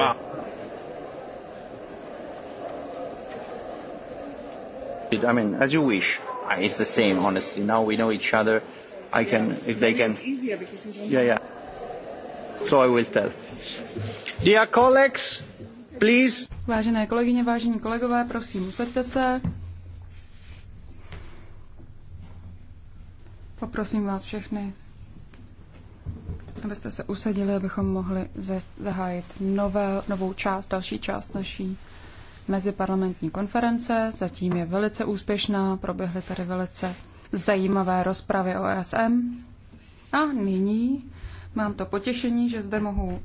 ma. I mean, as you wish. It's the same, honestly. Now we know each other. I can, if they can. yeah, yeah. So I will tell. Dear colleagues, please. Vážené kolegyně, vážení kolegové, prosím, usaďte se. Poprosím vás všechny abyste se usadili, abychom mohli zahájit nové, novou část, další část naší meziparlamentní konference. Zatím je velice úspěšná, proběhly tady velice zajímavé rozpravy o ESM. A nyní mám to potěšení, že zde mohu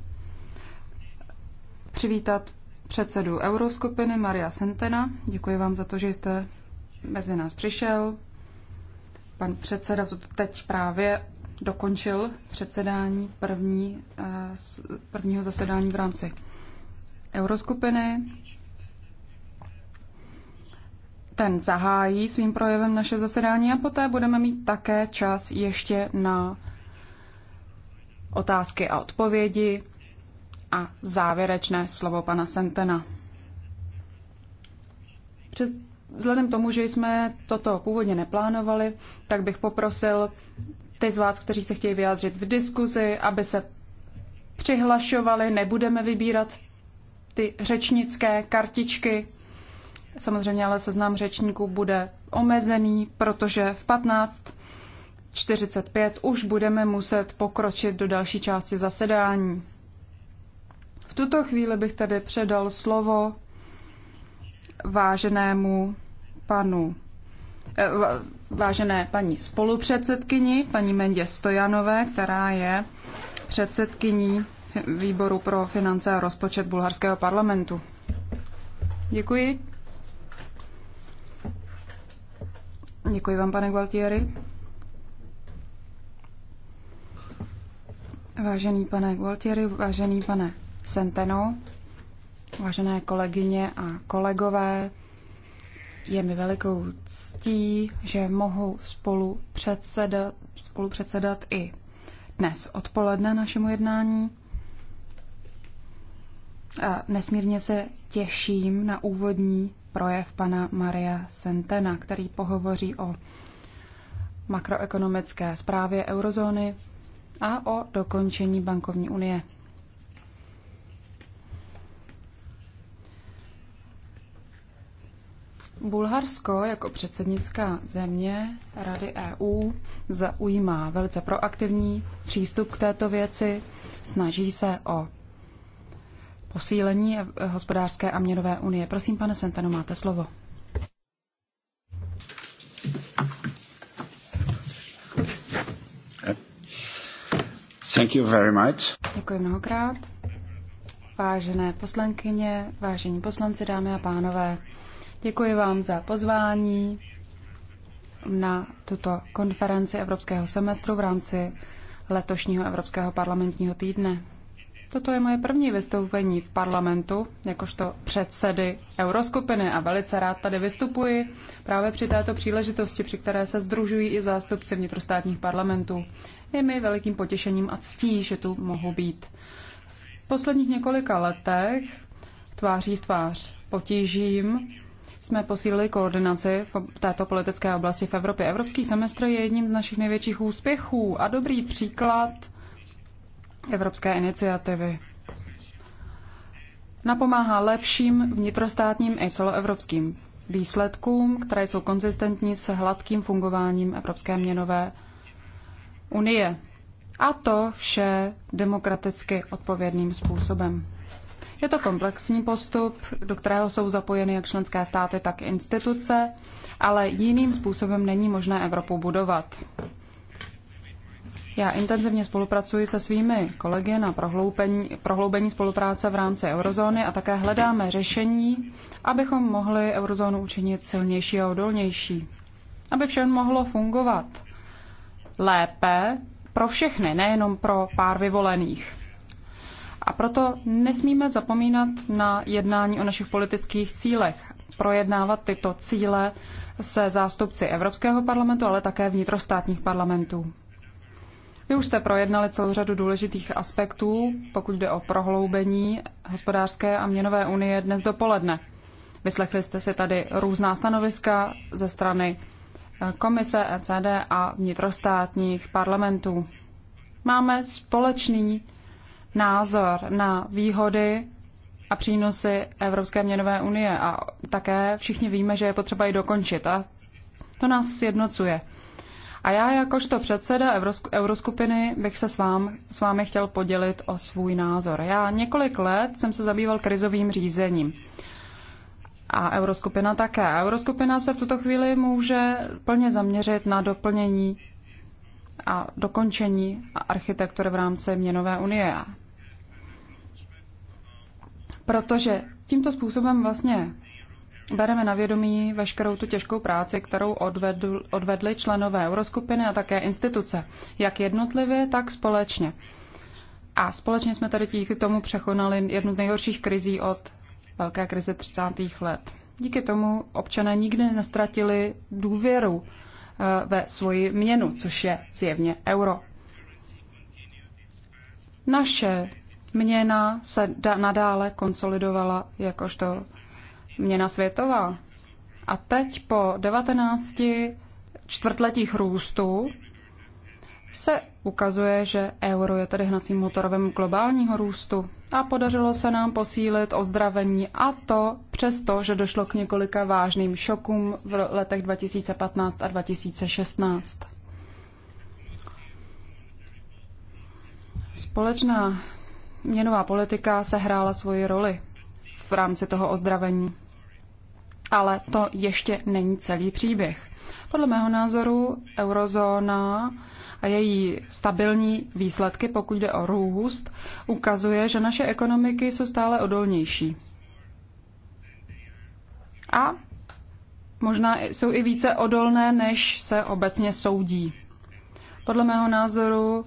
přivítat předsedu Euroskupiny Maria Sentena. Děkuji vám za to, že jste mezi nás přišel. Pan předseda to teď právě dokončil předsedání první, eh, prvního zasedání v rámci euroskupiny. Ten zahájí svým projevem naše zasedání a poté budeme mít také čas ještě na otázky a odpovědi a závěrečné slovo pana Sentena. Přes, vzhledem tomu, že jsme toto původně neplánovali, tak bych poprosil ty z vás, kteří se chtějí vyjádřit v diskuzi, aby se přihlašovali, nebudeme vybírat ty řečnické kartičky. Samozřejmě ale seznam řečníků bude omezený, protože v 15.45 už budeme muset pokročit do další části zasedání. V tuto chvíli bych tedy předal slovo váženému panu Eh, vážené paní spolupředsedkyni, paní Mendě Stojanové, která je předsedkyní výboru pro finance a rozpočet bulharského parlamentu. Děkuji. Děkuji vám, pane Gualtieri. Vážený pane Gualtieri, vážený pane Centeno, vážené kolegyně a kolegové, je mi velikou ctí, že mohu spolu předsedat, spolu předsedat i dnes odpoledne našemu jednání. A nesmírně se těším na úvodní projev pana Maria Sentena, který pohovoří o makroekonomické zprávě eurozóny a o dokončení bankovní unie. Bulharsko jako předsednická země Rady EU zaujímá velice proaktivní přístup k této věci, snaží se o posílení hospodářské a měnové unie. Prosím, pane Senteno, máte slovo. Thank you very much. Děkuji mnohokrát. Vážené poslankyně, vážení poslanci, dámy a pánové, Děkuji vám za pozvání na tuto konferenci Evropského semestru v rámci letošního Evropského parlamentního týdne. Toto je moje první vystoupení v parlamentu, jakožto předsedy Euroskupiny a velice rád tady vystupuji právě při této příležitosti, při které se združují i zástupci vnitrostátních parlamentů. Je mi velikým potěšením a ctí, že tu mohu být. V posledních několika letech tváří v tvář potížím jsme posílili koordinaci v této politické oblasti v Evropě. Evropský semestr je jedním z našich největších úspěchů a dobrý příklad evropské iniciativy. Napomáhá lepším vnitrostátním i celoevropským výsledkům, které jsou konzistentní s hladkým fungováním Evropské měnové unie. A to vše demokraticky odpovědným způsobem. Je to komplexní postup, do kterého jsou zapojeny jak členské státy, tak instituce, ale jiným způsobem není možné Evropu budovat. Já intenzivně spolupracuji se svými kolegy na prohloubení, prohloubení spolupráce v rámci eurozóny a také hledáme řešení, abychom mohli eurozónu učinit silnější a odolnější. Aby vše mohlo fungovat lépe pro všechny, nejenom pro pár vyvolených. A proto nesmíme zapomínat na jednání o našich politických cílech, projednávat tyto cíle se zástupci Evropského parlamentu, ale také vnitrostátních parlamentů. Vy už jste projednali celou řadu důležitých aspektů, pokud jde o prohloubení hospodářské a měnové unie dnes dopoledne. Vyslechli jste si tady různá stanoviska ze strany komise ECD a vnitrostátních parlamentů. Máme společný názor na výhody a přínosy Evropské měnové unie a také všichni víme, že je potřeba ji dokončit a to nás sjednocuje. A já jakožto předseda Euroskupiny bych se s, vám, s vámi chtěl podělit o svůj názor. Já několik let jsem se zabýval krizovým řízením. A Euroskupina také. A Euroskupina se v tuto chvíli může plně zaměřit na doplnění a dokončení architektury v rámci měnové unie protože tímto způsobem vlastně bereme na vědomí veškerou tu těžkou práci, kterou odvedl, odvedli členové euroskupiny a také instituce, jak jednotlivě, tak společně. A společně jsme tady díky tomu překonali jednu z nejhorších krizí od velké krize 30. let. Díky tomu občané nikdy nestratili důvěru eh, ve svoji měnu, což je zjevně euro. Naše měna se nadále konsolidovala jakožto měna světová. A teď po 19 čtvrtletích růstu se ukazuje, že euro je tedy hnacím motorem globálního růstu a podařilo se nám posílit ozdravení a to přesto, že došlo k několika vážným šokům v letech 2015 a 2016. Společná měnová politika sehrála svoji roli v rámci toho ozdravení. Ale to ještě není celý příběh. Podle mého názoru eurozóna a její stabilní výsledky, pokud jde o růst, ukazuje, že naše ekonomiky jsou stále odolnější. A možná jsou i více odolné, než se obecně soudí. Podle mého názoru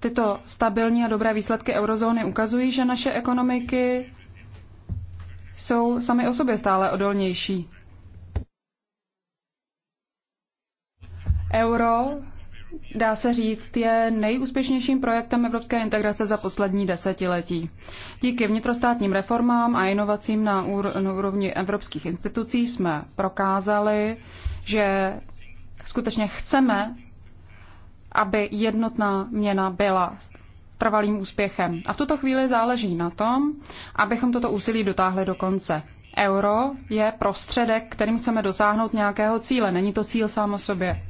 tyto stabilní a dobré výsledky eurozóny ukazují, že naše ekonomiky jsou sami o sobě stále odolnější. Euro, dá se říct, je nejúspěšnějším projektem evropské integrace za poslední desetiletí. Díky vnitrostátním reformám a inovacím na, úrovni evropských institucí jsme prokázali, že skutečně chceme aby jednotná měna byla trvalým úspěchem. A v tuto chvíli záleží na tom, abychom toto úsilí dotáhli do konce. Euro je prostředek, kterým chceme dosáhnout nějakého cíle. Není to cíl sám o sobě.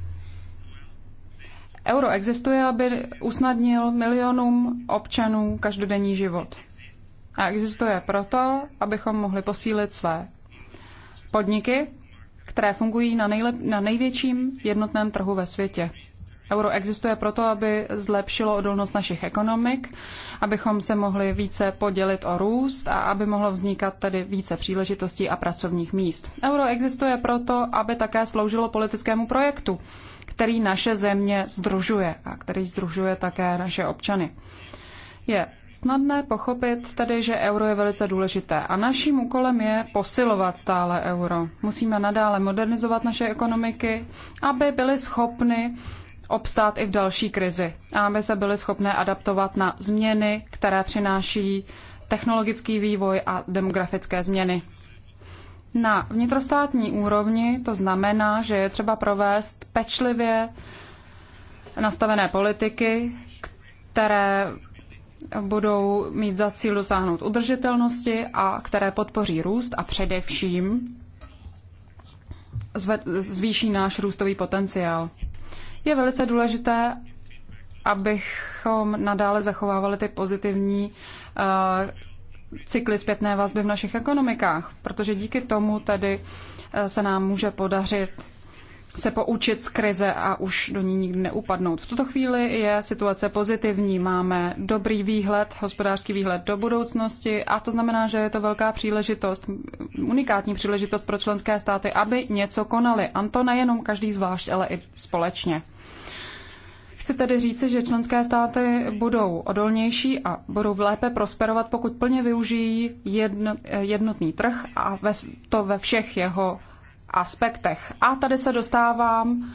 Euro existuje, aby usnadnil milionům občanů každodenní život. A existuje proto, abychom mohli posílit své podniky, které fungují na, nejlep- na největším jednotném trhu ve světě. Euro existuje proto, aby zlepšilo odolnost našich ekonomik, abychom se mohli více podělit o růst a aby mohlo vznikat tedy více příležitostí a pracovních míst. Euro existuje proto, aby také sloužilo politickému projektu, který naše země združuje a který združuje také naše občany. Je snadné pochopit tedy, že euro je velice důležité a naším úkolem je posilovat stále euro. Musíme nadále modernizovat naše ekonomiky, aby byly schopny obstát i v další krizi a aby se byly schopné adaptovat na změny, které přináší technologický vývoj a demografické změny. Na vnitrostátní úrovni to znamená, že je třeba provést pečlivě nastavené politiky, které budou mít za cíl dosáhnout udržitelnosti a které podpoří růst a především zvýší náš růstový potenciál. Je velice důležité, abychom nadále zachovávali ty pozitivní uh, cykly zpětné vazby v našich ekonomikách, protože díky tomu tedy eh, se nám může podařit se poučit z krize a už do ní nikdy neupadnout. V tuto chvíli je situace pozitivní, máme dobrý výhled, hospodářský výhled do budoucnosti a to znamená, že je to velká příležitost, unikátní příležitost pro členské státy, aby něco konali. A to nejenom každý zvlášť, ale i společně. Chci tedy říci, že členské státy budou odolnější a budou lépe prosperovat, pokud plně využijí jednotný trh a to ve všech jeho aspektech. A tady se dostávám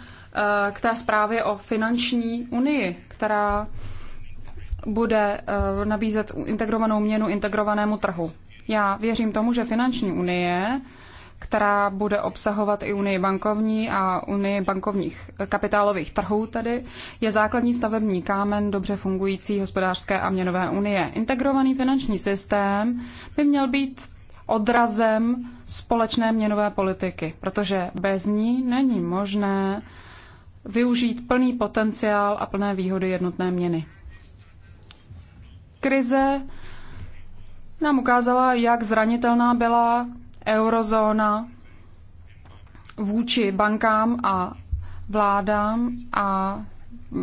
eh, k té zprávě o finanční unii, která bude eh, nabízet integrovanou měnu integrovanému trhu. Já věřím tomu, že finanční unie která bude obsahovat i Unii bankovní a Unii bankovních eh, kapitálových trhů tedy, je základní stavební kámen dobře fungující hospodářské a měnové unie. Integrovaný finanční systém by měl být odrazem společné měnové politiky, protože bez ní není možné využít plný potenciál a plné výhody jednotné měny. Krize nám ukázala, jak zranitelná byla eurozóna vůči bankám a vládám a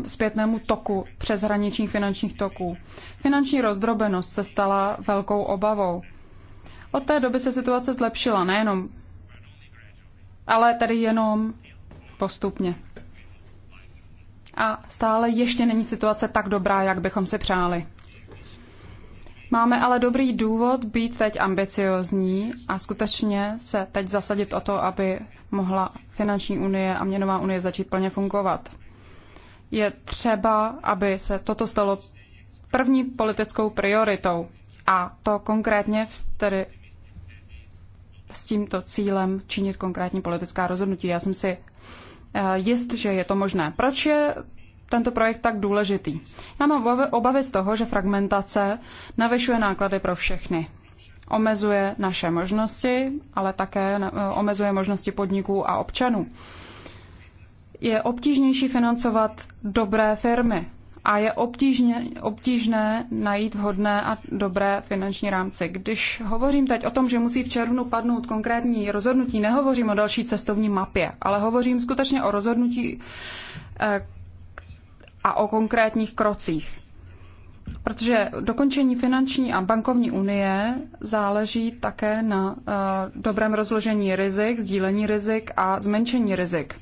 zpětnému toku přeshraničních finančních toků. Finanční rozdrobenost se stala velkou obavou. Od té doby se situace zlepšila, nejenom, ale tedy jenom postupně. A stále ještě není situace tak dobrá, jak bychom si přáli. Máme ale dobrý důvod být teď ambiciozní a skutečně se teď zasadit o to, aby mohla finanční unie a měnová unie začít plně fungovat. Je třeba, aby se toto stalo první politickou prioritou a to konkrétně tedy s tímto cílem činit konkrétní politická rozhodnutí. Já jsem si eh, jist, že je to možné. Proč je tento projekt tak důležitý? Já mám obavy z toho, že fragmentace navyšuje náklady pro všechny. Omezuje naše možnosti, ale také eh, omezuje možnosti podniků a občanů. Je obtížnější financovat dobré firmy, a je obtížně, obtížné najít vhodné a dobré finanční rámce. Když hovořím teď o tom, že musí v červnu padnout konkrétní rozhodnutí, nehovořím o další cestovní mapě, ale hovořím skutečně o rozhodnutí, eh, a o konkrétních krocích. Protože dokončení finanční a bankovní unie záleží také na eh, dobrém rozložení rizik, sdílení rizik a zmenšení rizik.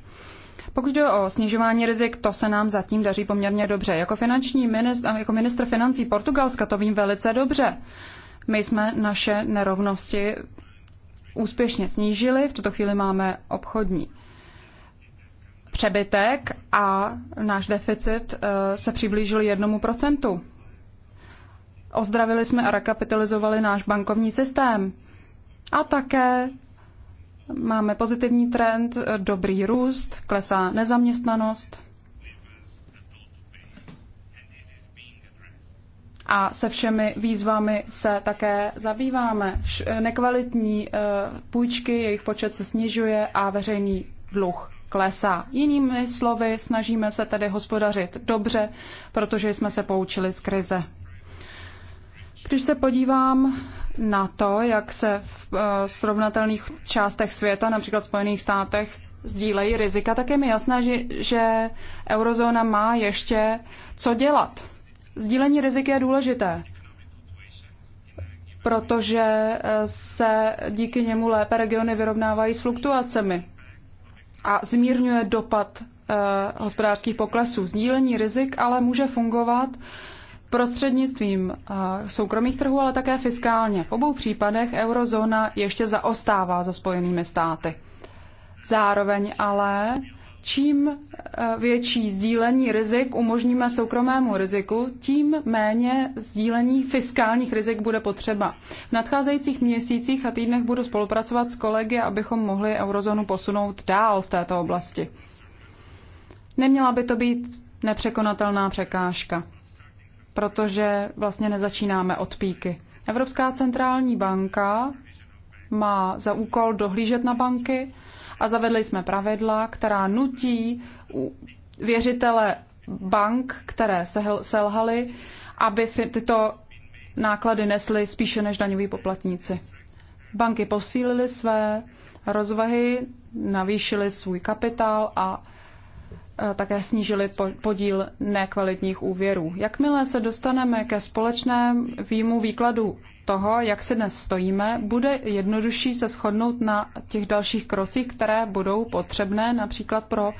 Pokud jde o snižování rizik, to se nám zatím daří poměrně dobře. Jako, finanční ministr, jako ministr financí Portugalska to vím velice dobře. My jsme naše nerovnosti úspěšně snížili, v tuto chvíli máme obchodní přebytek a náš deficit eh, se přiblížil jednomu procentu. Ozdravili jsme a rekapitalizovali náš bankovní systém. A také máme pozitivní trend, eh, dobrý růst, klesá nezaměstnanost. A se všemi výzvami se také zabýváme. Nekvalitní eh, půjčky, jejich počet se snižuje a veřejný dluh klesá. Jinými slovy, snažíme se tedy hospodařit dobře, protože jsme se poučili z krize. Když se podívám na to, jak se v eh, srovnatelných částech světa, například v Spojených státech, sdílejí rizika, tak je mi jasné, že, že eurozóna má ještě co dělat. Sdílení rizik je důležité, protože eh, se díky němu lépe regiony vyrovnávají s fluktuacemi a zmírňuje dopad eh, hospodářských poklesů. Sdílení rizik ale může fungovat prostřednictvím eh, soukromých trhů, ale také fiskálně. V obou případech eurozóna ještě zaostává za spojenými státy. Zároveň ale čím eh, větší sdílení rizik umožníme soukromému riziku, tím méně sdílení fiskálních rizik bude potřeba. V nadcházejících měsících a týdnech budu spolupracovat s kolegy, abychom mohli eurozónu posunout dál v této oblasti. Neměla by to být nepřekonatelná překážka, protože vlastně nezačínáme od píky. Evropská centrální banka má za úkol dohlížet na banky, a zavedli jsme pravidla, která nutí věřitele bank, které selhaly, aby tyto náklady nesly spíše než daňoví poplatníci. Banky posílily své rozvahy, navýšily svůj kapitál a e, také snížili podíl nekvalitních úvěrů. Jakmile se dostaneme ke společnému výkladu toho, jak si dnes stojíme, bude jednodušší se shodnout na těch dalších krocích, které budou potřebné například pro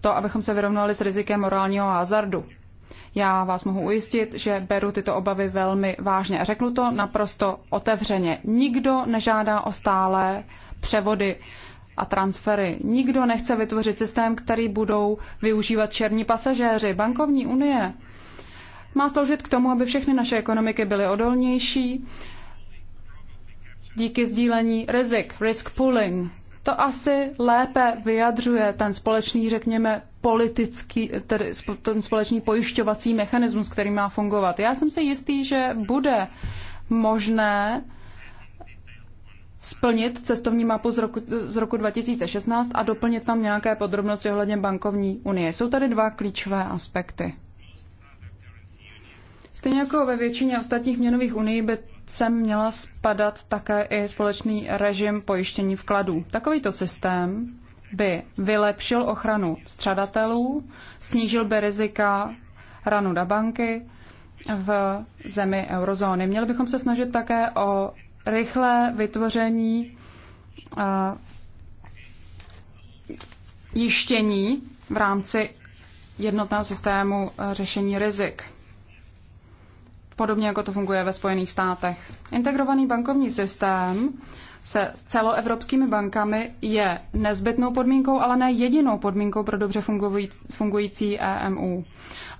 to, abychom se vyrovnali s rizikem morálního hazardu. Já vás mohu ujistit, že beru tyto obavy velmi vážně a řeknu to naprosto otevřeně. Nikdo nežádá o stále převody a transfery. Nikdo nechce vytvořit systém, který budou využívat černí pasažéři. Bankovní unie má sloužit k tomu, aby všechny naše ekonomiky byly odolnější díky sdílení rizik, risk pooling. To asi lépe vyjadřuje ten společný, řekněme, politický, tedy ten společný pojišťovací mechanismus, který má fungovat. Já jsem si jistý, že bude možné splnit cestovní mapu z roku, z roku 2016 a doplnit tam nějaké podrobnosti ohledně bankovní unie. Jsou tady dva klíčové aspekty. Stejně jako ve většině ostatních měnových unii by sem měla spadat také i společný režim pojištění vkladů. Takovýto systém by vylepšil ochranu střadatelů, snížil by rizika ranu na banky v zemi eurozóny. Měli bychom se snažit také o rychlé vytvoření uh, jištění v rámci jednotného systému řešení rizik podobně jako to funguje ve Spojených státech. Integrovaný bankovní systém se celoevropskými bankami je nezbytnou podmínkou, ale ne jedinou podmínkou pro dobře fungující EMU.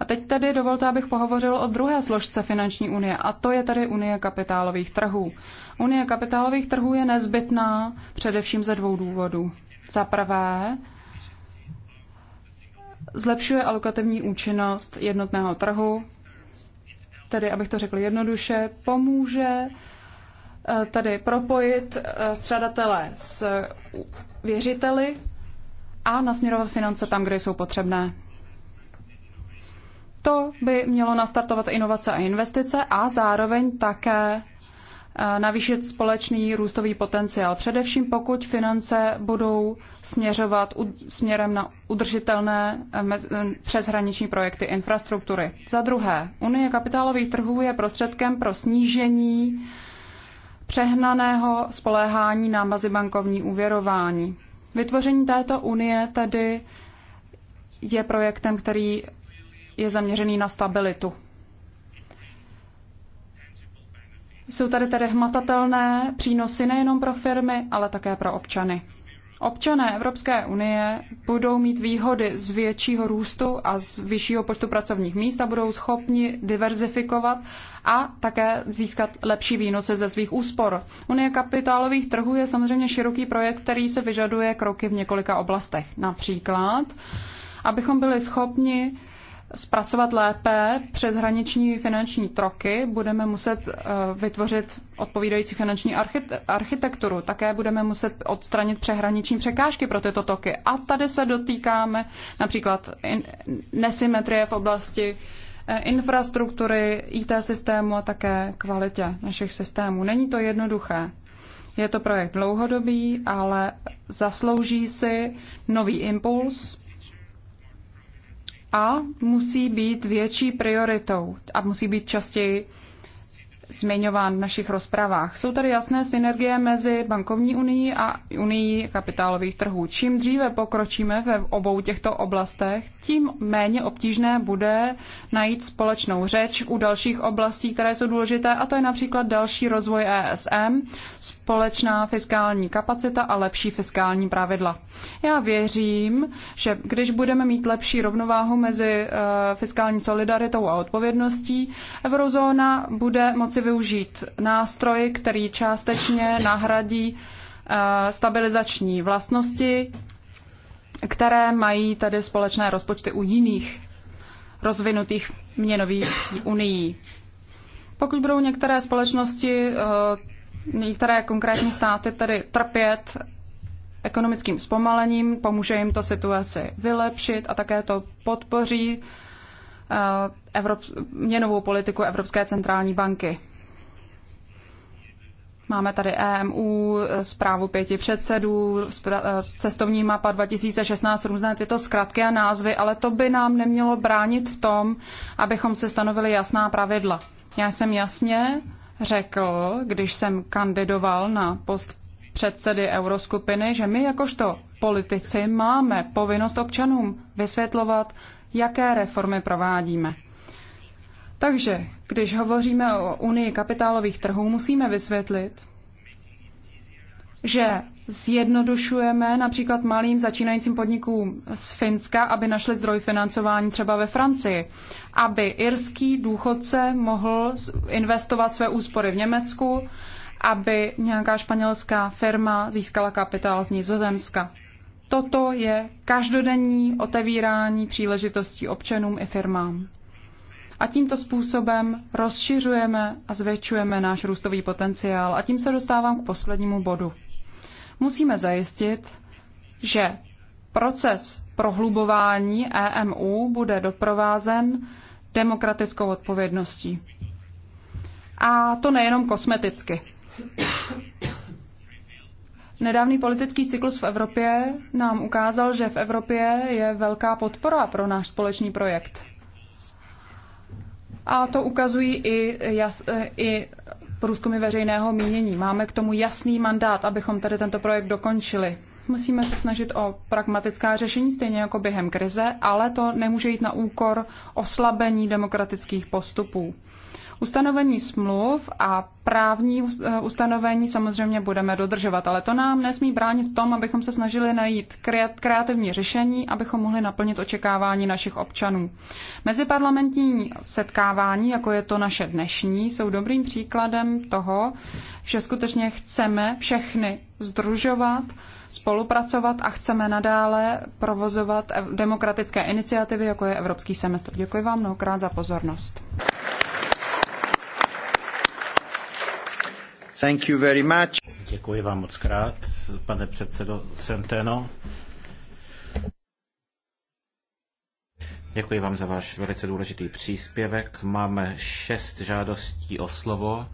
A teď tedy dovolte, abych pohovořil o druhé složce finanční unie, a to je tady unie kapitálových trhů. Unie kapitálových trhů je nezbytná především ze dvou důvodů. Za prvé, zlepšuje alokativní účinnost jednotného trhu, tedy abych to řekl jednoduše, pomůže eh, tady propojit eh, střadatele s věřiteli a nasměrovat finance tam, kde jsou potřebné. To by mělo nastartovat inovace a investice a zároveň také navýšit společný růstový potenciál, především pokud finance budou směřovat směrem na udržitelné eh, eh, přeshraniční projekty infrastruktury. Za druhé, Unie kapitálových trhů je prostředkem pro snížení přehnaného spoléhání na mezibankovní úvěrování. Vytvoření této unie tedy je projektem, který je zaměřený na stabilitu. Jsou tady tedy hmatatelné přínosy nejenom pro firmy, ale také pro občany. Občané Evropské unie budou mít výhody z většího růstu a z vyššího počtu pracovních míst a budou schopni diverzifikovat a také získat lepší výnosy ze svých úspor. Unie kapitálových trhů je samozřejmě široký projekt, který se vyžaduje kroky v několika oblastech. Například, abychom byli schopni zpracovat lépe přeshraniční finanční troky, budeme muset eh, vytvořit odpovídající finanční architekturu. Také budeme muset odstranit přehraniční překážky pro tyto toky. A tady se dotýkáme například nesymetrie v oblasti eh, infrastruktury, IT systému a také kvalitě našich systémů. Není to jednoduché. Je to projekt dlouhodobý, ale zaslouží si nový impuls, a musí být větší prioritou a musí být častěji zmiňován v našich rozpravách. Jsou tady jasné synergie mezi bankovní unii a unii kapitálových trhů. Čím dříve pokročíme ve obou těchto oblastech, tím méně obtížné bude najít společnou řeč u dalších oblastí, které jsou důležité, a to je například další rozvoj ESM, společná fiskální kapacita a lepší fiskální pravidla. Já věřím, že když budeme mít lepší rovnováhu mezi eh, fiskální solidaritou a odpovědností, eurozóna bude moci moci využít nástroj, který částečně nahradí eh, stabilizační vlastnosti, které mají tedy společné rozpočty u jiných rozvinutých měnových unií. Pokud budou některé společnosti, eh, některé konkrétní státy tedy trpět ekonomickým zpomalením, pomůže jim to situaci vylepšit a také to podpoří eh, Evrop, měnovou politiku Evropské centrální banky. Máme tady EMU, zprávu pěti předsedů, eh, cestovní mapa 2016, různé tyto zkratky a názvy, ale to by nám nemělo bránit v tom, abychom si stanovili jasná pravidla. Já jsem jasně řekl, když jsem kandidoval na post předsedy euroskupiny, že my jakožto politici máme povinnost občanům vysvětlovat, jaké reformy provádíme. Takže, když hovoříme o unii kapitálových trhů, musíme vysvětlit, že zjednodušujeme například malým začínajícím podnikům z Finska, aby našli zdroj financování třeba ve Francii, aby irský důchodce mohl investovat své úspory v Německu, aby nějaká španělská firma získala kapitál z Nizozemska. Toto je každodenní otevírání příležitostí občanům i firmám. A tímto způsobem rozšiřujeme a zvětšujeme náš růstový potenciál. A tím se dostávám k poslednímu bodu. Musíme zajistit, že proces prohlubování EMU bude doprovázen demokratickou odpovědností. A to nejenom kosmeticky. Nedávný politický cyklus v Evropě nám ukázal, že v Evropě je velká podpora pro náš společný projekt. A to ukazují i, jas, i průzkumy veřejného mínění. Máme k tomu jasný mandát, abychom tady tento projekt dokončili. Musíme se snažit o pragmatická řešení, stejně jako během krize, ale to nemůže jít na úkor oslabení demokratických postupů. Ustanovení smluv a právní eh, ustanovení samozřejmě budeme dodržovat, ale to nám nesmí bránit v tom, abychom se snažili najít kreativní řešení, abychom mohli naplnit očekávání našich občanů. Meziparlamentní setkávání, jako je to naše dnešní, jsou dobrým příkladem toho, že skutečně chceme všechny združovat, spolupracovat a chceme nadále provozovat demokratické iniciativy, jako je Evropský semestr. Děkuji vám mnohokrát za pozornost. Thank you very much. Děkuji vám moc krát, pane předsedo Centeno. Děkuji vám za váš velice důležitý příspěvek. Máme šest žádostí o slovo.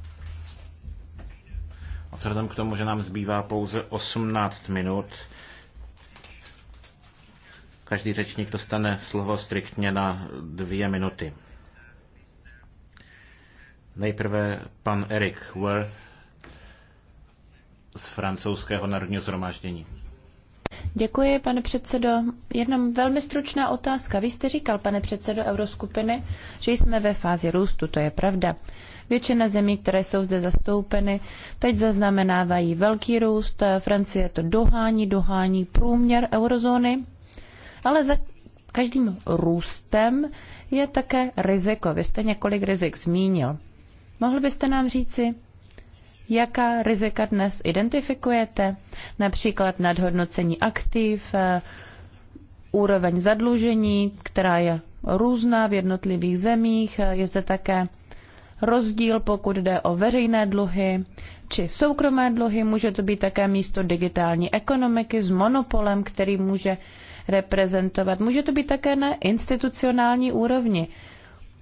A vzhledem k tomu, že nám zbývá pouze 18 minut, každý řečník dostane slovo striktně na dvě minuty. Nejprve pan Eric Worth z francouzského národního zhromáždění. Děkuji, pane předsedo. Jenom velmi stručná otázka. Vy jste říkal, pane předsedo Euroskupiny, že jsme ve fázi růstu, to je pravda. Většina zemí, které jsou zde zastoupeny, teď zaznamenávají velký růst. Francie to dohání, dohání průměr eurozóny. Ale za každým růstem je také riziko. Vy jste několik rizik zmínil. Mohl byste nám říci, Jaká rizika dnes identifikujete? Například nadhodnocení aktiv, eh, úroveň zadlužení, která je různá v jednotlivých zemích. Je zde také rozdíl, pokud jde o veřejné dluhy či soukromé dluhy. Může to být také místo digitální ekonomiky s monopolem, který může reprezentovat. Může to být také na institucionální úrovni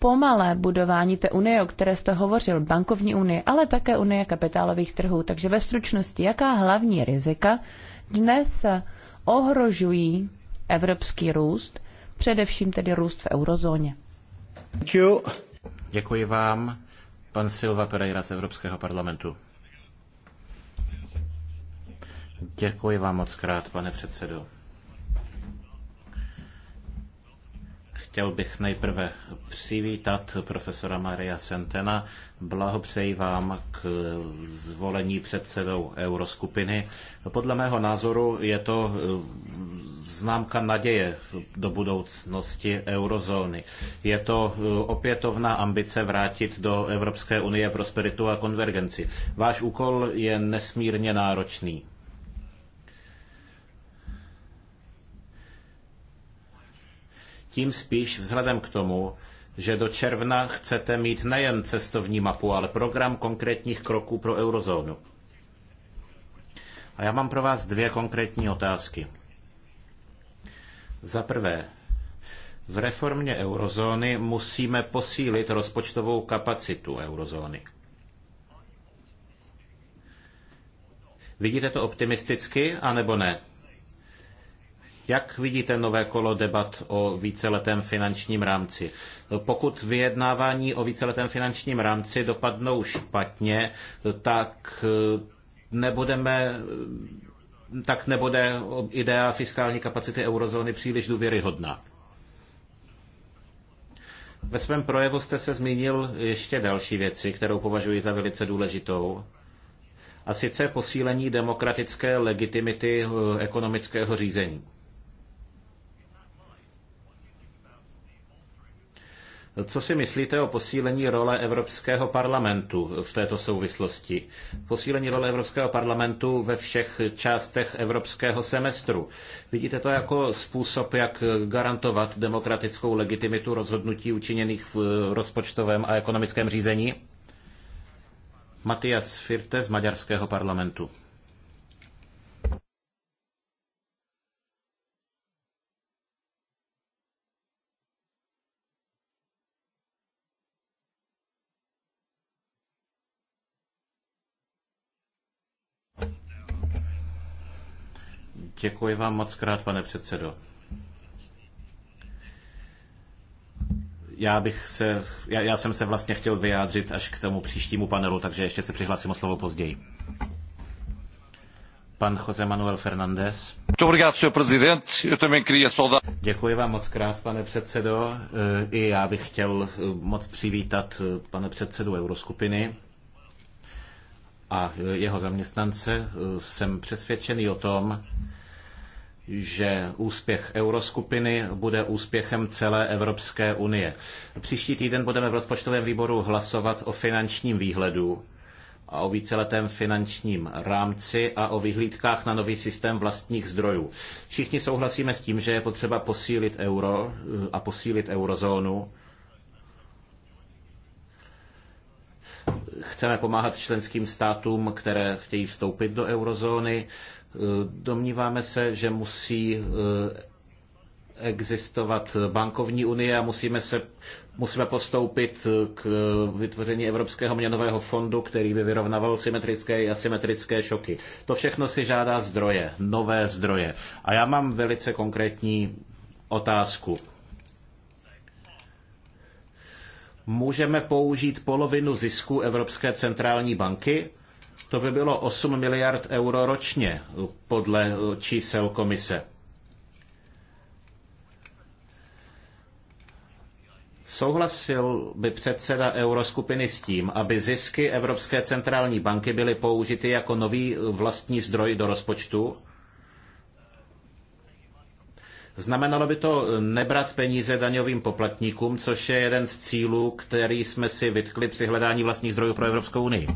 pomalé budování té unie, o které jste hovořil, bankovní unie, ale také unie kapitálových trhů. Takže ve stručnosti, jaká hlavní rizika dnes ohrožují evropský růst, především tedy růst v eurozóně? Děkuji, vám, pan Silva Pereira z Evropského parlamentu. Děkuji vám moc krát, pane předsedo. Chtěl bych nejprve přivítat profesora Maria Sentena. Blahopřeji vám k zvolení předsedou Euroskupiny. Podle mého názoru je to eh, známka naděje do budoucnosti eurozóny. Je to eh, opětovná ambice vrátit do Evropské unie prosperitu a konvergenci. Váš úkol je nesmírně náročný. Tím spíš vzhledem k tomu, že do června chcete mít nejen cestovní mapu, ale program konkrétních kroků pro eurozónu. A já mám pro vás dvě konkrétní otázky. Za prvé, v reformě eurozóny musíme posílit rozpočtovou kapacitu eurozóny. Vidíte to optimisticky, anebo ne? Jak vidíte nové kolo debat o víceletém finančním rámci? No, pokud vyjednávání o víceletém finančním rámci dopadnou špatně, tak eh, nebudeme tak nebude idea fiskální kapacity eurozóny příliš důvěryhodná. Ve svém projevu jste se zmínil ještě další věci, kterou považuji za velice důležitou, a sice posílení demokratické legitimity eh, ekonomického řízení. Co si myslíte o posílení role Evropského parlamentu v této souvislosti? Posílení role Evropského parlamentu ve všech částech evropského semestru. Vidíte to jako způsob, jak garantovat demokratickou legitimitu rozhodnutí učiněných v rozpočtovém a ekonomickém řízení? Matias Firte z Maďarského parlamentu. Děkuji vám moc krát, pane předsedo. já bych se, já, já jsem se vlastně chtěl vyjádřit až k tomu příštímu panelu, takže ještě se přihlásím o slovo později. Pan José Manuel Fernández. Děkuji vám moc krát, pane předsedo. Eh, I já bych chtěl eh, moc přivítat eh, pane předsedu Euroskupiny a jeho zaměstnance. Jsem přesvědčený o tom, že úspěch euroskupiny bude úspěchem celé Evropské unie. Příští týden budeme v rozpočtovém výboru hlasovat o finančním výhledu a o víceletém finančním rámci a o vyhlídkách na nový systém vlastních zdrojů. Všichni souhlasíme s tím, že je potřeba posílit euro eh, a posílit eurozónu. Chceme pomáhat členským státům, které chtějí vstoupit do eurozóny Domníváme se, že musí eh, existovat bankovní unie a musíme, se, musíme postoupit k vytvoření Evropského měnového fondu, který by vyrovnaval symetrické i asymetrické šoky. To všechno si žádá zdroje, nové zdroje. A já mám velice konkrétní otázku. Můžeme použít polovinu zisku Evropské centrální banky? To by bylo 8 miliard euro ročně podle čísel komise. Souhlasil by předseda euroskupiny s tím, aby zisky Evropské centrální banky byly použity jako nový vlastní zdroj do rozpočtu? Znamenalo by to nebrat peníze daňovým poplatníkům, což je jeden z cílů, který jsme si vytkli při hledání vlastních zdrojů pro Evropskou unii.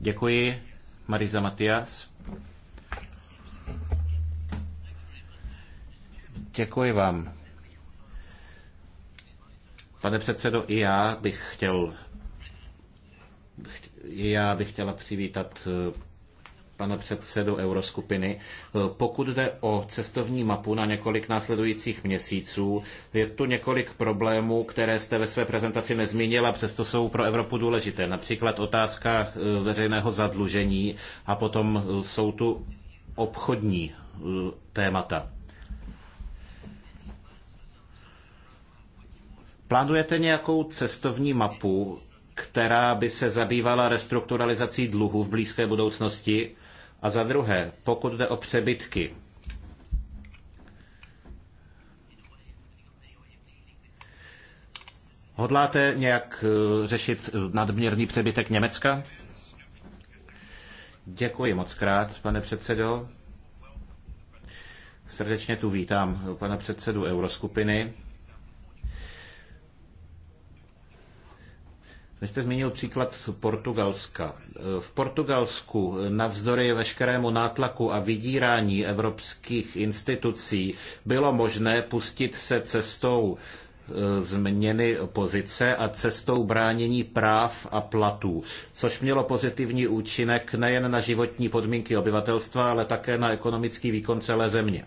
Děkuji. Mariza Matias. Děkuji vám. Pane předsedo, i já bych chtěl já bych chtěla přivítat eh, pane předsedo Euroskupiny. Pokud jde o cestovní mapu na několik následujících měsíců, je tu několik problémů, které jste ve své prezentaci nezmínila, přesto jsou pro Evropu důležité. Například otázka eh, veřejného zadlužení a potom eh, jsou tu obchodní eh, témata. Plánujete nějakou cestovní mapu, která by se zabývala restrukturalizací dluhu v blízké budoucnosti? A za druhé, pokud jde o přebytky, hodláte nějak eh, řešit eh, nadměrný přebytek Německa? Děkuji moc krát, pane předsedo. Srdečně tu vítám eh, pana předsedu Euroskupiny. Vy jste zmínil příklad Portugalska. V Portugalsku navzdory veškerému nátlaku a vydírání evropských institucí bylo možné pustit se cestou e, změny pozice a cestou bránění práv a platů, což mělo pozitivní účinek nejen na životní podmínky obyvatelstva, ale také na ekonomický výkon celé země.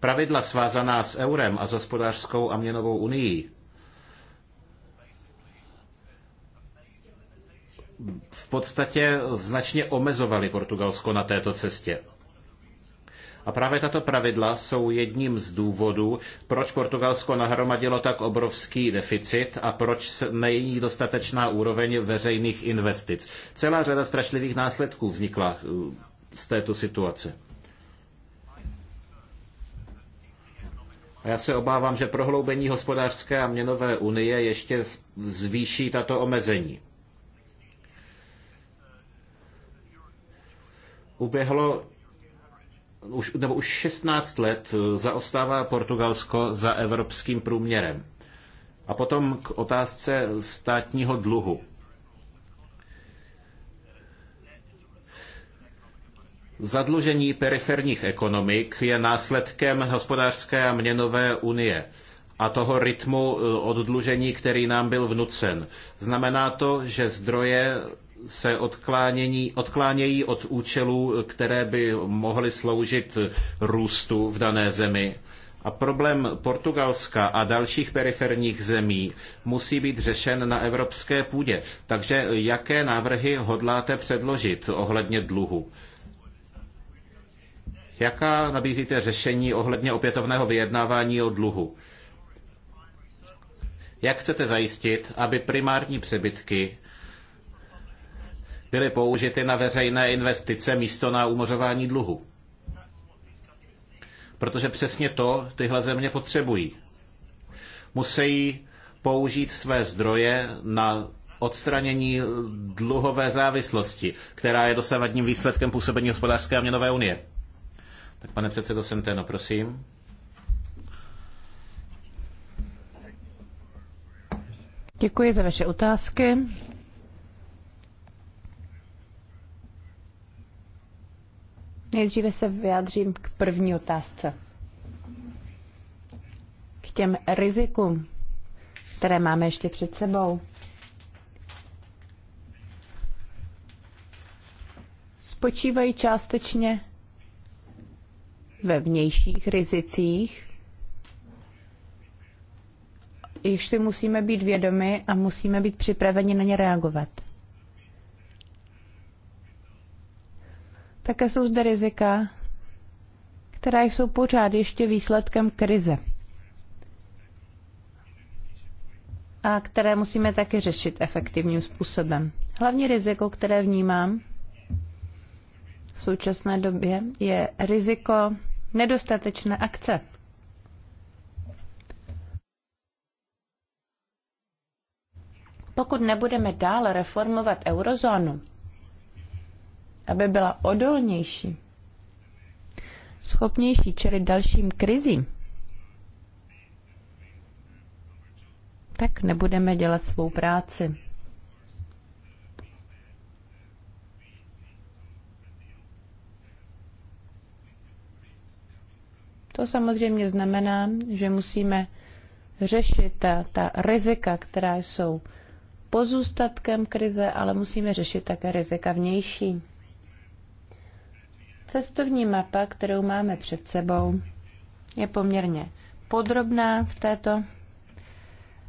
Pravidla svázaná s eurem a s hospodářskou a měnovou unii v podstatě značně omezovali Portugalsko na této cestě. A právě tato pravidla jsou jedním z důvodů, proč Portugalsko nahromadilo tak obrovský deficit a proč není dostatečná úroveň veřejných investic. Celá řada strašlivých následků vznikla eh, z této situace. A já se obávám, že prohloubení hospodářské a měnové unie ještě zvýší tato omezení. uběhlo už, nebo už 16 let eh, zaostává Portugalsko za evropským průměrem. A potom k otázce státního dluhu. Zadlužení periferních ekonomik je následkem hospodářské a měnové unie a toho rytmu eh, oddlužení, který nám byl vnucen. Znamená to, že zdroje se odklánění, odklánějí od účelů, které by mohly sloužit růstu v dané zemi. A problém Portugalska a dalších periferních zemí musí být řešen na evropské půdě. Takže jaké návrhy hodláte předložit ohledně dluhu? Jaká nabízíte řešení ohledně opětovného vyjednávání o dluhu? Jak chcete zajistit, aby primární přebytky byly použity na veřejné investice místo na umořování dluhu. Protože přesně to tyhle země potřebují. Musí použít své zdroje na odstranění dluhové závislosti, která je dosavadním výsledkem působení hospodářské a měnové unie. Tak pane předsedo Senteno, prosím. Děkuji za vaše otázky. Nejdříve se vyjádřím k první otázce. K těm rizikům, které máme ještě před sebou. Spočívají částečně ve vnějších rizicích, si musíme být vědomi a musíme být připraveni na ně reagovat. Také jsou zde rizika, která jsou pořád ještě výsledkem krize. A které musíme taky řešit efektivním způsobem. Hlavní riziko, které vnímám v současné době, je riziko nedostatečné akce. Pokud nebudeme dále reformovat eurozónu, aby byla odolnější, schopnější čelit dalším krizím, tak nebudeme dělat svou práci. To samozřejmě znamená, že musíme řešit ta, ta rizika, která jsou pozůstatkem krize, ale musíme řešit také rizika vnější. Cestovní mapa, kterou máme před sebou, je poměrně podrobná v této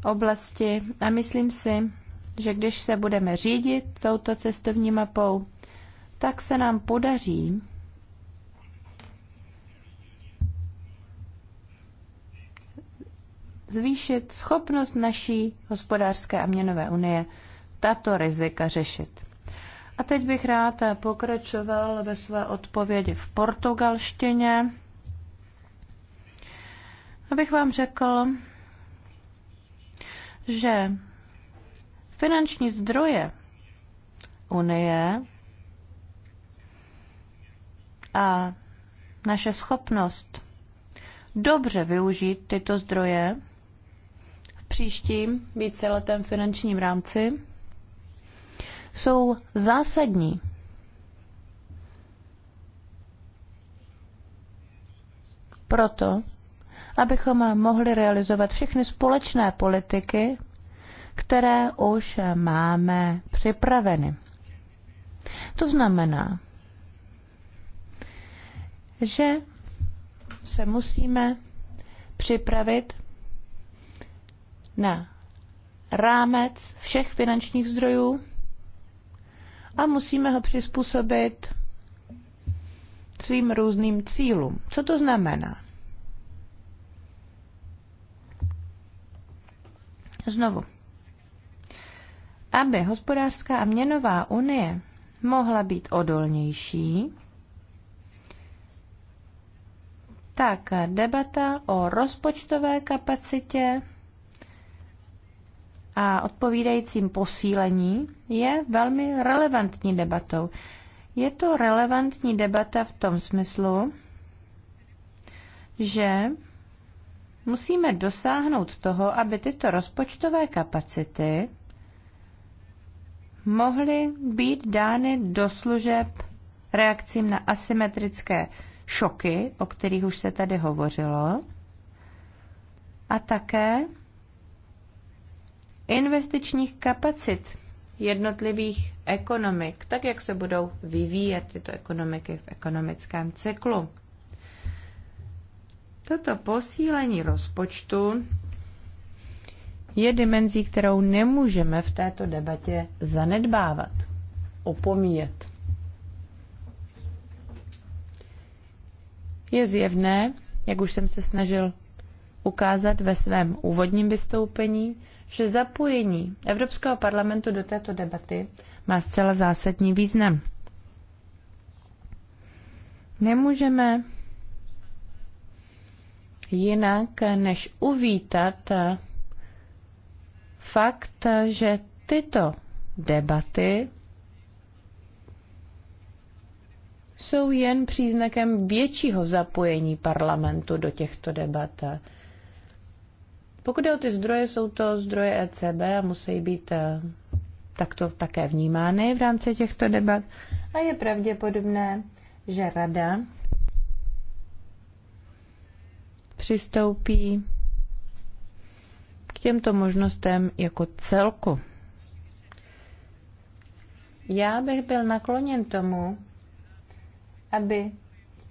oblasti a myslím si, že když se budeme řídit touto cestovní mapou, tak se nám podaří zvýšit schopnost naší hospodářské a měnové unie tato rizika řešit. A teď bych rád pokračoval ve své odpovědi v portugalštině, abych vám řekl, že finanční zdroje Unie a naše schopnost dobře využít tyto zdroje v příštím víceletém finančním rámci jsou zásadní. Proto, abychom mohli realizovat všechny společné politiky, které už máme připraveny. To znamená, že se musíme připravit na rámec všech finančních zdrojů, a musíme ho přizpůsobit svým různým cílům. Co to znamená? Znovu. Aby hospodářská a měnová unie mohla být odolnější, tak debata o rozpočtové kapacitě a odpovídajícím posílení je velmi relevantní debatou. Je to relevantní debata v tom smyslu, že musíme dosáhnout toho, aby tyto rozpočtové kapacity mohly být dány do služeb reakcím na asymetrické šoky, o kterých už se tady hovořilo, a také investičních kapacit jednotlivých ekonomik, tak jak se budou vyvíjet tyto ekonomiky v ekonomickém cyklu. Toto posílení rozpočtu je dimenzí, kterou nemůžeme v této debatě zanedbávat, opomíjet. Je zjevné, jak už jsem se snažil ukázat ve svém úvodním vystoupení, že zapojení Evropského parlamentu do této debaty má zcela zásadní význam. Nemůžeme jinak než uvítat fakt, že tyto debaty jsou jen příznakem většího zapojení parlamentu do těchto debat. Pokud je o ty zdroje, jsou to zdroje ECB a musí být eh, takto také vnímány v rámci těchto debat. A je pravděpodobné, že rada přistoupí k těmto možnostem jako celku. Já bych byl nakloněn tomu, aby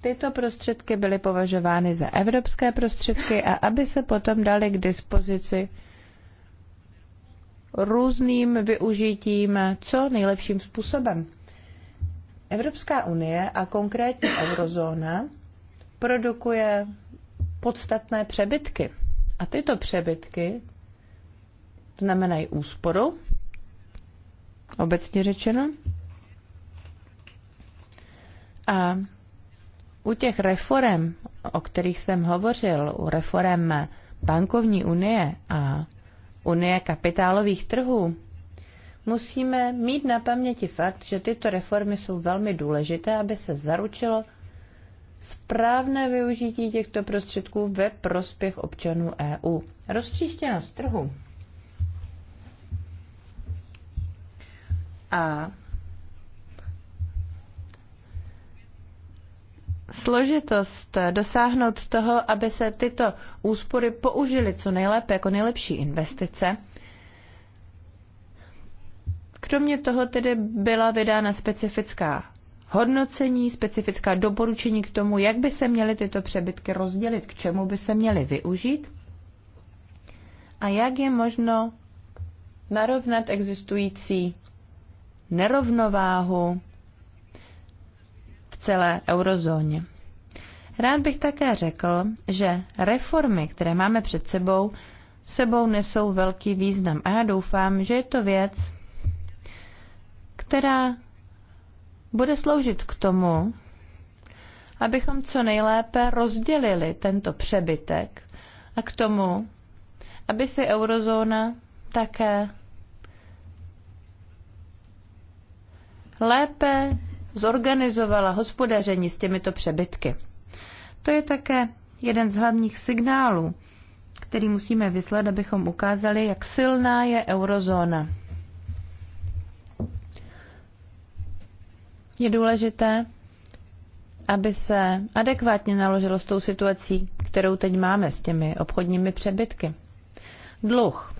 tyto prostředky byly považovány za evropské prostředky a aby se potom dali k dispozici různým využitím co nejlepším způsobem. Evropská unie a konkrétně eurozóna produkuje podstatné přebytky. A tyto přebytky znamenají úsporu, obecně řečeno. A u těch reform, o kterých jsem hovořil, u reform bankovní unie a unie kapitálových trhů, musíme mít na paměti fakt, že tyto reformy jsou velmi důležité, aby se zaručilo správné využití těchto prostředků ve prospěch občanů EU. Roztříštěnost trhu a složitost dosáhnout toho, aby se tyto úspory použily co nejlépe jako nejlepší investice. Kromě toho tedy byla vydána specifická hodnocení, specifická doporučení k tomu, jak by se měly tyto přebytky rozdělit, k čemu by se měly využít a jak je možno narovnat existující nerovnováhu celé eurozóně. Rád bych také řekl, že reformy, které máme před sebou, sebou nesou velký význam a já doufám, že je to věc, která bude sloužit k tomu, abychom co nejlépe rozdělili tento přebytek a k tomu, aby si eurozóna také lépe zorganizovala hospodaření s těmito přebytky. To je také jeden z hlavních signálů, který musíme vyslat, abychom ukázali, jak silná je eurozóna. Je důležité, aby se adekvátně naložilo s tou situací, kterou teď máme s těmi obchodními přebytky. Dluh.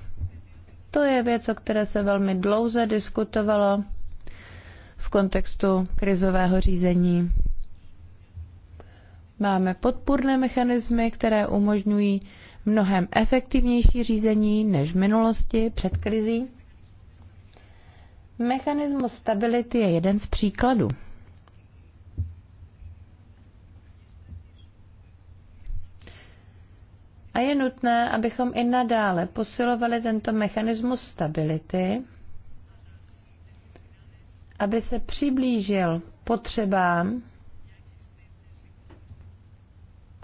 To je věc, o které se velmi dlouze diskutovalo v kontextu krizového řízení. Máme podpůrné mechanismy, které umožňují mnohem efektivnější řízení než v minulosti před krizí. Mechanismus stability je jeden z příkladů. A je nutné, abychom i nadále posilovali tento mechanismus stability, aby se přiblížil potřebám,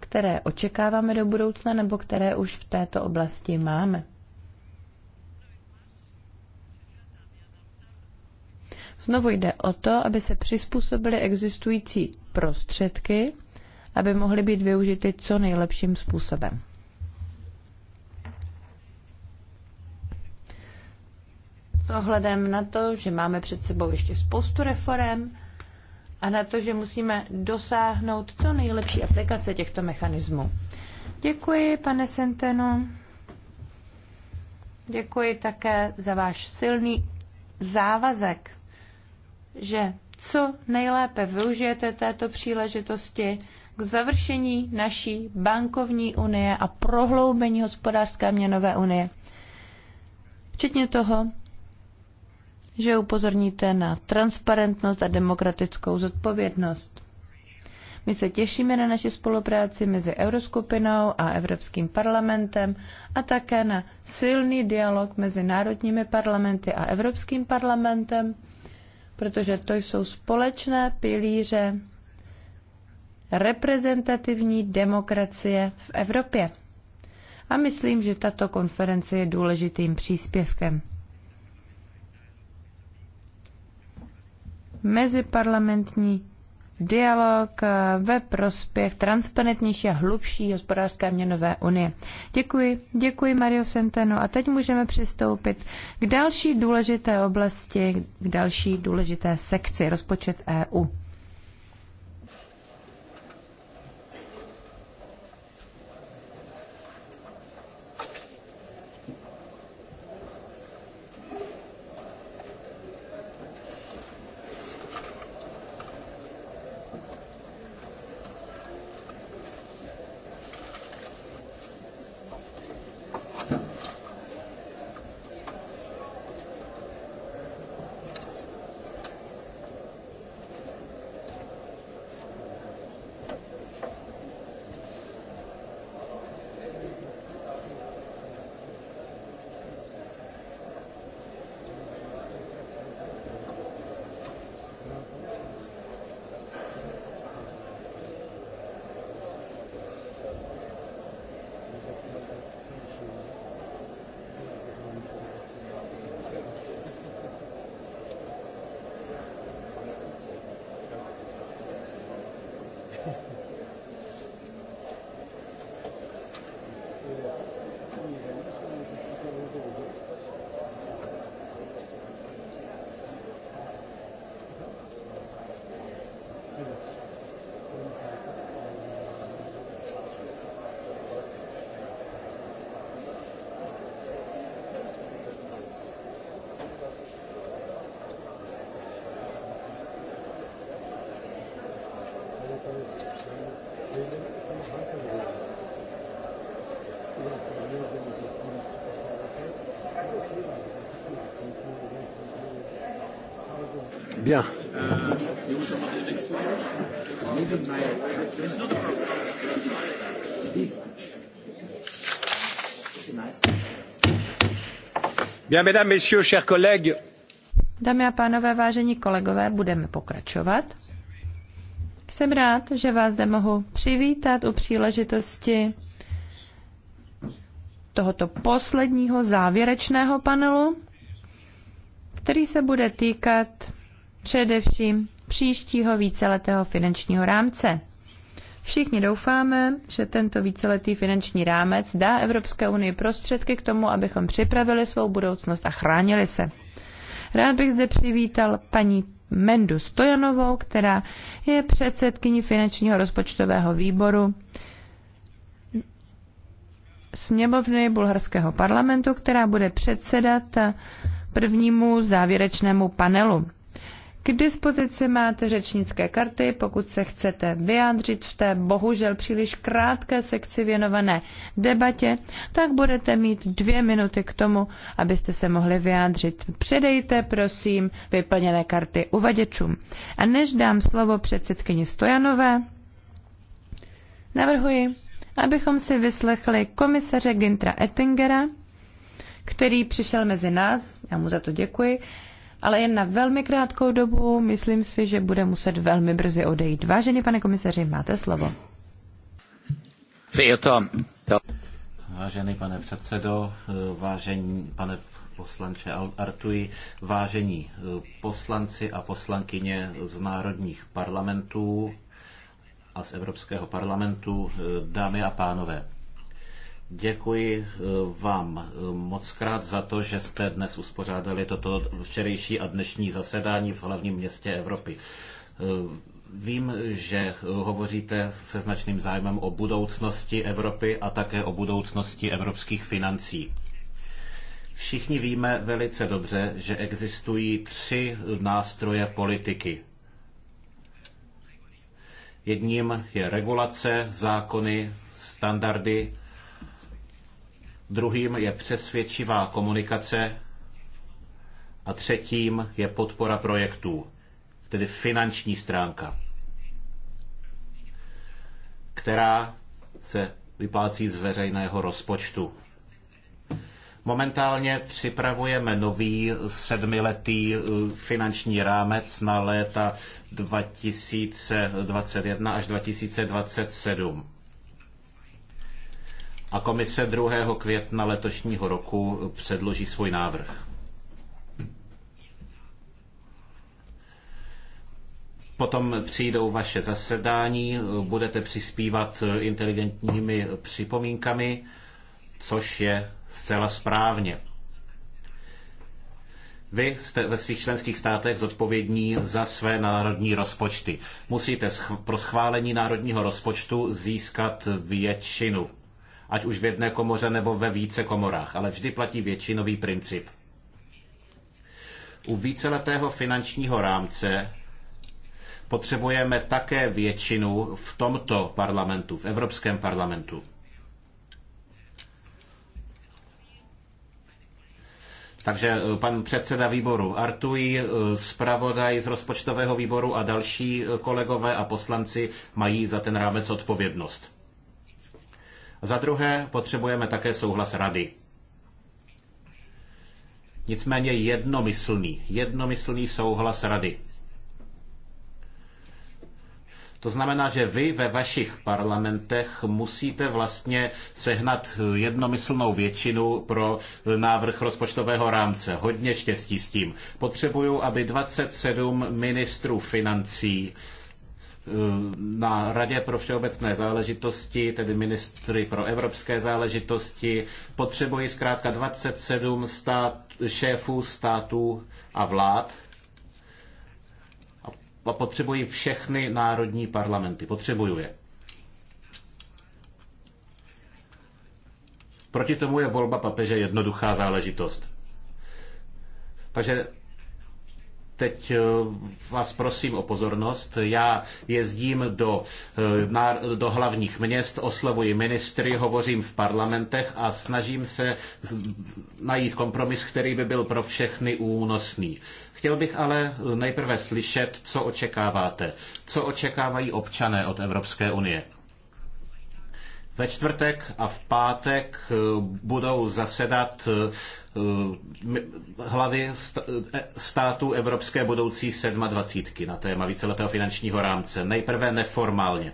které očekáváme do budoucna nebo které už v této oblasti máme. Znovu jde o to, aby se přizpůsobily existující prostředky, aby mohly být využity co nejlepším způsobem. s ohledem na to, že máme před sebou ještě spoustu reform a na to, že musíme dosáhnout co nejlepší aplikace těchto mechanismů. Děkuji, pane Senteno. Děkuji také za váš silný závazek, že co nejlépe využijete této příležitosti k završení naší bankovní unie a prohloubení hospodářské měnové unie. Včetně toho, že upozorníte na transparentnost a demokratickou zodpovědnost. My se těšíme na naši spolupráci mezi Euroskupinou a Evropským parlamentem a také na silný dialog mezi národními parlamenty a Evropským parlamentem, protože to jsou společné pilíře reprezentativní demokracie v Evropě. A myslím, že tato konference je důležitým příspěvkem. meziparlamentní dialog ve prospěch transparentnější a hlubší hospodářské měnové unie. Děkuji, děkuji Mario Centeno a teď můžeme přistoupit k další důležité oblasti, k další důležité sekci rozpočet EU. Dámy a pánové, vážení kolegové, budeme pokračovat. Jsem rád, že vás zde mohu přivítat u příležitosti tohoto posledního závěrečného panelu, který se bude týkat především příštího víceletého finančního rámce. Všichni doufáme, že tento víceletý finanční rámec dá Evropské unii prostředky k tomu, abychom připravili svou budoucnost a chránili se. Rád bych zde přivítal paní Mendu Stojanovou, která je předsedkyní finančního rozpočtového výboru sněmovny bulharského parlamentu, která bude předsedat prvnímu závěrečnému panelu. K dispozici máte řečnické karty, pokud se chcete vyjádřit v té bohužel příliš krátké sekci věnované debatě, tak budete mít dvě minuty k tomu, abyste se mohli vyjádřit. Předejte, prosím, vyplněné karty uvaděčům. A než dám slovo předsedkyni Stojanové, navrhuji, abychom si vyslechli komisaře Gintra Ettingera, který přišel mezi nás, já mu za to děkuji, ale jen na velmi krátkou dobu. Myslím si, že bude muset velmi brzy odejít. Vážený pane komisaři, máte slovo. Vážený pane předsedo, vážení pane poslanče Artuji, vážení poslanci a poslankyně z národních parlamentů a z Evropského parlamentu, dámy a pánové. Děkuji eh, vám eh, moc krát za to, že jste dnes uspořádali toto včerejší a dnešní zasedání v hlavním městě Evropy. Eh, vím, že hovoříte se značným zájmem o budoucnosti Evropy a také o budoucnosti evropských financí. Všichni víme velice dobře, že existují tři nástroje politiky. Jedním je regulace, zákony, standardy druhým je přesvědčivá komunikace a třetím je podpora projektů, tedy finanční stránka, která se vyplácí z veřejného rozpočtu. Momentálně připravujeme nový sedmiletý eh, finanční rámec na léta 2021 až 2027 a komise 2. května letošního roku předloží svůj návrh. Potom přijdou vaše zasedání, budete přispívat inteligentními připomínkami, což je zcela správně. Vy jste ve svých členských státech zodpovědní za své národní rozpočty. Musíte pro schválení národního rozpočtu získat většinu ať už v jedné komoře nebo ve více komorách, ale vždy platí většinový princip. U víceletého finančního rámce potřebujeme také většinu v tomto parlamentu, v Evropském parlamentu. Takže eh, pan předseda výboru Artují, eh, zpravodaj z rozpočtového výboru a další eh, kolegové a poslanci mají za ten rámec odpovědnost. Za druhé potřebujeme také souhlas rady. Nicméně jednomyslný, jednomyslný souhlas rady. To znamená, že vy ve vašich parlamentech musíte vlastně sehnat jednomyslnou většinu pro návrh rozpočtového rámce. Hodně štěstí s tím. Potřebuju, aby 27 ministrů financí na Radě pro všeobecné záležitosti, tedy ministry pro evropské záležitosti. Potřebují zkrátka 27 stát, šéfů států a vlád a potřebují všechny národní parlamenty. Potřebuje. Proti tomu je volba papeže jednoduchá záležitost. Takže teď eh, vás prosím o pozornost. Já jezdím do, eh, do hlavních měst, oslovuji ministry, hovořím v parlamentech a snažím se najít kompromis, který by byl pro všechny únosný. Chtěl bych ale nejprve slyšet, co očekáváte. Co očekávají občané od Evropské unie? Ve čtvrtek a v pátek eh, budou zasedat eh, eh, hlavy států Evropské budoucí 27 na téma víceletého finančního rámce. Nejprve neformálně.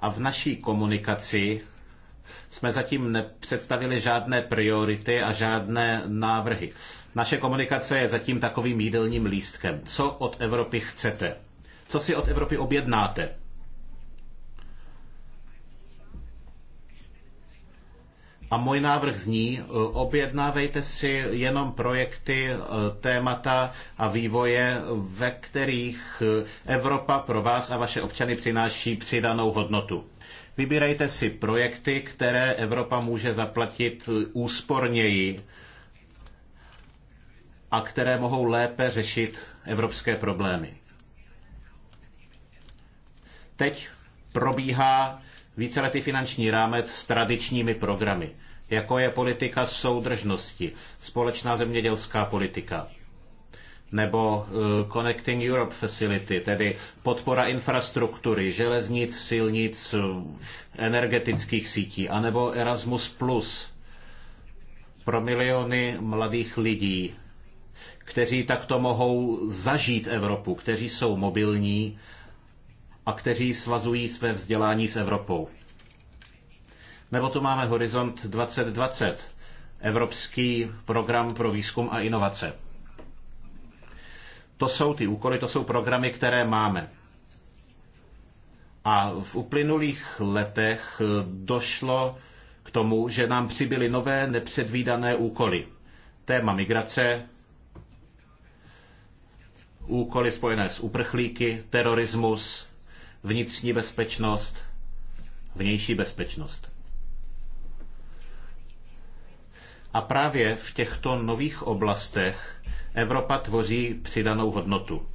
A v naší komunikaci jsme zatím nepředstavili žádné priority a žádné návrhy. Naše komunikace je zatím takovým jídelním lístkem. Co od Evropy chcete? Co si od Evropy objednáte? A můj návrh zní, e, objednávejte si jenom projekty, e, témata a vývoje, ve kterých e, Evropa pro vás a vaše občany přináší přidanou hodnotu. Vybírejte si projekty, které Evropa může zaplatit úsporněji a které mohou lépe řešit evropské problémy. Teď probíhá víceletý finanční rámec s tradičními programy, jako je politika soudržnosti, společná zemědělská politika nebo eh, Connecting Europe Facility, tedy podpora infrastruktury, železnic, silnic, eh, energetických sítí, anebo Erasmus Plus pro miliony mladých lidí, kteří takto mohou zažít Evropu, kteří jsou mobilní a kteří svazují své vzdělání s Evropou. Nebo tu máme Horizont 2020, Evropský program pro výzkum a inovace. To jsou ty úkoly, to jsou programy, které máme. A v uplynulých letech došlo k tomu, že nám přibyly nové nepředvídané úkoly. Téma migrace, úkoly spojené s uprchlíky, terorismus, vnitřní bezpečnost, vnější bezpečnost. A právě v těchto nových oblastech Evropa tvoří přidanou hodnotu.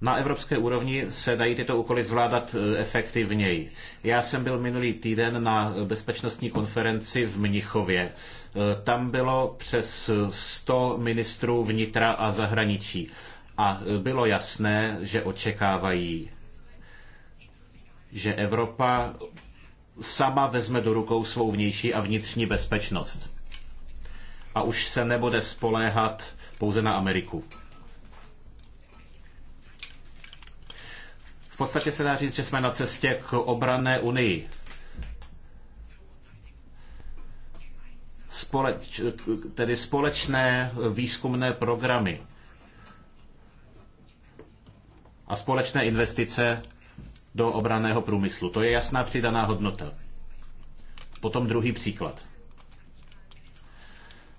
Na evropské úrovni se dají tyto úkoly zvládat e, efektivněji. Já jsem byl minulý týden na bezpečnostní konferenci v Mnichově. E, tam bylo přes 100 ministrů vnitra a zahraničí a bylo jasné, že očekávají, že Evropa sama vezme do rukou svou vnější a vnitřní bezpečnost. A už se nebude spoléhat pouze na Ameriku. V podstatě se dá říct, že jsme na cestě k obranné unii. Společ, tedy společné výzkumné programy a společné investice do obraného průmyslu. To je jasná přidaná hodnota. Potom druhý příklad.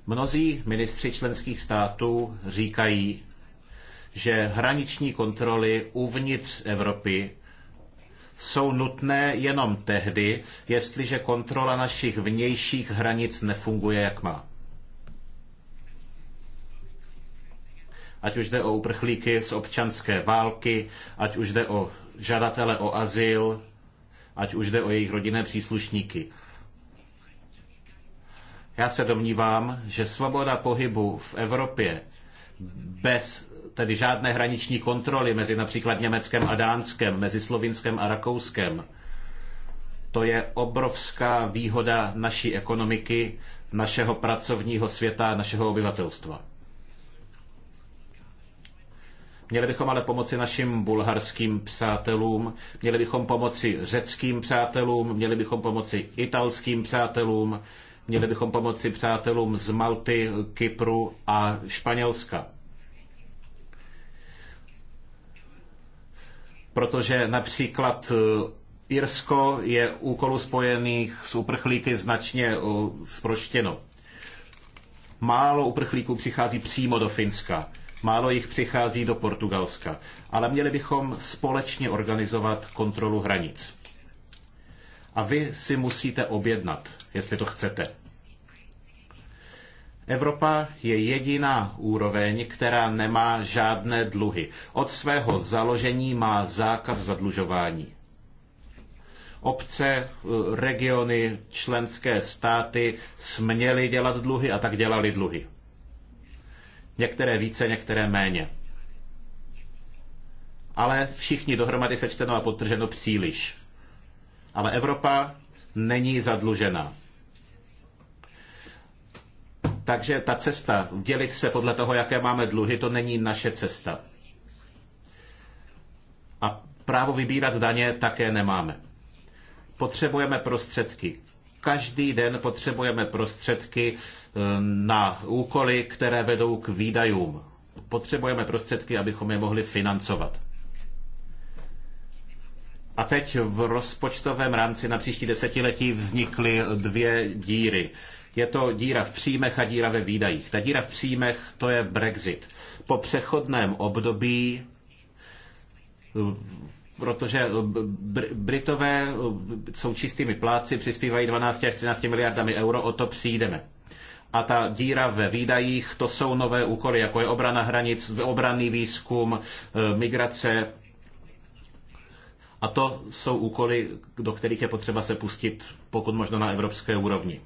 Mnozí ministři členských států říkají, že hraniční kontroly uvnitř Evropy jsou nutné jenom tehdy, jestliže kontrola našich vnějších hranic nefunguje jak má. ať už jde o uprchlíky z občanské války, ať už jde o žadatele o azyl, ať už jde o jejich rodinné příslušníky. Já se domnívám, že svoboda pohybu v Evropě bez tedy žádné hraniční kontroly mezi například Německem a Dánskem, mezi Slovinskem a Rakouskem, to je obrovská výhoda naší ekonomiky, našeho pracovního světa, našeho obyvatelstva. Měli bychom ale pomoci našim bulharským přátelům, měli bychom pomoci řeckým přátelům, měli bychom pomoci italským přátelům, měli bychom pomoci přátelům z Malty, Kypru a Španělska. Protože například e, Irsko je úkolu spojených s uprchlíky značně e, zproštěno. Málo uprchlíků přichází přímo do Finska Málo jich přichází do Portugalska, ale měli bychom společně organizovat kontrolu hranic. A vy si musíte objednat, jestli to chcete. Evropa je jediná úroveň, která nemá žádné dluhy. Od svého založení má zákaz zadlužování. Obce, eh, regiony, členské státy směly dělat dluhy a tak dělali dluhy. Některé více, některé méně. Ale všichni dohromady sečteno a podtrženo příliš. Ale Evropa není zadlužená. Takže ta cesta, dělit se podle toho, jaké máme dluhy, to není naše cesta. A právo vybírat daně také nemáme. Potřebujeme prostředky, Každý den potřebujeme prostředky eh, na úkoly, které vedou k výdajům. Potřebujeme prostředky, abychom je mohli financovat. A teď v rozpočtovém rámci na příští desetiletí vznikly dvě díry. Je to díra v příjmech a díra ve výdajích. Ta díra v příjmech to je Brexit. Po přechodném období protože eh, Britové eh, jsou čistými pláci, přispívají 12 až 13 miliardami euro, o to přijdeme. A ta díra ve výdajích, to jsou nové úkoly, jako je obrana hranic, obranný výzkum, eh, migrace. A to jsou úkoly, do kterých je potřeba se pustit, pokud možno na evropské úrovni.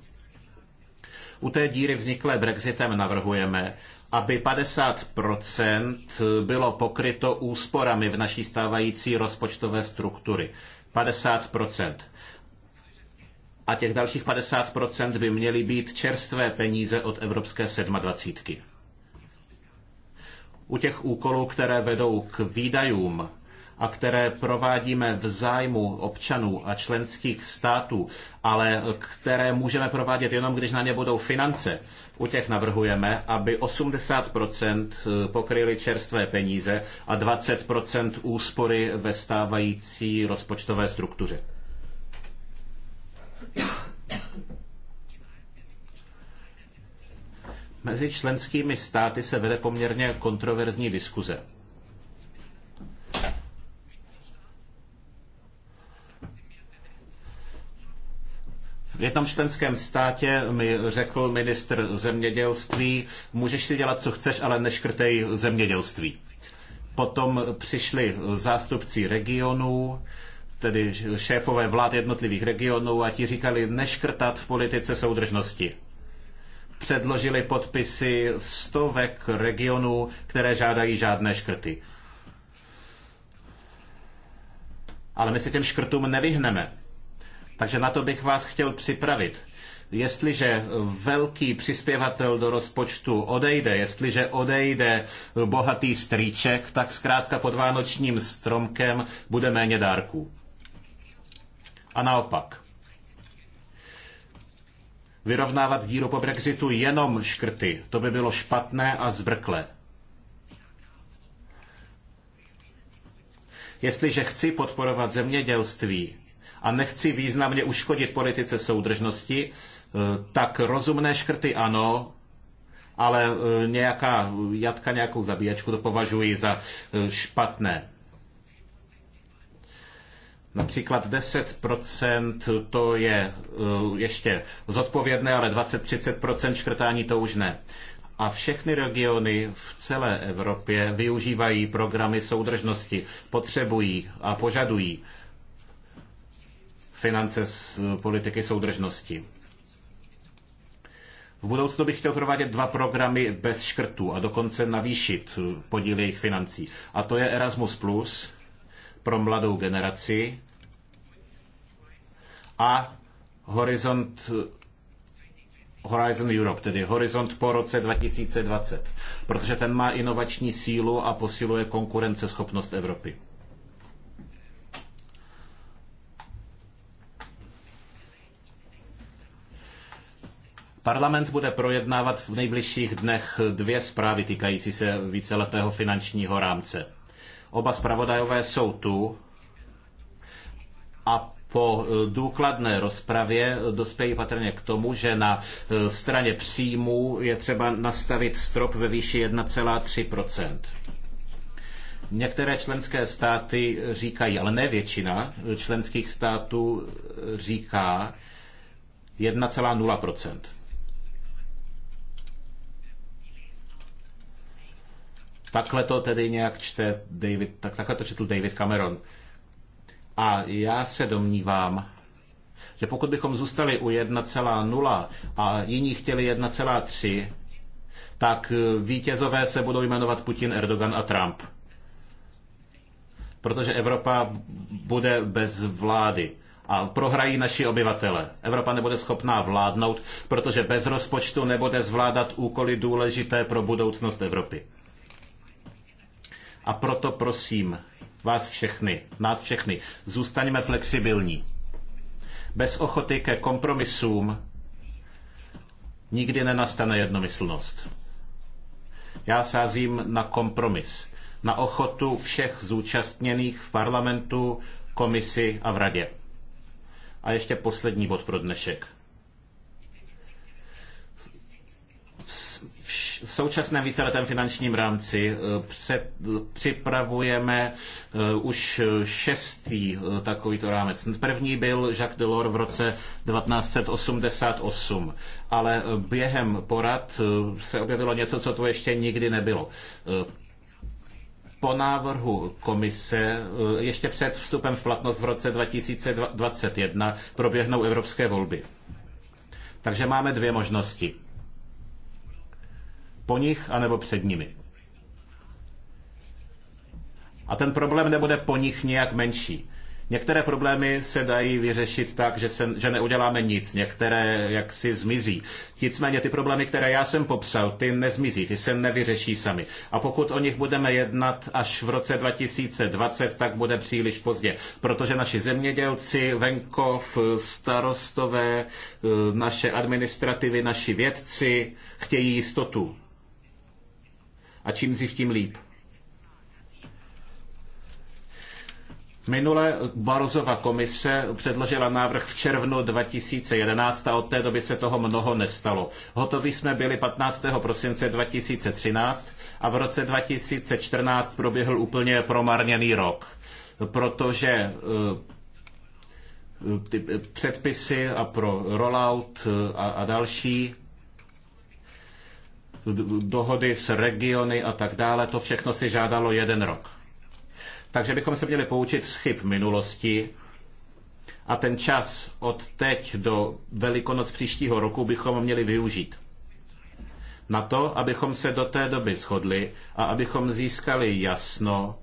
U té díry vzniklé Brexitem navrhujeme, aby 50 bylo pokryto úsporami v naší stávající rozpočtové struktury. 50 A těch dalších 50 by měly být čerstvé peníze od Evropské 27. U těch úkolů, které vedou k výdajům, a které provádíme v zájmu občanů a členských států, ale které můžeme provádět jenom, když na ně budou finance, u těch navrhujeme, aby 80% eh, pokryly čerstvé peníze a 20% úspory ve stávající rozpočtové struktuře. Mezi členskými státy se vede poměrně kontroverzní diskuze. V jednom členském státě mi řekl ministr zemědělství, můžeš si dělat, co chceš, ale neškrtej zemědělství. Potom přišli zástupci regionů, tedy šéfové vlád jednotlivých regionů a ti říkali neškrtat v politice soudržnosti. Předložili podpisy stovek regionů, které žádají žádné škrty. Ale my se těm škrtům nevyhneme. Takže na to bych vás chtěl připravit jestliže velký přispěvatel do rozpočtu odejde, jestliže odejde bohatý strýček, tak zkrátka pod vánočním stromkem bude méně dárků. A naopak. Vyrovnávat díru po Brexitu jenom škrty, to by bylo špatné a zbrklé. Jestliže chci podporovat zemědělství, a nechci významně uškodit politice soudržnosti, eh, tak rozumné škrty ano, ale eh, nějaká jatka, nějakou zabíjačku to považuji za eh, špatné. Například 10% to je ještě zodpovědné, ale 20-30% škrtání to už ne. A všechny regiony v celé Evropě využívají programy soudržnosti, potřebují a požadují finance z politiky soudržnosti. V budoucnu bych chtěl provádět dva programy bez škrtů a dokonce navýšit podíl jejich financí. A to je Erasmus Plus pro mladou generaci a Horizont Horizon Europe, tedy Horizont po roce 2020, protože ten má inovační sílu a posiluje konkurenceschopnost Evropy. Parlament bude projednávat v nejbližších dnech dvě zprávy týkající se víceletého finančního rámce. Oba zpravodajové jsou tu a po e, důkladné rozpravě dospějí patrně k tomu, že na e, straně příjmů je třeba nastavit strop ve výši 1,3 Některé členské státy říkají, ale ne většina členských států říká 1,0 Takhle to tedy nějak čte David, tak takhle to četl David Cameron. A já se domnívám, že pokud bychom zůstali u 1,0 a jiní chtěli 1,3, tak vítězové se budou jmenovat Putin, Erdogan a Trump. Protože Evropa bude bez vlády a prohrají naši obyvatele. Evropa nebude schopná vládnout, protože bez rozpočtu nebude zvládat úkoly důležité pro budoucnost Evropy. A proto prosím vás všechny, nás všechny, zůstaňme flexibilní. Bez ochoty ke kompromisům nikdy nenastane jednomyslnost. Já sázím na kompromis, na ochotu všech zúčastněných v parlamentu, komisi a v radě. A ještě poslední bod pro dnešek v současném víceletém finančním rámci eh, před, připravujeme eh, už šestý eh, takovýto rámec. První byl Jacques Delors v roce 1988, ale během porad se objevilo něco, co tu ještě nikdy nebylo po návrhu komise ještě před vstupem v platnost v roce 2021 proběhnou evropské volby. Takže máme dvě možnosti po nich anebo před nimi. A ten problém nebude po nich nějak menší. Některé problémy se dají vyřešit tak, že, se, že neuděláme nic, některé jak si zmizí. Nicméně ty problémy, které já jsem popsal, ty nezmizí, ty se nevyřeší sami. A pokud o nich budeme jednat až v roce 2020, tak bude příliš pozdě, protože naši zemědělci, venkov, starostové, eh, naše administrativy, naši vědci chtějí jistotu. A čím dřív, tím líp. Minule Barzova komise předložila návrh v červnu 2011 a od té doby se toho mnoho nestalo. Hotoví jsme byli 15. prosince 2013 a v roce 2014 proběhl úplně promarněný rok, protože eh, ty předpisy a pro rollout eh, a, a další dohody s regiony a tak dále, to všechno si žádalo jeden rok. Takže bychom se měli poučit z chyb minulosti a ten čas od teď do Velikonoc příštího roku bychom měli využít na to, abychom se do té doby shodli a abychom získali jasno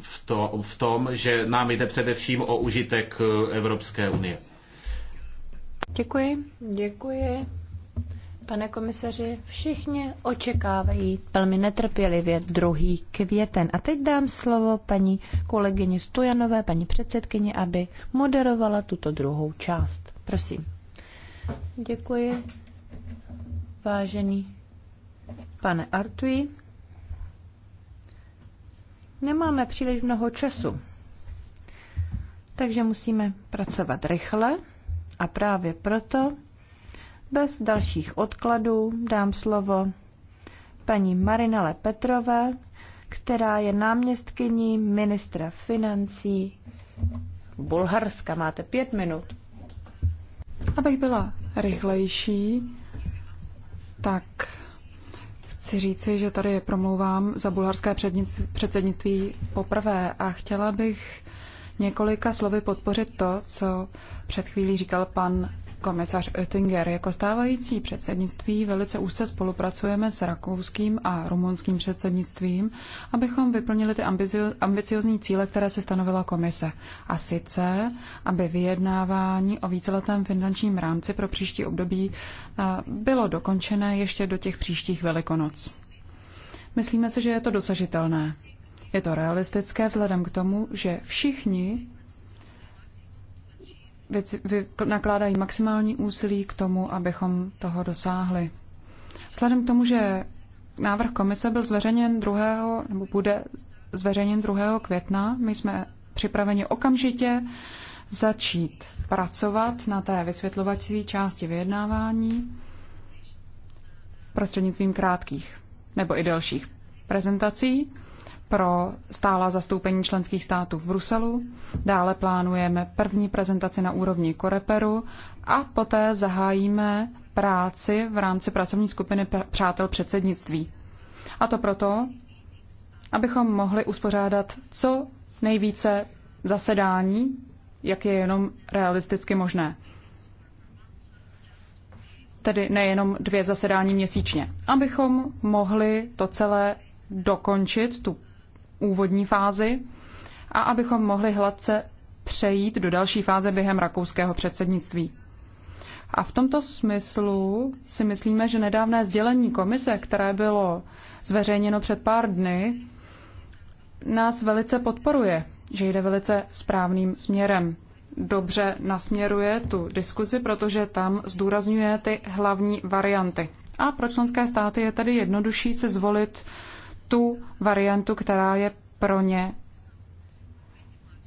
v, to, v tom, že nám jde především o užitek Evropské unie. Děkuji, děkuji Pane komisaři, všichni očekávají velmi netrpělivě druhý květen. A teď dám slovo paní kolegyni Stojanové, paní předsedkyně, aby moderovala tuto druhou část. Prosím. Děkuji. Vážený pane Artui, nemáme příliš mnoho času, takže musíme pracovat rychle a právě proto bez dalších odkladů dám slovo paní Marinele Petrové, která je náměstkyní ministra financí Bulharska. Máte pět minut. Abych byla rychlejší, tak chci říci, že tady promlouvám za bulharské předsednictví poprvé a chtěla bych několika slovy podpořit to, co před chvílí říkal pan komisař Oettinger. Jako stávající předsednictví velice úzce spolupracujeme s rakouským a rumunským předsednictvím, abychom vyplnili ty ambiciozní cíle, které se stanovila komise. A sice, aby vyjednávání o víceletém finančním rámci pro příští období eh, bylo dokončené ještě do těch příštích velikonoc. Myslíme si, že je to dosažitelné. Je to realistické vzhledem k tomu, že všichni nakládají maximální úsilí k tomu, abychom toho dosáhli. Vzhledem k tomu, že návrh komise byl zveřejněn 2. nebo bude zveřejněn 2. května, my jsme připraveni okamžitě začít pracovat na té vysvětlovací části vyjednávání prostřednictvím krátkých nebo i delších prezentací pro stála zastoupení členských států v Bruselu. Dále plánujeme první prezentaci na úrovni Koreperu a poté zahájíme práci v rámci pracovní skupiny Přátel předsednictví. A to proto, abychom mohli uspořádat co nejvíce zasedání, jak je jenom realisticky možné. Tedy nejenom dvě zasedání měsíčně. Abychom mohli to celé dokončit, tu úvodní fázi a abychom mohli hladce přejít do další fáze během rakouského předsednictví. A v tomto smyslu si myslíme, že nedávné sdělení komise, které bylo zveřejněno před pár dny, nás velice podporuje, že jde velice správným směrem. Dobře nasměruje tu diskuzi, protože tam zdůrazňuje ty hlavní varianty. A pro členské státy je tedy jednodušší si zvolit tu variantu, která je pro ně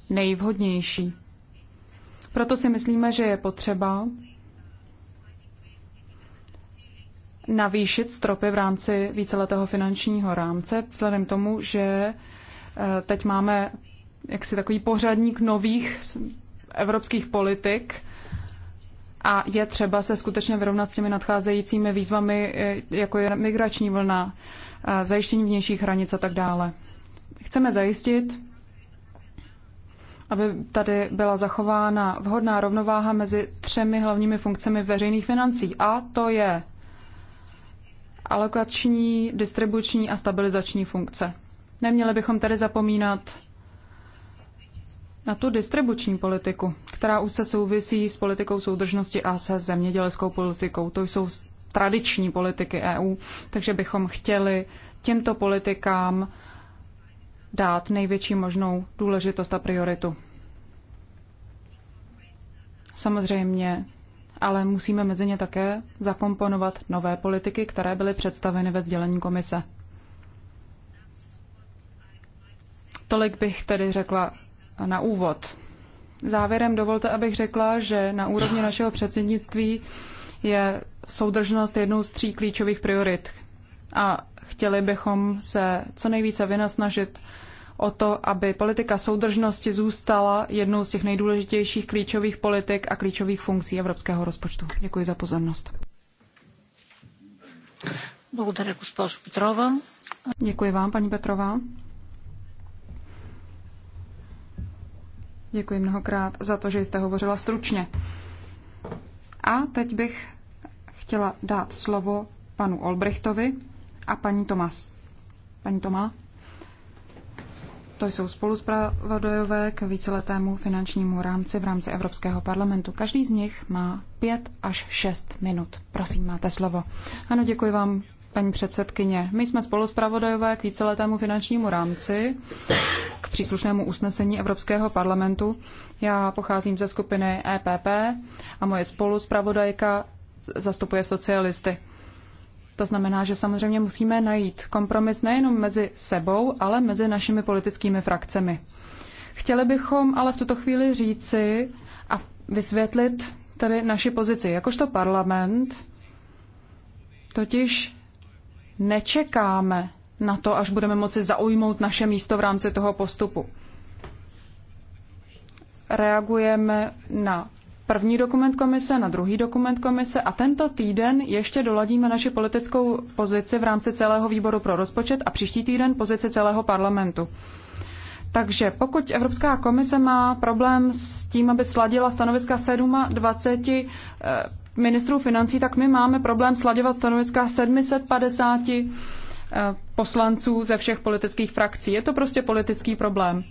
nejvhodnější. Proto si myslíme, že je potřeba navýšit stropy v rámci víceletého finančního rámce, vzhledem tomu, že eh, teď máme jaksi takový pořadník nových evropských politik a je třeba se skutečně vyrovnat s těmi nadcházejícími výzvami, eh, jako je migrační vlna, zajištění vnějších hranic a tak dále. Chceme zajistit, aby tady byla zachována vhodná rovnováha mezi třemi hlavními funkcemi veřejných financí, a to je alokační, distribuční a stabilizační funkce. Neměli bychom tedy zapomínat na tu distribuční politiku, která už se souvisí s politikou soudržnosti a se zemědělskou politikou. To jsou tradiční politiky EU, takže bychom chtěli těmto politikám dát největší možnou důležitost a prioritu. Samozřejmě, ale musíme mezi ně také zakomponovat nové politiky, které byly představeny ve sdělení komise. Tolik bych tedy řekla na úvod. Závěrem dovolte, abych řekla, že na úrovni našeho předsednictví je soudržnost jednou z tří klíčových priorit. A chtěli bychom se co nejvíce vynasnažit o to, aby politika soudržnosti zůstala jednou z těch nejdůležitějších klíčových politik a klíčových funkcí evropského rozpočtu. Děkuji za pozornost. Děkuji vám, paní Petrová. Děkuji mnohokrát za to, že jste hovořila stručně. A teď bych chtěla dát slovo panu Olbrechtovi a paní Tomas. Paní Tomá? To jsou spoluzpravodajové k víceletému finančnímu rámci v rámci Evropského parlamentu. Každý z nich má pět až šest minut. Prosím, máte slovo. Ano, děkuji vám, paní předsedkyně. My jsme spoluzpravodajové k víceletému finančnímu rámci, k příslušnému usnesení Evropského parlamentu. Já pocházím ze skupiny EPP a moje spoluzpravodajka zastupuje socialisty. To znamená, že samozřejmě musíme najít kompromis nejenom mezi sebou, ale mezi našimi politickými frakcemi. Chtěli bychom ale v tuto chvíli říci a vysvětlit tedy naši pozici. Jakožto parlament totiž nečekáme na to, až budeme moci zaujmout naše místo v rámci toho postupu. Reagujeme na první dokument komise, na druhý dokument komise a tento týden ještě doladíme naši politickou pozici v rámci celého výboru pro rozpočet a příští týden pozici celého parlamentu. Takže pokud Evropská komise má problém s tím, aby sladila stanoviska 27 eh, ministrů financí, tak my máme problém sladěvat stanoviska 750 eh, poslanců ze všech politických frakcí. Je to prostě politický problém.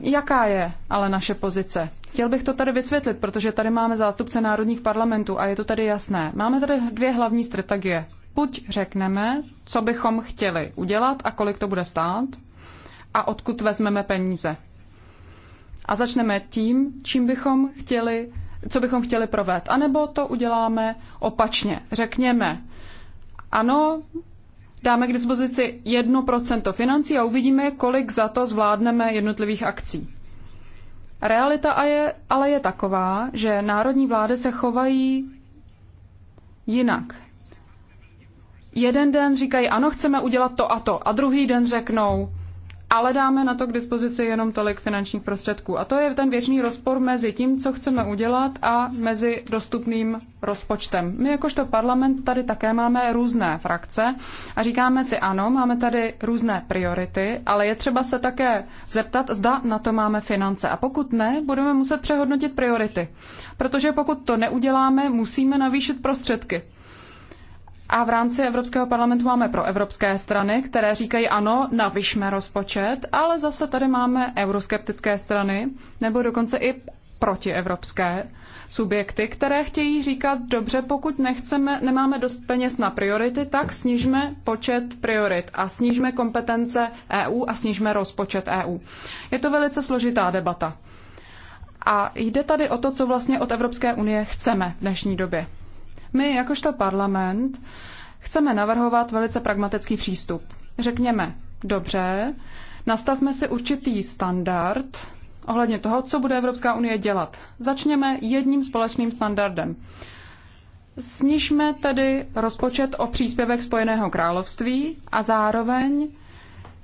Jaká je ale naše pozice? Chtěl bych to tady vysvětlit, protože tady máme zástupce národních parlamentů a je to tady jasné. Máme tady dvě hlavní strategie. Buď řekneme, co bychom chtěli udělat a kolik to bude stát a odkud vezmeme peníze. A začneme tím, čím bychom chtěli, co bychom chtěli provést. A nebo to uděláme opačně. Řekněme, ano, dáme k dispozici 1% financí a uvidíme, kolik za to zvládneme jednotlivých akcí. Realita je, ale je taková, že národní vlády se chovají jinak. Jeden den říkají, ano, chceme udělat to a to, a druhý den řeknou, ale dáme na to k dispozici jenom tolik finančních prostředků. A to je ten věčný rozpor mezi tím, co chceme udělat a mezi dostupným rozpočtem. My jakožto parlament tady také máme různé frakce a říkáme si ano, máme tady různé priority, ale je třeba se také zeptat, zda na to máme finance. A pokud ne, budeme muset přehodnotit priority. Protože pokud to neuděláme, musíme navýšit prostředky. A v rámci Evropského parlamentu máme pro evropské strany, které říkají ano, navyšme rozpočet, ale zase tady máme euroskeptické strany, nebo dokonce i protievropské subjekty, které chtějí říkat, dobře, pokud nechceme, nemáme dost peněz na priority, tak snižme počet priorit a snižme kompetence EU a snižme rozpočet EU. Je to velice složitá debata. A jde tady o to, co vlastně od Evropské unie chceme v dnešní době. My, jakožto parlament, chceme navrhovat velice pragmatický přístup. Řekněme, dobře, nastavme si určitý standard ohledně toho, co bude Evropská unie dělat. Začněme jedním společným standardem. Snižme tedy rozpočet o příspěvek Spojeného království a zároveň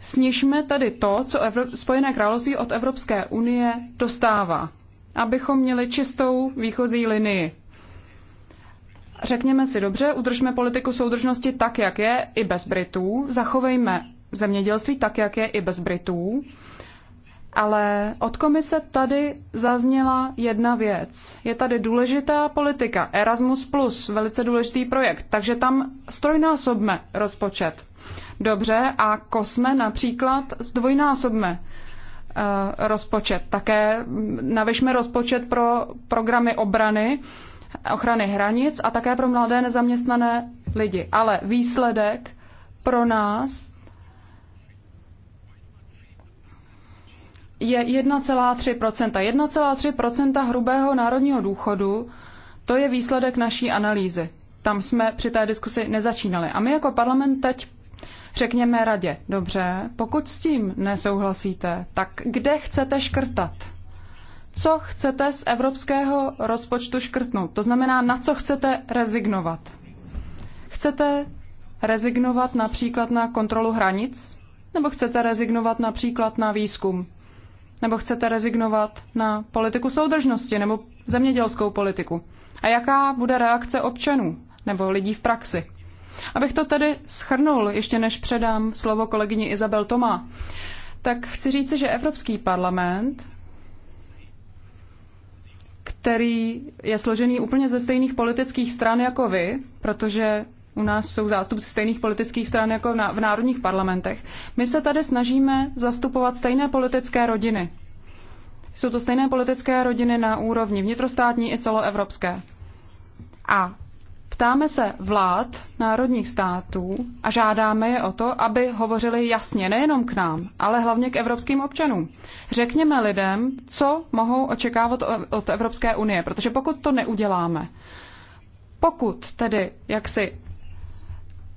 snižme tedy to, co Evro- Spojené království od Evropské unie dostává, abychom měli čistou výchozí linii Řekněme si dobře, udržme politiku soudržnosti tak, jak je, i bez Britů, zachovejme zemědělství tak, jak je, i bez Britů, ale od komise tady zazněla jedna věc. Je tady důležitá politika Erasmus+, plus, velice důležitý projekt, takže tam strojnásobme rozpočet. Dobře, a kosme například zdvojnásobme eh, rozpočet. Také hm, navyšme rozpočet pro programy obrany ochrany hranic a také pro mladé nezaměstnané lidi. Ale výsledek pro nás je 1,3%. 1,3% hrubého národního důchodu, to je výsledek naší analýzy. Tam jsme při té diskusi nezačínali. A my jako parlament teď řekněme radě, dobře, pokud s tím nesouhlasíte, tak kde chcete škrtat? co chcete z evropského rozpočtu škrtnout. To znamená, na co chcete rezignovat. Chcete rezignovat například na kontrolu hranic? Nebo chcete rezignovat například na výzkum? Nebo chcete rezignovat na politiku soudržnosti nebo zemědělskou politiku? A jaká bude reakce občanů nebo lidí v praxi? Abych to tedy schrnul, ještě než předám slovo kolegyni Izabel Tomá, tak chci říci, že Evropský parlament který je složený úplně ze stejných politických stran jako vy, protože u nás jsou zástupci stejných politických stran jako v národních parlamentech. My se tady snažíme zastupovat stejné politické rodiny. Jsou to stejné politické rodiny na úrovni vnitrostátní i celoevropské. A Ptáme se vlád národních států a žádáme je o to, aby hovořili jasně nejenom k nám, ale hlavně k evropským občanům. Řekněme lidem, co mohou očekávat od Evropské unie, protože pokud to neuděláme, pokud tedy jaksi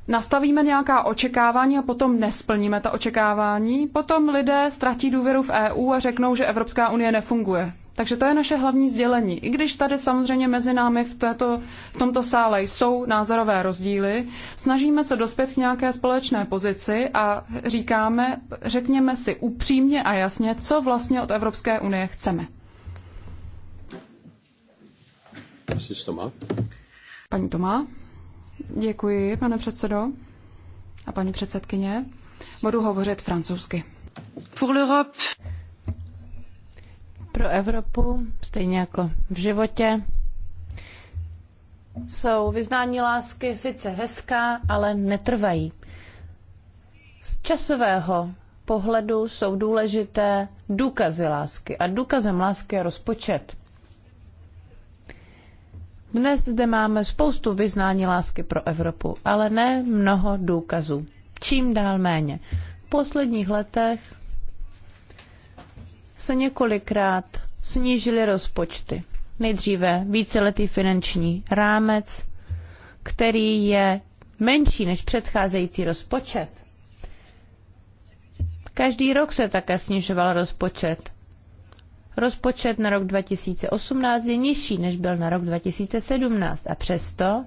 nastavíme nějaká očekávání a potom nesplníme ta očekávání, potom lidé ztratí důvěru v EU a řeknou, že Evropská unie nefunguje. Takže to je naše hlavní sdělení. I když tady samozřejmě mezi námi v, této, v tomto sále jsou názorové rozdíly, snažíme se dospět k nějaké společné pozici a říkáme, řekněme si upřímně a jasně, co vlastně od Evropské unie chceme. Tomá. Paní Tomá, děkuji, pane předsedo a paní předsedkyně. Budu hovořit francouzsky. Pour l'Europe. Pro Evropu, stejně jako v životě, jsou vyznání lásky sice hezká, ale netrvají. Z časového pohledu jsou důležité důkazy lásky a důkazem lásky je rozpočet. Dnes zde máme spoustu vyznání lásky pro Evropu, ale ne mnoho důkazů. Čím dál méně. V posledních letech se několikrát snížily rozpočty. Nejdříve víceletý finanční rámec, který je menší než předcházející rozpočet. Každý rok se také snižoval rozpočet. Rozpočet na rok 2018 je nižší, než byl na rok 2017 a přesto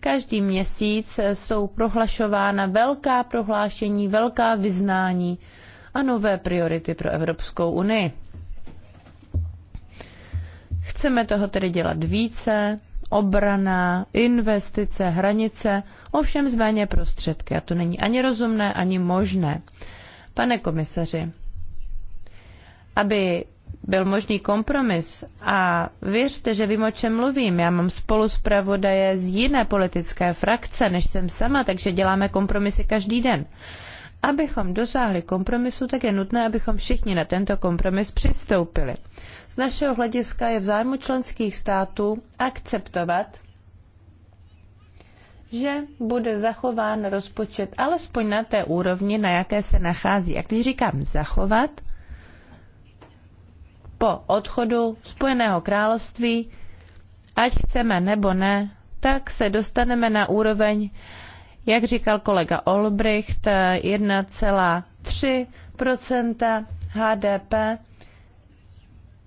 každý měsíc jsou prohlašována velká prohlášení, velká vyznání a nové priority pro Evropskou unii. Chceme toho tedy dělat více, obrana, investice, hranice, ovšem z méně prostředky. A to není ani rozumné, ani možné. Pane komisaři, aby byl možný kompromis a věřte, že vím, o čem mluvím. Já mám spolu zpravodaje z jiné politické frakce, než jsem sama, takže děláme kompromisy každý den. Abychom dosáhli kompromisu, tak je nutné, abychom všichni na tento kompromis přistoupili. Z našeho hlediska je v zájmu členských států akceptovat, že bude zachován rozpočet alespoň na té úrovni, na jaké se nachází. A když říkám zachovat, po odchodu Spojeného království, ať chceme nebo ne, tak se dostaneme na úroveň jak říkal kolega Olbricht, 1,3 HDP.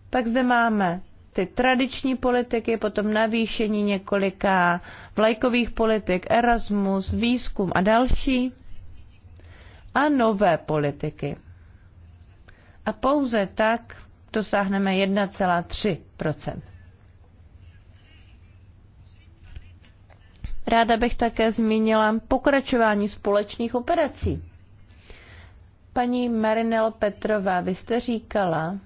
Pak zde máme ty tradiční politiky, potom navýšení několika vlajkových politik, Erasmus, výzkum a další a nové politiky. A pouze tak dosáhneme 1,3 Ráda bych také zmínila pokračování společných operací. Paní Marinel Petrová, vy jste říkala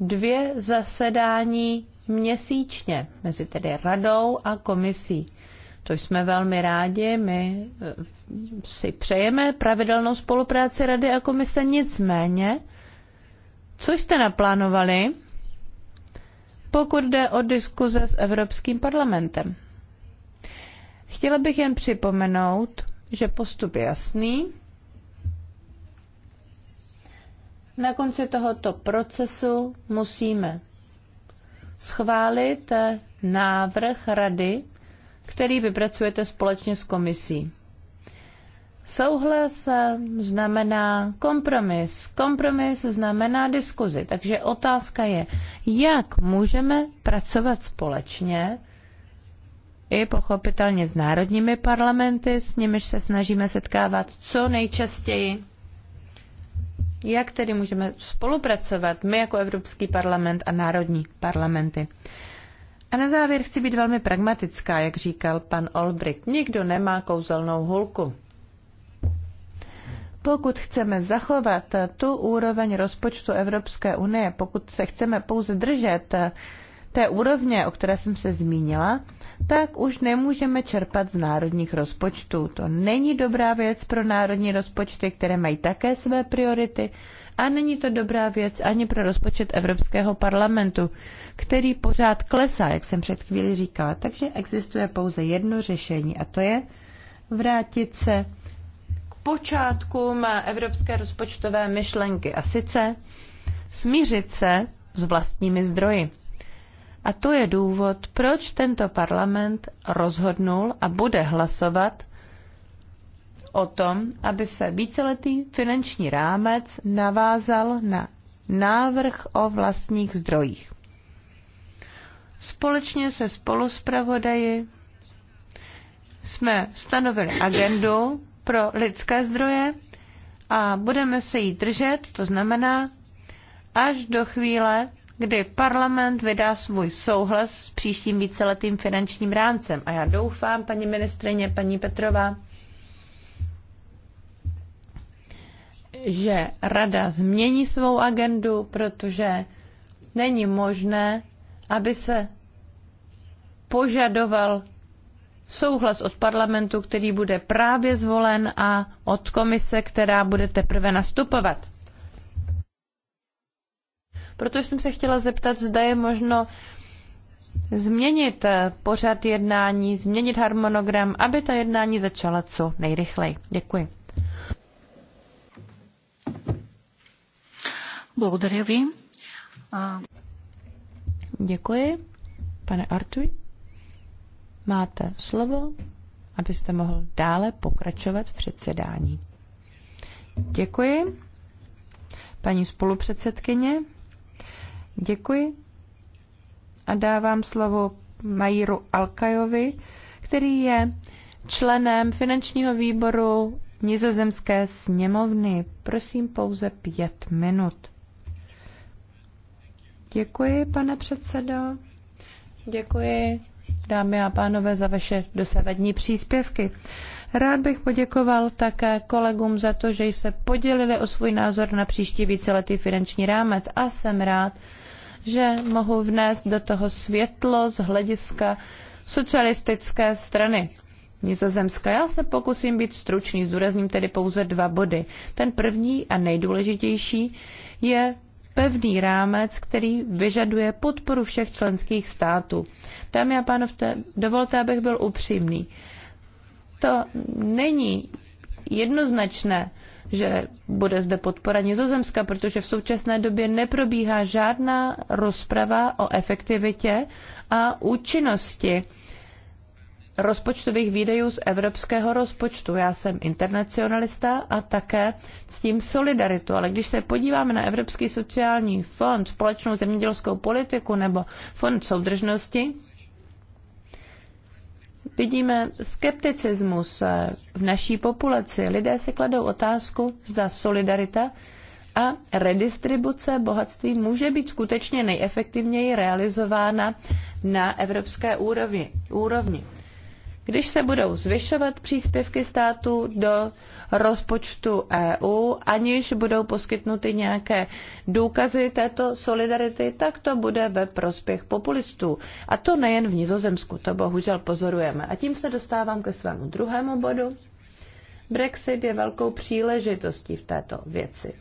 dvě zasedání měsíčně mezi tedy radou a komisí. To jsme velmi rádi, my eh, si přejeme pravidelnou spolupráci rady a komise, nicméně, co jste naplánovali, pokud jde o diskuze s Evropským parlamentem? Chtěla bych jen připomenout, že postup je jasný. Na konci tohoto procesu musíme schválit návrh rady, který vypracujete společně s komisí. Souhlas znamená kompromis. Kompromis znamená diskuzi. Takže otázka je, jak můžeme pracovat společně, i pochopitelně s národními parlamenty, s nimiž se snažíme setkávat co nejčastěji. Jak tedy můžeme spolupracovat my jako Evropský parlament a národní parlamenty? A na závěr chci být velmi pragmatická, jak říkal pan Olbricht. Nikdo nemá kouzelnou hulku. Pokud chceme zachovat tu úroveň rozpočtu Evropské unie, pokud se chceme pouze držet té úrovně, o které jsem se zmínila, tak už nemůžeme čerpat z národních rozpočtů. To není dobrá věc pro národní rozpočty, které mají také své priority a není to dobrá věc ani pro rozpočet Evropského parlamentu, který pořád klesá, jak jsem před chvíli říkala. Takže existuje pouze jedno řešení a to je vrátit se k počátkům evropské rozpočtové myšlenky a sice smířit se s vlastními zdroji. A to je důvod, proč tento parlament rozhodnul a bude hlasovat o tom, aby se víceletý finanční rámec navázal na návrh o vlastních zdrojích. Společně se spoluspravodaji jsme stanovili agendu pro lidské zdroje a budeme se jí držet, to znamená až do chvíle, kdy parlament vydá svůj souhlas s příštím víceletým finančním rámcem. A já doufám, paní ministrině, paní Petrová, že rada změní svou agendu, protože není možné, aby se požadoval souhlas od parlamentu, který bude právě zvolen a od komise, která bude teprve nastupovat. Proto jsem se chtěla zeptat, zda je možno změnit eh, pořad jednání, změnit harmonogram, aby ta jednání začala co nejrychleji. Děkuji. Děkuji. Děkuji. Pane Artuji, máte slovo, abyste mohl dále pokračovat v předsedání. Děkuji. Paní spolupředsedkyně, Děkuji a dávám slovo Majíru Alkajovi, který je členem finančního výboru Nizozemské sněmovny. Prosím pouze pět minut. Děkuji, pane předsedo. Děkuji, dámy a pánové, za vaše dosavadní příspěvky. Rád bych poděkoval také kolegům za to, že se podělili o svůj názor na příští víceletý finanční rámec a jsem rád, že mohu vnést do toho světlo z hlediska socialistické strany. Nizozemska. Já se pokusím být stručný, zdůrazním tedy pouze dva body. Ten první a nejdůležitější je pevný rámec, který vyžaduje podporu všech členských států. Dámy a pánové, dovolte, abych byl upřímný. To není jednoznačné že bude zde podpora Nizozemska, protože v současné době neprobíhá žádná rozprava o efektivitě a účinnosti rozpočtových výdejů z evropského rozpočtu. Já jsem internacionalista a také s tím solidaritu, ale když se podíváme na Evropský sociální fond, společnou zemědělskou politiku nebo fond soudržnosti, vidíme skepticismus eh, v naší populaci. Lidé si kladou otázku, zda solidarita a redistribuce bohatství může být skutečně nejefektivněji realizována na evropské úrovni. úrovni když se budou zvyšovat příspěvky států do rozpočtu EU, aniž budou poskytnuty nějaké důkazy této solidarity, tak to bude ve prospěch populistů. A to nejen v Nizozemsku, to bohužel pozorujeme. A tím se dostávám ke svému druhému bodu. Brexit je velkou příležitostí v této věci.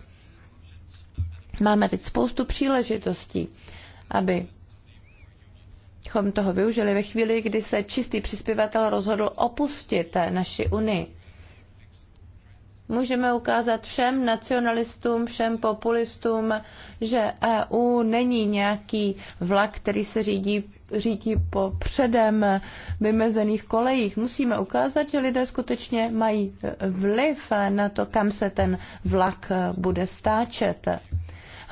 Máme teď spoustu příležitostí, aby chom toho využili ve chvíli, kdy se čistý přispěvatel rozhodl opustit naši unii. Můžeme ukázat všem nacionalistům, všem populistům, že EU není nějaký vlak, který se řídí, řídí po předem vymezených kolejích. Musíme ukázat, že lidé skutečně mají vliv na to, kam se ten vlak bude stáčet.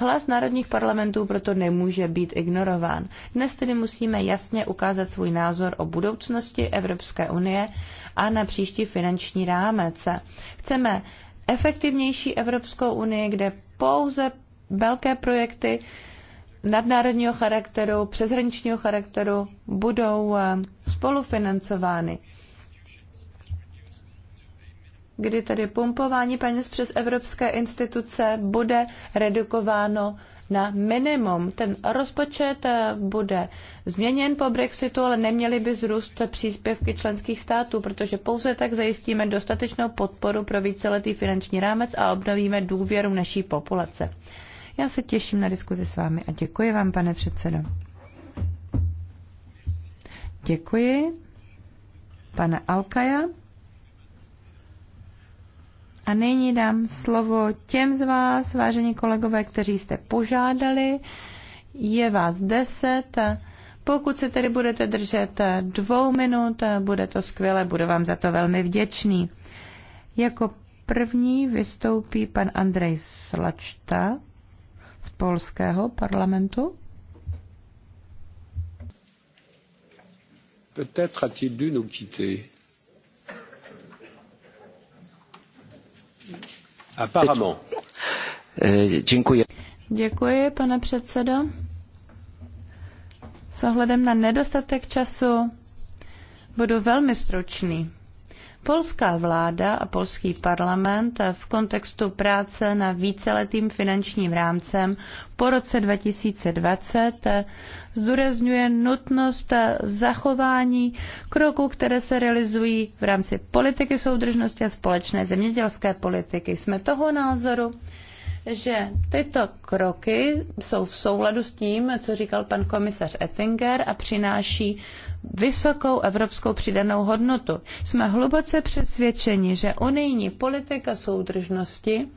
Hlas národních parlamentů proto nemůže být ignorován. Dnes tedy musíme jasně ukázat svůj názor o budoucnosti Evropské unie a na příští finanční rámec. Chceme efektivnější Evropskou unii, kde pouze velké projekty nadnárodního charakteru, přeshraničního charakteru budou eh, spolufinancovány kdy tedy pumpování peněz přes evropské instituce bude redukováno na minimum. Ten rozpočet eh, bude změněn po Brexitu, ale neměly by zrůst příspěvky členských států, protože pouze tak zajistíme dostatečnou podporu pro víceletý finanční rámec a obnovíme důvěru naší populace. Já se těším na diskuzi s vámi a děkuji vám, pane předsedo. Děkuji. Pane Alkaja. A nyní dám slovo těm z vás, vážení kolegové, kteří jste požádali. Je vás deset. Pokud se tedy budete držet dvou minut, bude to skvěle, budu vám za to velmi vděčný. Jako první vystoupí pan Andrej Slačta z polského parlamentu. Peut-être a-t-il dû nous quitter. Apparemment. Eh, Děkuji. Děkuji, pane předsedo. S ohledem na nedostatek času budu velmi stručný. Polská vláda a polský parlament v kontextu práce na víceletým finančním rámcem po roce 2020 zdůrazňuje nutnost zachování kroků, které se realizují v rámci politiky soudržnosti a společné zemědělské politiky. Jsme toho názoru, že tyto kroky jsou v souladu s tím, co říkal pan komisař Ettinger a přináší vysokou evropskou přidanou hodnotu. Jsme hluboce přesvědčeni, že unijní politika soudržnosti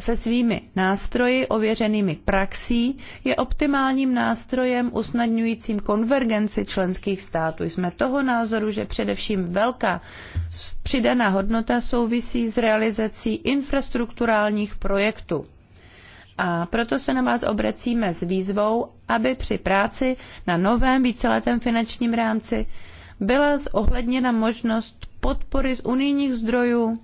se svými nástroji ověřenými praxí je optimálním nástrojem usnadňujícím konvergenci členských států. Jsme toho názoru, že především velká přidaná hodnota souvisí s realizací infrastrukturálních projektů. A proto se na vás obracíme s výzvou, aby při práci na novém víceletém finančním rámci byla zohledněna možnost podpory z unijních zdrojů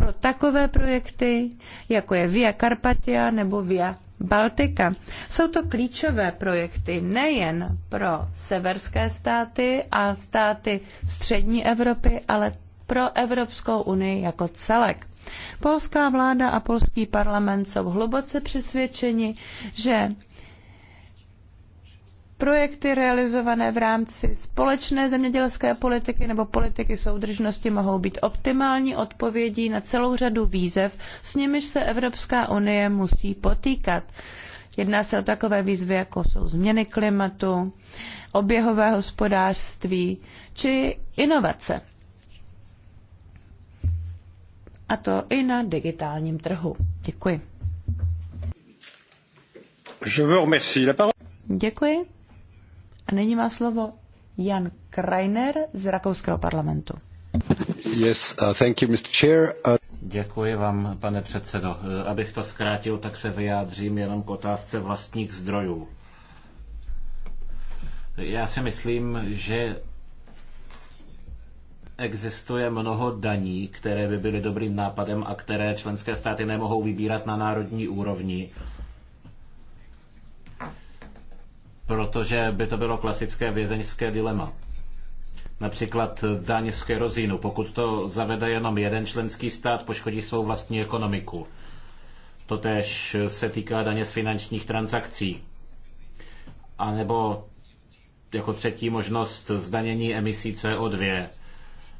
pro takové projekty, jako je Via Carpatia nebo Via Baltika. Jsou to klíčové projekty nejen pro severské státy a státy střední Evropy, ale pro Evropskou unii jako celek. Polská vláda a polský parlament jsou hluboce přesvědčeni, že Projekty realizované v rámci společné zemědělské politiky nebo politiky soudržnosti mohou být optimální odpovědí na celou řadu výzev, s nimiž se Evropská unie musí potýkat. Jedná se o takové výzvy, jako jsou změny klimatu, oběhové hospodářství či inovace. A to i na digitálním trhu. Děkuji. Je vous remercie. La parole... Děkuji. A nyní má slovo Jan Kreiner z Rakouského parlamentu. Yes, uh, thank you, Mr. Chair. Uh... Děkuji vám, pane předsedo. Uh, abych to zkrátil, tak se vyjádřím jenom k otázce vlastních zdrojů. Já si myslím, že existuje mnoho daní, které by byly dobrým nápadem a které členské státy nemohou vybírat na národní úrovni protože by to bylo klasické vězeňské dilema. Například daň z kerozínu. Pokud to zavede jenom jeden členský stát, poškodí svou vlastní ekonomiku. Totež se týká daně z finančních transakcí. A nebo jako třetí možnost zdanění emisí CO2.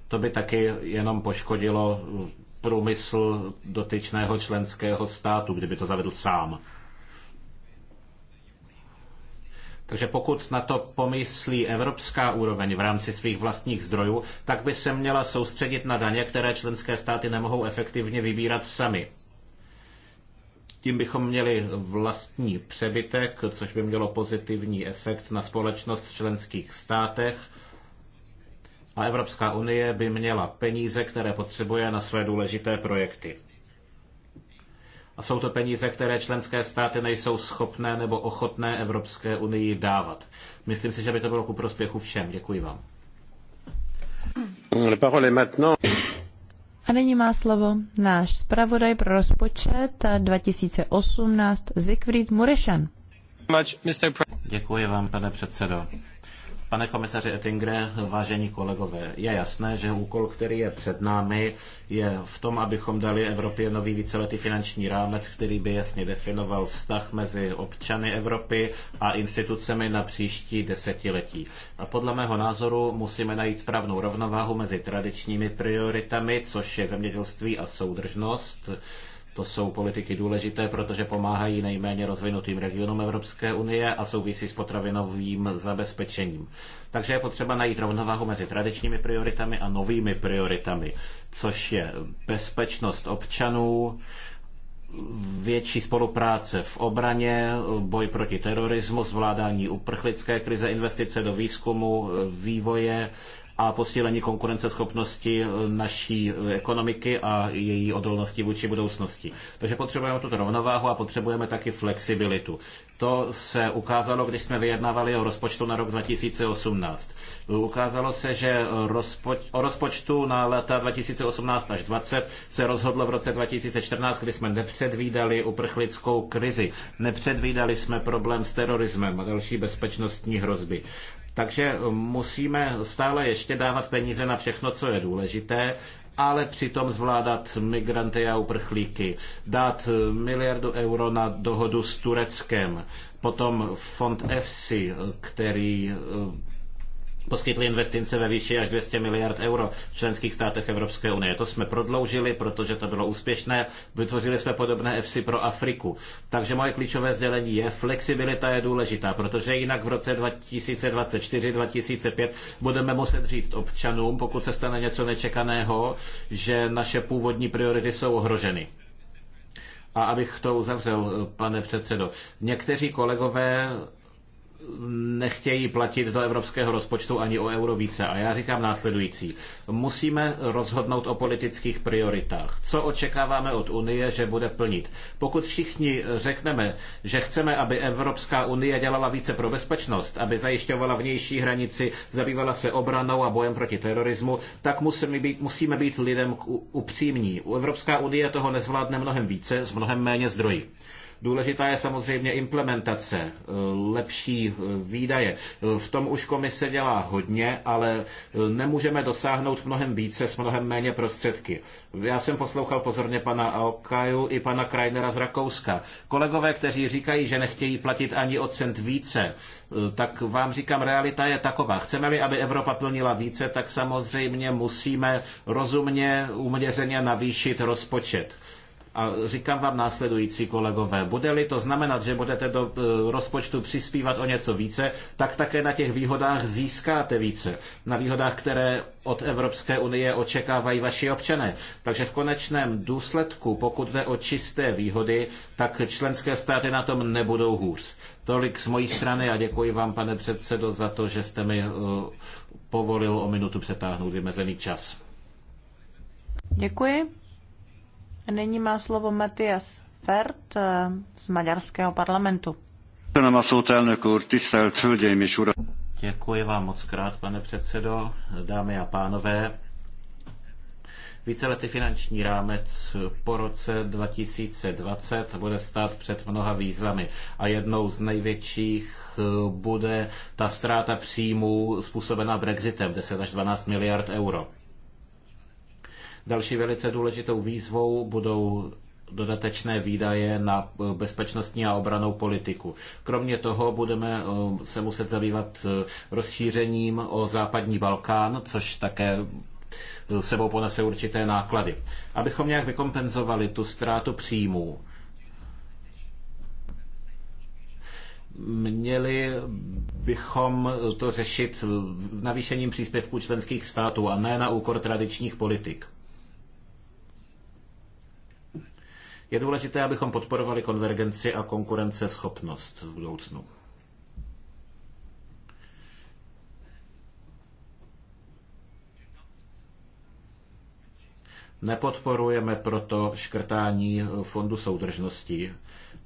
To by taky jenom poškodilo průmysl dotyčného členského státu, kdyby to zavedl sám. Takže pokud na to pomyslí evropská úroveň v rámci svých vlastních zdrojů, tak by se měla soustředit na daně, které členské státy nemohou efektivně vybírat sami. Tím bychom měli vlastní přebytek, což by mělo pozitivní efekt na společnost v členských státech. A Evropská unie by měla peníze, které potřebuje na své důležité projekty. A jsou to peníze, které členské státy nejsou schopné nebo ochotné Evropské unii dávat. Myslím si, že by to bylo ku prospěchu všem. Děkuji vám. A nyní má slovo náš zpravodaj pro rozpočet 2018 Siegfried Murešan. Děkuji vám, pane předsedo. Pane komisaři Ettingre, vážení kolegové, je jasné, že úkol, který je před námi, je v tom, abychom dali Evropě nový víceletý finanční rámec, který by jasně definoval vztah mezi občany Evropy a institucemi na příští desetiletí. A podle mého názoru musíme najít správnou rovnováhu mezi tradičními prioritami, což je zemědělství a soudržnost, to jsou politiky důležité, protože pomáhají nejméně rozvinutým regionům Evropské unie a souvisí s potravinovým zabezpečením. Takže je potřeba najít rovnováhu mezi tradičními prioritami a novými prioritami, což je bezpečnost občanů, větší spolupráce v obraně, boj proti terorismu, zvládání uprchlické krize, investice do výzkumu, vývoje, a posílení konkurenceschopnosti eh, naší eh, ekonomiky a její odolnosti vůči budoucnosti. Takže potřebujeme tuto rovnováhu a potřebujeme taky flexibilitu. To se ukázalo, když jsme vyjednávali o rozpočtu na rok 2018. Ukázalo se, že rozpoč- o rozpočtu na leta 2018 až 2020 se rozhodlo v roce 2014, kdy jsme nepředvídali uprchlickou krizi. Nepředvídali jsme problém s terorismem a další bezpečnostní hrozby. Takže musíme stále ještě dávat peníze na všechno, co je důležité, ale přitom zvládat migranty a uprchlíky. Dát miliardu euro na dohodu s Tureckem, potom fond EFSI, který eh, poskytli investice ve výši až 200 miliard euro v členských státech Evropské unie. To jsme prodloužili, protože to bylo úspěšné. Vytvořili jsme podobné EFSI pro Afriku. Takže moje klíčové sdělení je, flexibilita je důležitá, protože jinak v roce 2024-2005 budeme muset říct občanům, pokud se stane něco nečekaného, že naše původní priority jsou ohroženy. A abych to uzavřel, pane předsedo, někteří kolegové nechtějí platit do evropského rozpočtu ani o euro více. A já říkám následující. Musíme rozhodnout o politických prioritách. Co očekáváme od Unie, že bude plnit? Pokud všichni řekneme, že chceme, aby Evropská unie dělala více pro bezpečnost, aby zajišťovala vnější hranici, zabývala se obranou a bojem proti terorismu, tak musíme být, musíme být lidem upřímní. Evropská unie toho nezvládne mnohem více s mnohem méně zdroji. Důležitá je samozřejmě implementace, eh, lepší eh, výdaje. Eh, v tom už komise dělá hodně, ale nemůžeme dosáhnout mnohem více s mnohem méně prostředky. Já jsem poslouchal pozorně pana Alkaju i pana Krajnera z Rakouska. Kolegové, kteří říkají, že nechtějí platit ani o cent více, tak vám říkám, realita je taková. Chceme-li, aby Evropa plnila více, tak samozřejmě musíme rozumně, uměřeně navýšit rozpočet. A říkám vám následující kolegové, bude-li to znamenat, že budete do e, rozpočtu přispívat o něco více, tak také na těch výhodách získáte více. Na výhodách, které od Evropské unie očekávají vaši občané. Takže v konečném důsledku, pokud jde o čisté výhody, tak členské státy na tom nebudou hůř. Tolik z mojí strany a děkuji vám, pane předsedo, za to, že jste mi e, povolil o minutu přetáhnout vymezený čas. Děkuji nyní má slovo Matias Fert eh, z maďarského parlamentu. Děkuji vám moc krát, pane předsedo, dámy a pánové. Víceletý finanční rámec po roce 2020 bude stát před mnoha výzvami a jednou z největších eh, bude ta ztráta příjmů způsobená Brexitem, 10 až 12 miliard euro. Další velice důležitou výzvou budou dodatečné výdaje na bezpečnostní a obranou politiku. Kromě toho budeme eh, se muset zabývat eh, rozšířením o západní Balkán, což také eh, sebou ponese určité náklady. Abychom nějak vykompenzovali tu ztrátu příjmů, měli bychom to řešit navýšením příspěvků členských států a ne na úkor tradičních politik. Je důležité, abychom podporovali konvergenci a konkurenceschopnost v budoucnu. Nepodporujeme proto škrtání fondu soudržnosti,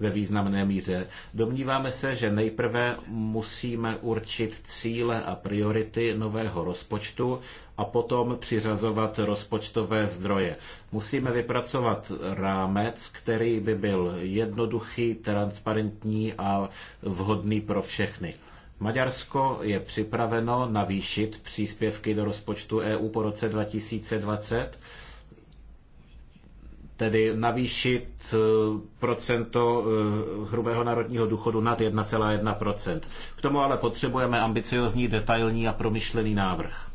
ve významné míře. Domníváme se, že nejprve musíme určit cíle a priority nového rozpočtu a potom přiřazovat rozpočtové zdroje. Musíme vypracovat rámec, který by byl jednoduchý, transparentní a vhodný pro všechny. Maďarsko je připraveno navýšit příspěvky do rozpočtu EU po roce 2020 tedy navýšit eh, procento eh, hrubého národního důchodu nad 1,1%. K tomu ale potřebujeme ambiciózní, detailní a promyšlený návrh.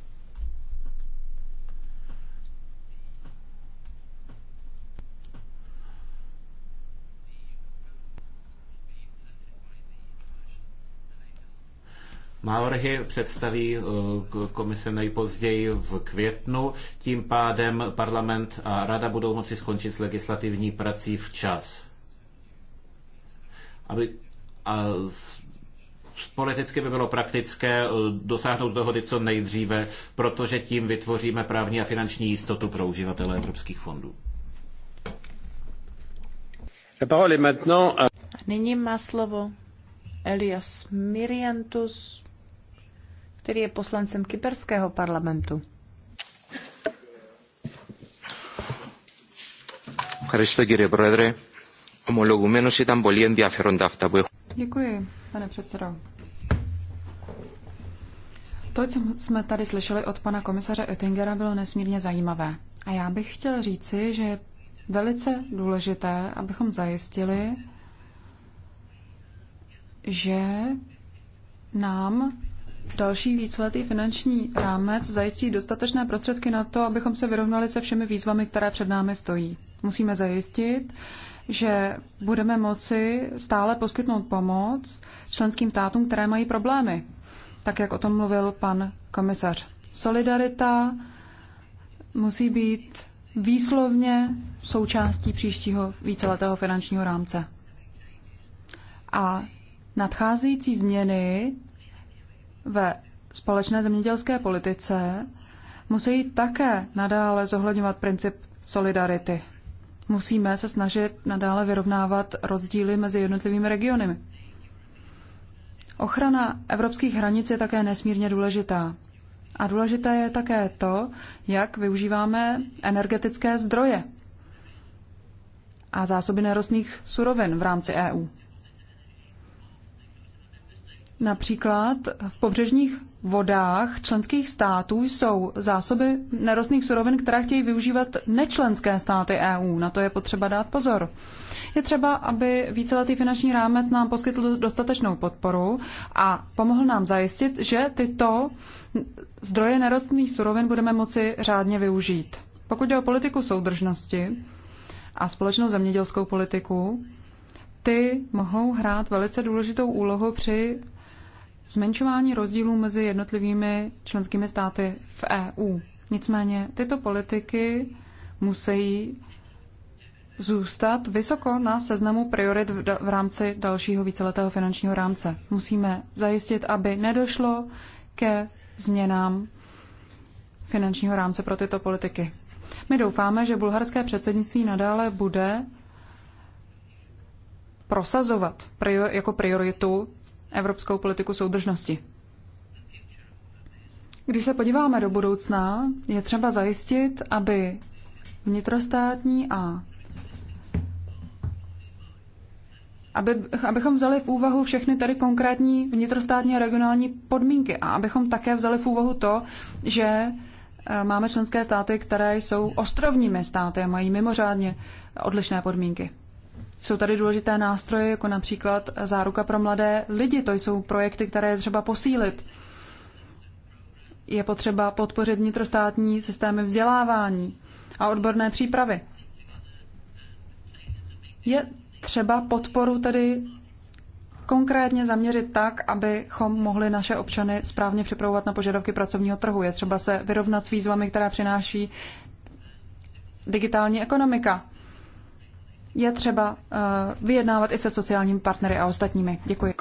Návrhy představí eh, komise nejpozději v květnu, tím pádem parlament a rada budou moci skončit s legislativní prací včas. Aby, a politicky by bylo praktické eh, dosáhnout dohody co nejdříve, protože tím vytvoříme právní a finanční jistotu pro uživatele evropských fondů. Nyní má slovo Elias Miriantus který je poslancem kyperského parlamentu. Děkuji, pane předsedo. To, co jsme tady slyšeli od pana komisaře Oettingera, bylo nesmírně zajímavé. A já bych chtěl říci, že je velice důležité, abychom zajistili, že nám další víceletý finanční rámec zajistí dostatečné prostředky na to, abychom se vyrovnali se všemi výzvami, které před námi stojí. Musíme zajistit, že budeme moci stále poskytnout pomoc členským státům, které mají problémy, tak jak o tom mluvil pan komisař. Solidarita musí být výslovně součástí příštího víceletého finančního rámce. A nadcházející změny ve společné zemědělské politice musí také nadále zohledňovat princip solidarity. Musíme se snažit nadále vyrovnávat rozdíly mezi jednotlivými regiony. Ochrana evropských hranic je také nesmírně důležitá. A důležité je také to, jak využíváme energetické zdroje a zásoby nerostných surovin v rámci EU. Například v pobřežních vodách členských států jsou zásoby nerostných surovin, které chtějí využívat nečlenské státy EU. Na to je potřeba dát pozor. Je třeba, aby víceletý finanční rámec nám poskytl dostatečnou podporu a pomohl nám zajistit, že tyto zdroje nerostných surovin budeme moci řádně využít. Pokud jde o politiku soudržnosti a společnou zemědělskou politiku, ty mohou hrát velice důležitou úlohu při zmenšování rozdílů mezi jednotlivými členskými státy v EU. Nicméně tyto politiky musí zůstat vysoko na seznamu priorit v rámci dalšího víceletého finančního rámce. Musíme zajistit, aby nedošlo ke změnám finančního rámce pro tyto politiky. My doufáme, že bulharské předsednictví nadále bude prosazovat jako prioritu evropskou politiku soudržnosti. Když se podíváme do budoucna, je třeba zajistit, aby vnitrostátní a aby, abychom vzali v úvahu všechny tady konkrétní vnitrostátní a regionální podmínky a abychom také vzali v úvahu to, že e, máme členské státy, které jsou ostrovními státy a mají mimořádně odlišné podmínky. Jsou tady důležité nástroje, jako například záruka pro mladé lidi. To jsou projekty, které je třeba posílit. Je potřeba podpořit vnitrostátní systémy vzdělávání a odborné přípravy. Je třeba podporu tedy konkrétně zaměřit tak, abychom mohli naše občany správně připravovat na požadavky pracovního trhu. Je třeba se vyrovnat s výzvami, která přináší digitální ekonomika je třeba eh, vyjednávat i se sociálními partnery a ostatními. Děkuji.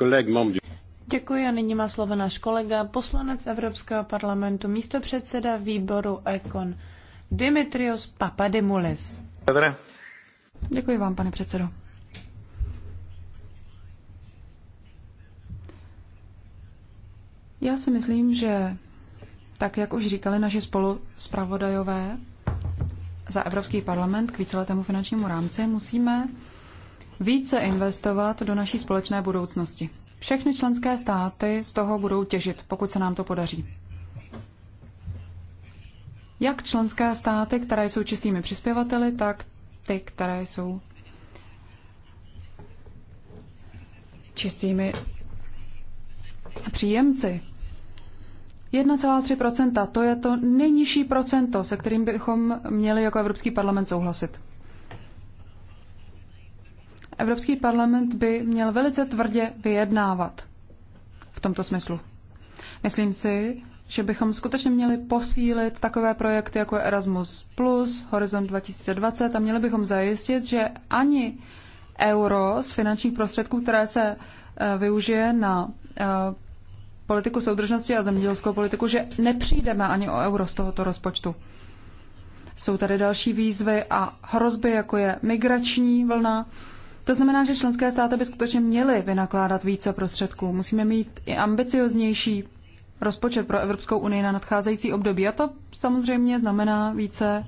Děkuji a nyní má slovo náš kolega, poslanec Evropského parlamentu, místo předseda výboru ECON, Dimitrios Papademulis. Děkuji vám, pane předsedo. Já si myslím, že tak, jak už říkali naše spoluzpravodajové za Evropský parlament k víceletému finančnímu rámci musíme více investovat do naší společné budoucnosti. Všechny členské státy z toho budou těžit, pokud se nám to podaří. Jak členské státy, které jsou čistými přispěvateli, tak ty, které jsou čistými příjemci. 1,3 to je to nejnižší procento, se kterým bychom měli jako Evropský parlament souhlasit. Evropský parlament by měl velice tvrdě vyjednávat v tomto smyslu. Myslím si, že bychom skutečně měli posílit takové projekty jako Erasmus+, Horizon 2020 a měli bychom zajistit, že ani euro z finančních prostředků, které se eh, využije na eh, politiku soudržnosti a zemědělskou politiku, že nepřijdeme ani o euro z tohoto rozpočtu. Jsou tady další výzvy a hrozby, jako je migrační vlna. To znamená, že členské státy by skutečně měly vynakládat více prostředků. Musíme mít i ambicioznější rozpočet pro Evropskou unii na nadcházející období. A to samozřejmě znamená více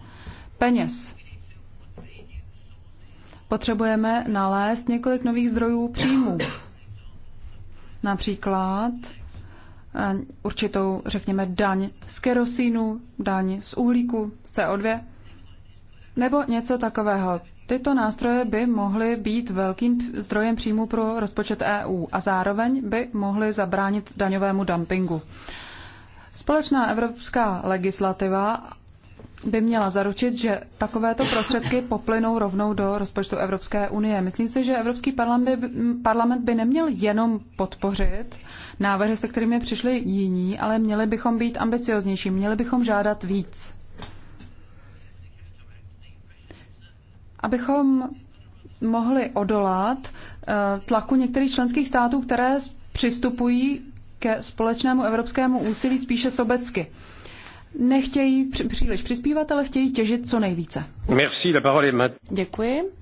peněz. Potřebujeme nalézt několik nových zdrojů příjmů. Například Eh, určitou, řekněme, daň z kerosínu, daň z uhlíku, z CO2 nebo něco takového. Tyto nástroje by mohly být velkým zdrojem příjmu pro rozpočet EU a zároveň by mohly zabránit daňovému dumpingu. Společná evropská legislativa by měla zaručit, že takovéto prostředky poplynou rovnou do rozpočtu Evropské unie. Myslím si, že Evropský parlament by, neměl jenom podpořit návrhy, se kterými přišli jiní, ale měli bychom být ambicioznější, měli bychom žádat víc. Abychom mohli odolat eh, tlaku některých členských států, které přistupují ke společnému evropskému úsilí spíše sobecky nechtějí při, příliš přispívat, ale chtějí těžit co nejvíce. Merci, la parole Děkuji.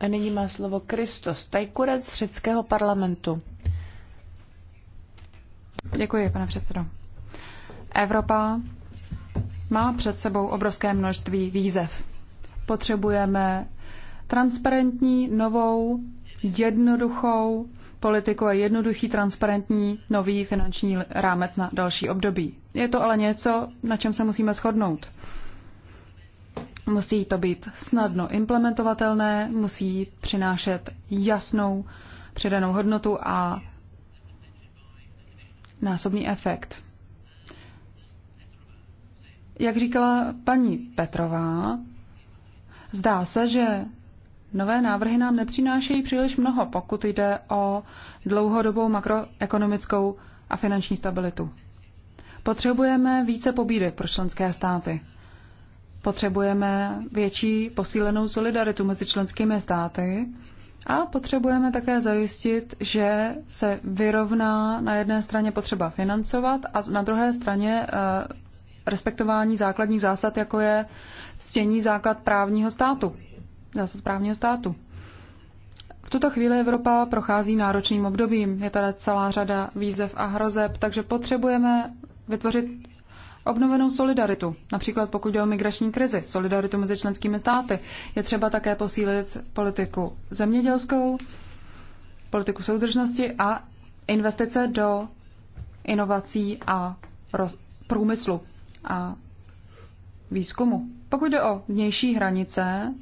A nyní má slovo Kristos Tajkurec z řeckého parlamentu. Děkuji, pane předsedo. Evropa má před sebou obrovské množství výzev. Potřebujeme transparentní, novou, jednoduchou politiku a jednoduchý, transparentní nový finanční rámec na další období. Je to ale něco, na čem se musíme shodnout. Musí to být snadno implementovatelné, musí přinášet jasnou přidanou hodnotu a násobný efekt. Jak říkala paní Petrová, zdá se, že Nové návrhy nám nepřinášejí příliš mnoho, pokud jde o dlouhodobou makroekonomickou a finanční stabilitu. Potřebujeme více pobídek pro členské státy. Potřebujeme větší posílenou solidaritu mezi členskými státy a potřebujeme také zajistit, že se vyrovná na jedné straně potřeba financovat a na druhé straně eh, respektování základních zásad, jako je stění základ právního státu zásad právního státu. V tuto chvíli Evropa prochází náročným obdobím. Je tady celá řada výzev a hrozeb, takže potřebujeme vytvořit obnovenou solidaritu. Například pokud jde o migrační krizi, solidaritu mezi členskými státy, je třeba také posílit politiku zemědělskou, politiku soudržnosti a investice do inovací a průmyslu a výzkumu. Pokud jde o vnější hranice,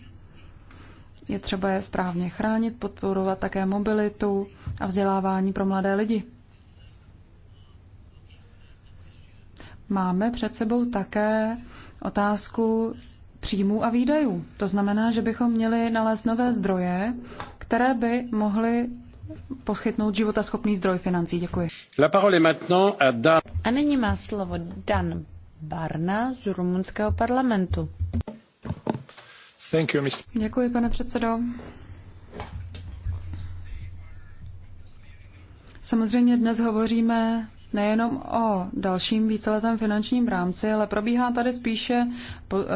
je třeba je správně chránit, podporovat také mobilitu a vzdělávání pro mladé lidi. Máme před sebou také otázku příjmů a výdajů. To znamená, že bychom měli nalézt nové zdroje, které by mohly poskytnout životaschopný zdroj financí. Děkuji. La parole est maintenant à Dan. A nyní má slovo Dan Barna z rumunského parlamentu. Thank you, Děkuji, pane předsedo. Samozřejmě dnes hovoříme nejenom o dalším víceletém finančním rámci, ale probíhá tady spíše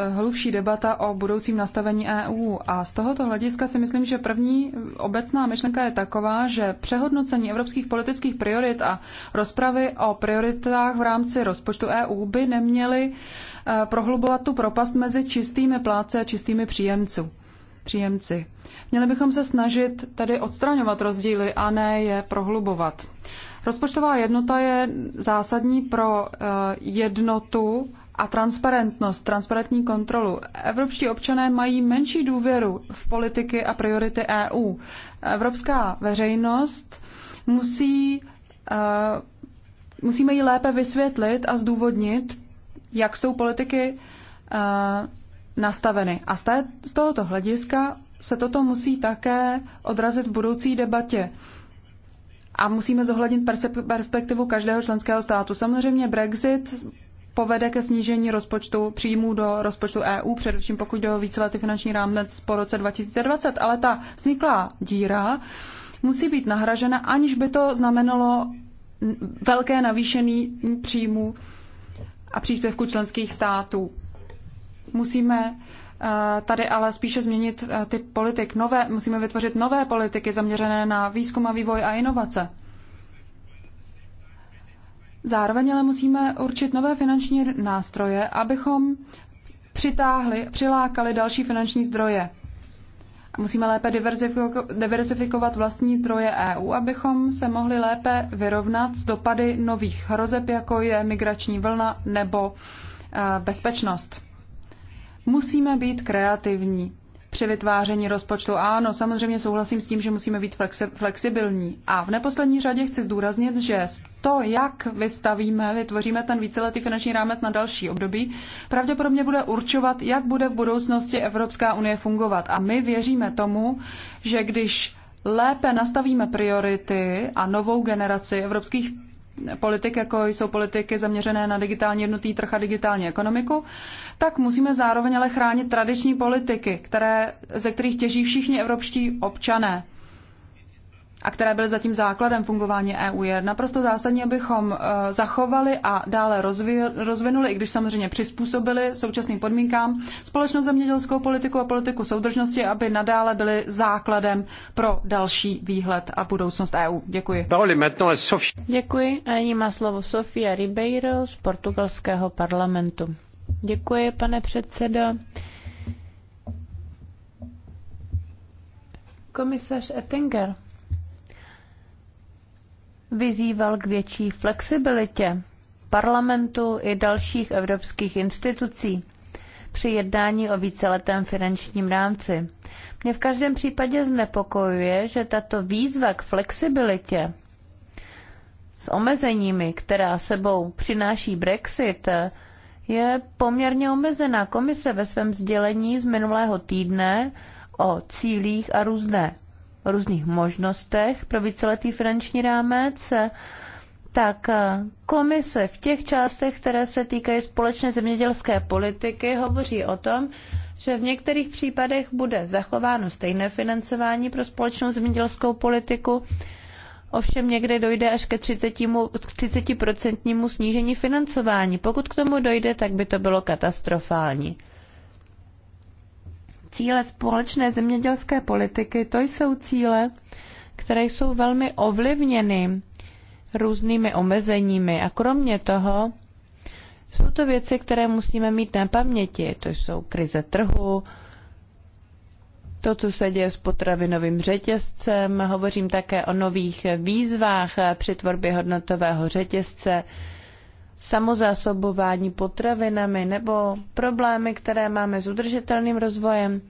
hlubší debata o budoucím nastavení EU. A z tohoto hlediska si myslím, že první obecná myšlenka je taková, že přehodnocení evropských politických priorit a rozpravy o prioritách v rámci rozpočtu EU by neměly uh, Eh, prohlubovat tu propast mezi čistými pláce a čistými příjemců. Příjemci. Měli bychom se snažit tedy odstraňovat rozdíly a ne je prohlubovat. Rozpočtová jednota je zásadní pro eh, jednotu a transparentnost, transparentní kontrolu. Evropští občané mají menší důvěru v politiky a priority EU. Evropská veřejnost musí, eh, musíme ji lépe vysvětlit a zdůvodnit, jak jsou politiky eh, nastaveny. A z tohoto hlediska se toto musí také odrazit v budoucí debatě. A musíme zohlednit perspektivu každého členského státu. Samozřejmě Brexit povede ke snížení rozpočtu příjmů do rozpočtu EU, především pokud jde o víceletý finanční rámec po roce 2020, ale ta vzniklá díra musí být nahražena, aniž by to znamenalo velké navýšení příjmů a příspěvku členských států. Musíme eh, tady ale spíše změnit eh, ty politik. Nové, musíme vytvořit nové politiky zaměřené na výzkum a vývoj a inovace. Zároveň ale musíme určit nové finanční nástroje, abychom přitáhli, přilákali další finanční zdroje. Musíme lépe diversifikovat vlastní zdroje EU, abychom se mohli lépe vyrovnat s dopady nových hrozeb, jako je migrační vlna nebo eh, bezpečnost. Musíme být kreativní při vytváření rozpočtu. A ano, samozřejmě souhlasím s tím, že musíme být flexibilní. A v neposlední řadě chci zdůraznit, že to, jak vystavíme, vytvoříme ten víceletý finanční rámec na další období, pravděpodobně bude určovat, jak bude v budoucnosti Evropská unie fungovat. A my věříme tomu, že když lépe nastavíme priority a novou generaci evropských politik, jako jsou politiky zaměřené na digitální jednotý trh a digitální ekonomiku, tak musíme zároveň ale chránit tradiční politiky, které, ze kterých těží všichni evropští občané a které byly zatím základem fungování EU, je naprosto zásadní, abychom eh, zachovali a dále rozvinuli, i když samozřejmě přizpůsobili současným podmínkám, společnou zemědělskou politiku a politiku soudržnosti, aby nadále byly základem pro další výhled a budoucnost EU. Děkuji. Děkuji a nyní má slovo Sofia Ribeiro z portugalského parlamentu. Děkuji, pane předsedo. Komisař Ettinger vyzýval k větší flexibilitě parlamentu i dalších evropských institucí při jednání o víceletém finančním rámci. Mě v každém případě znepokojuje, že tato výzva k flexibilitě s omezeními, která sebou přináší Brexit, je poměrně omezená. Komise ve svém sdělení z minulého týdne o cílích a různé různých možnostech pro víceletý finanční rámec, tak komise v těch částech, které se týkají společné zemědělské politiky, hovoří o tom, že v některých případech bude zachováno stejné financování pro společnou zemědělskou politiku, ovšem někde dojde až ke 30%, 30 snížení financování. Pokud k tomu dojde, tak by to bylo katastrofální. Cíle společné zemědělské politiky, to jsou cíle, které jsou velmi ovlivněny různými omezeními. A kromě toho jsou to věci, které musíme mít na paměti. To jsou krize trhu, to, co se děje s potravinovým řetězcem, hovořím také o nových výzvách při tvorbě hodnotového řetězce, samozásobování potravinami nebo problémy, které máme s udržitelným rozvojem.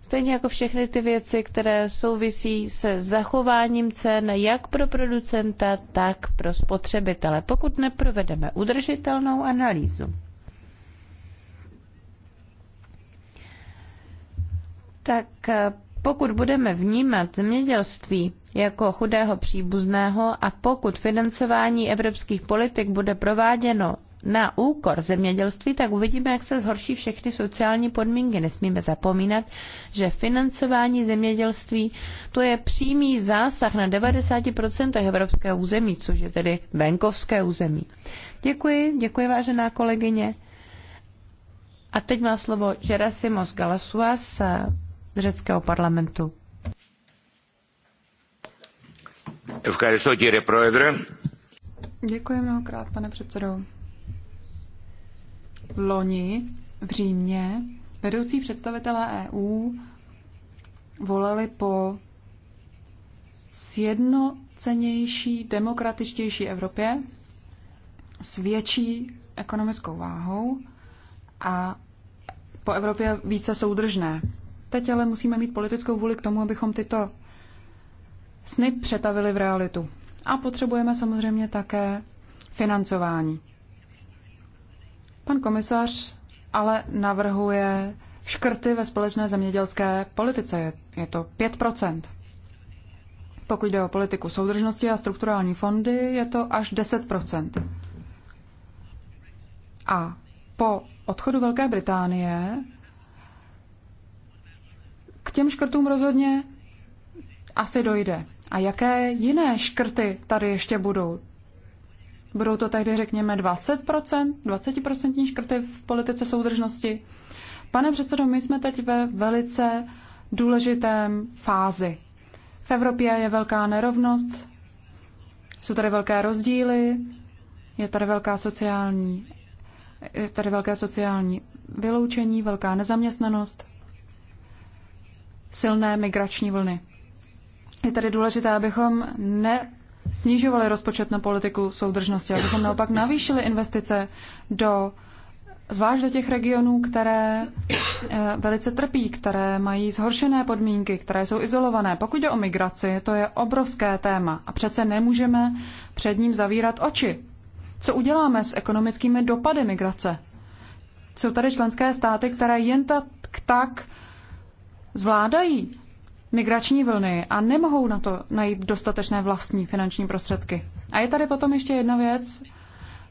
Stejně jako všechny ty věci, které souvisí se zachováním cen jak pro producenta, tak pro spotřebitele, pokud neprovedeme udržitelnou analýzu. Tak pokud budeme vnímat zemědělství jako chudého příbuzného a pokud financování evropských politik bude prováděno na úkor zemědělství, tak uvidíme, jak se zhorší všechny sociální podmínky. Nesmíme zapomínat, že financování zemědělství to je přímý zásah na 90% evropského území, což je tedy venkovské území. Děkuji, děkuji vážená kolegyně. A teď má slovo Gerasimos Galasuas, řeckého parlamentu. Děkuji mnohokrát, pane předsedo. V loni v Římě vedoucí představitelé EU volali po sjednocenější, demokratičtější Evropě s větší ekonomickou váhou a po Evropě více soudržné. Teď ale musíme mít politickou vůli k tomu, abychom tyto sny přetavili v realitu. A potřebujeme samozřejmě také financování. Pan komisař ale navrhuje škrty ve společné zemědělské politice. Je to 5 Pokud jde o politiku soudržnosti a strukturální fondy, je to až 10 A po odchodu Velké Británie těm škrtům rozhodně asi dojde. A jaké jiné škrty tady ještě budou? Budou to tehdy, řekněme, 20%, 20% škrty v politice soudržnosti? Pane předsedo, my jsme teď ve velice důležitém fázi. V Evropě je velká nerovnost, jsou tady velké rozdíly, je tady velká sociální, je tady velké sociální vyloučení, velká nezaměstnanost silné migrační vlny. Je tady důležité, abychom ne snižovali rozpočet na politiku soudržnosti, abychom naopak navýšili investice do zvlášť do těch regionů, které eh, velice trpí, které mají zhoršené podmínky, které jsou izolované. Pokud jde o migraci, to je obrovské téma a přece nemůžeme před ním zavírat oči. Co uděláme s ekonomickými dopady migrace? Jsou tady členské státy, které jen tak, tak zvládají migrační vlny a nemohou na to najít dostatečné vlastní finanční prostředky. A je tady potom ještě jedna věc,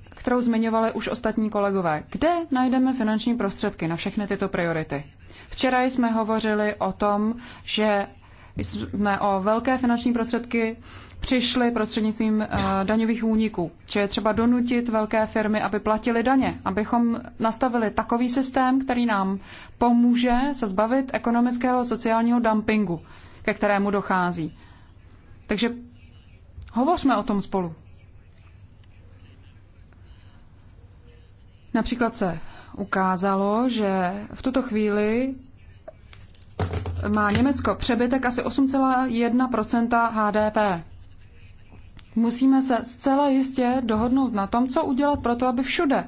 kterou zmiňovali už ostatní kolegové. Kde najdeme finanční prostředky na všechny tyto priority? Včera jsme hovořili o tom, že jsme o velké finanční prostředky přišli prostřednictvím eh, daňových úniků. Či je třeba donutit velké firmy, aby platily daně, abychom nastavili takový systém, který nám pomůže se zbavit ekonomického a sociálního dumpingu, ke kterému dochází. Takže hovořme o tom spolu. Například se ukázalo, že v tuto chvíli má Německo přebytek asi 8,1 HDP. Musíme se zcela jistě dohodnout na tom, co udělat pro to, aby všude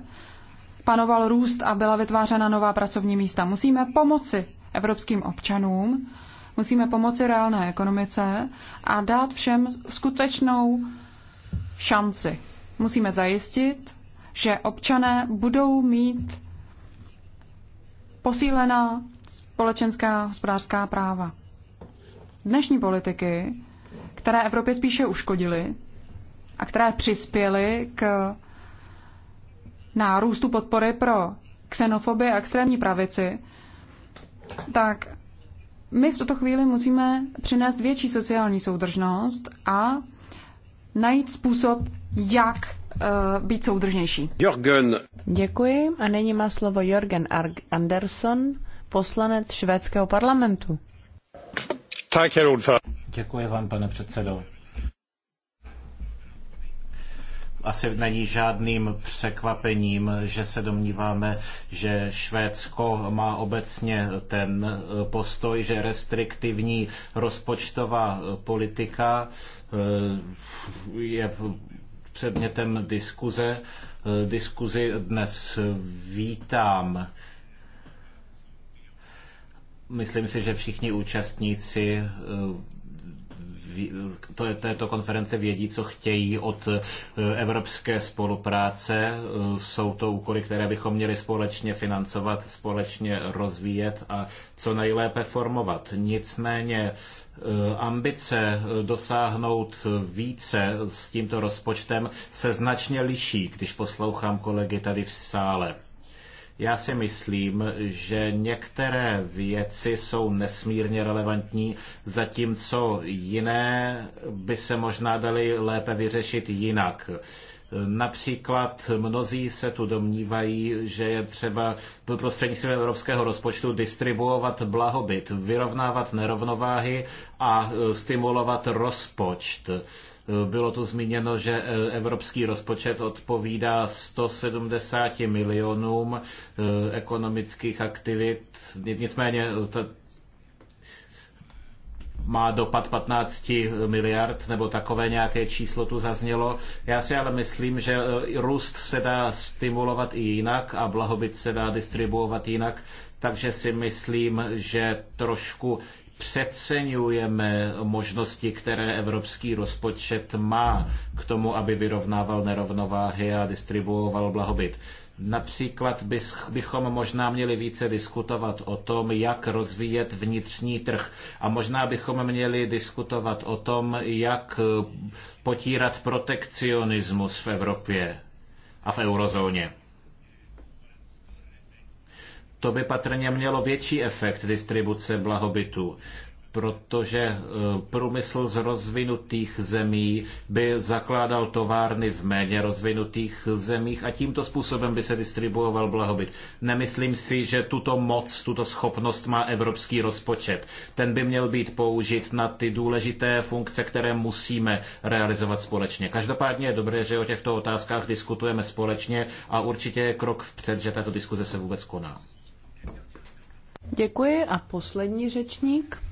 panoval růst a byla vytvářena nová pracovní místa. Musíme pomoci evropským občanům, musíme pomoci reálné ekonomice a dát všem skutečnou šanci. Musíme zajistit, že občané budou mít posílená společenská hospodářská práva. Dnešní politiky, které Evropě spíše uškodily a které přispěly k nárůstu podpory pro xenofoby a extrémní pravici, tak my v tuto chvíli musíme přinést větší sociální soudržnost a najít způsob, jak uh, být soudržnější. Jorgen. Děkuji a nyní má slovo Jorgen Arg Anderson poslanec švédského parlamentu. Děkuji vám, pane předsedo. Asi není žádným překvapením, že se domníváme, že Švédsko má obecně ten postoj, že restriktivní rozpočtová politika eh, je předmětem diskuze. Eh, diskuzi dnes vítám Myslím si, že všichni účastníci eh, to, této konference vědí, co chtějí od eh, evropské spolupráce. Eh, jsou to úkoly, které bychom měli společně financovat, společně rozvíjet a co nejlépe formovat. Nicméně ambice dosáhnout více s tímto rozpočtem se značně liší, když poslouchám kolegy tady v sále. Já si myslím, že některé věci jsou nesmírně relevantní, zatímco jiné by se možná daly lépe vyřešit jinak. Například mnozí se tu domnívají, že je třeba prostřednictvím evropského rozpočtu distribuovat blahobyt, vyrovnávat nerovnováhy a stimulovat rozpočt. Bylo tu zmíněno, že e, evropský rozpočet odpovídá 170 milionům e, ekonomických aktivit. Nicméně e, to má dopad 15 miliard, nebo takové nějaké číslo tu zaznělo. Já si ale myslím, že růst se dá stimulovat i jinak a blahobyt se dá distribuovat jinak, takže si myslím, že trošku přeceňujeme možnosti, které evropský rozpočet má k tomu, aby vyrovnával nerovnováhy a distribuoval blahobyt. Například bychom možná měli více diskutovat o tom, jak rozvíjet vnitřní trh. A možná bychom měli diskutovat o tom, jak potírat protekcionismus v Evropě a v eurozóně to by patrně mělo větší efekt distribuce blahobytu protože e, průmysl z rozvinutých zemí by zakládal továrny v méně rozvinutých zemích a tímto způsobem by se distribuoval blahobyt. Nemyslím si, že tuto moc, tuto schopnost má evropský rozpočet. Ten by měl být použit na ty důležité funkce, které musíme realizovat společně. Každopádně je dobré, že o těchto otázkách diskutujeme společně a určitě je krok vpřed, že tato diskuze se vůbec koná. Děkuji a poslední řečník.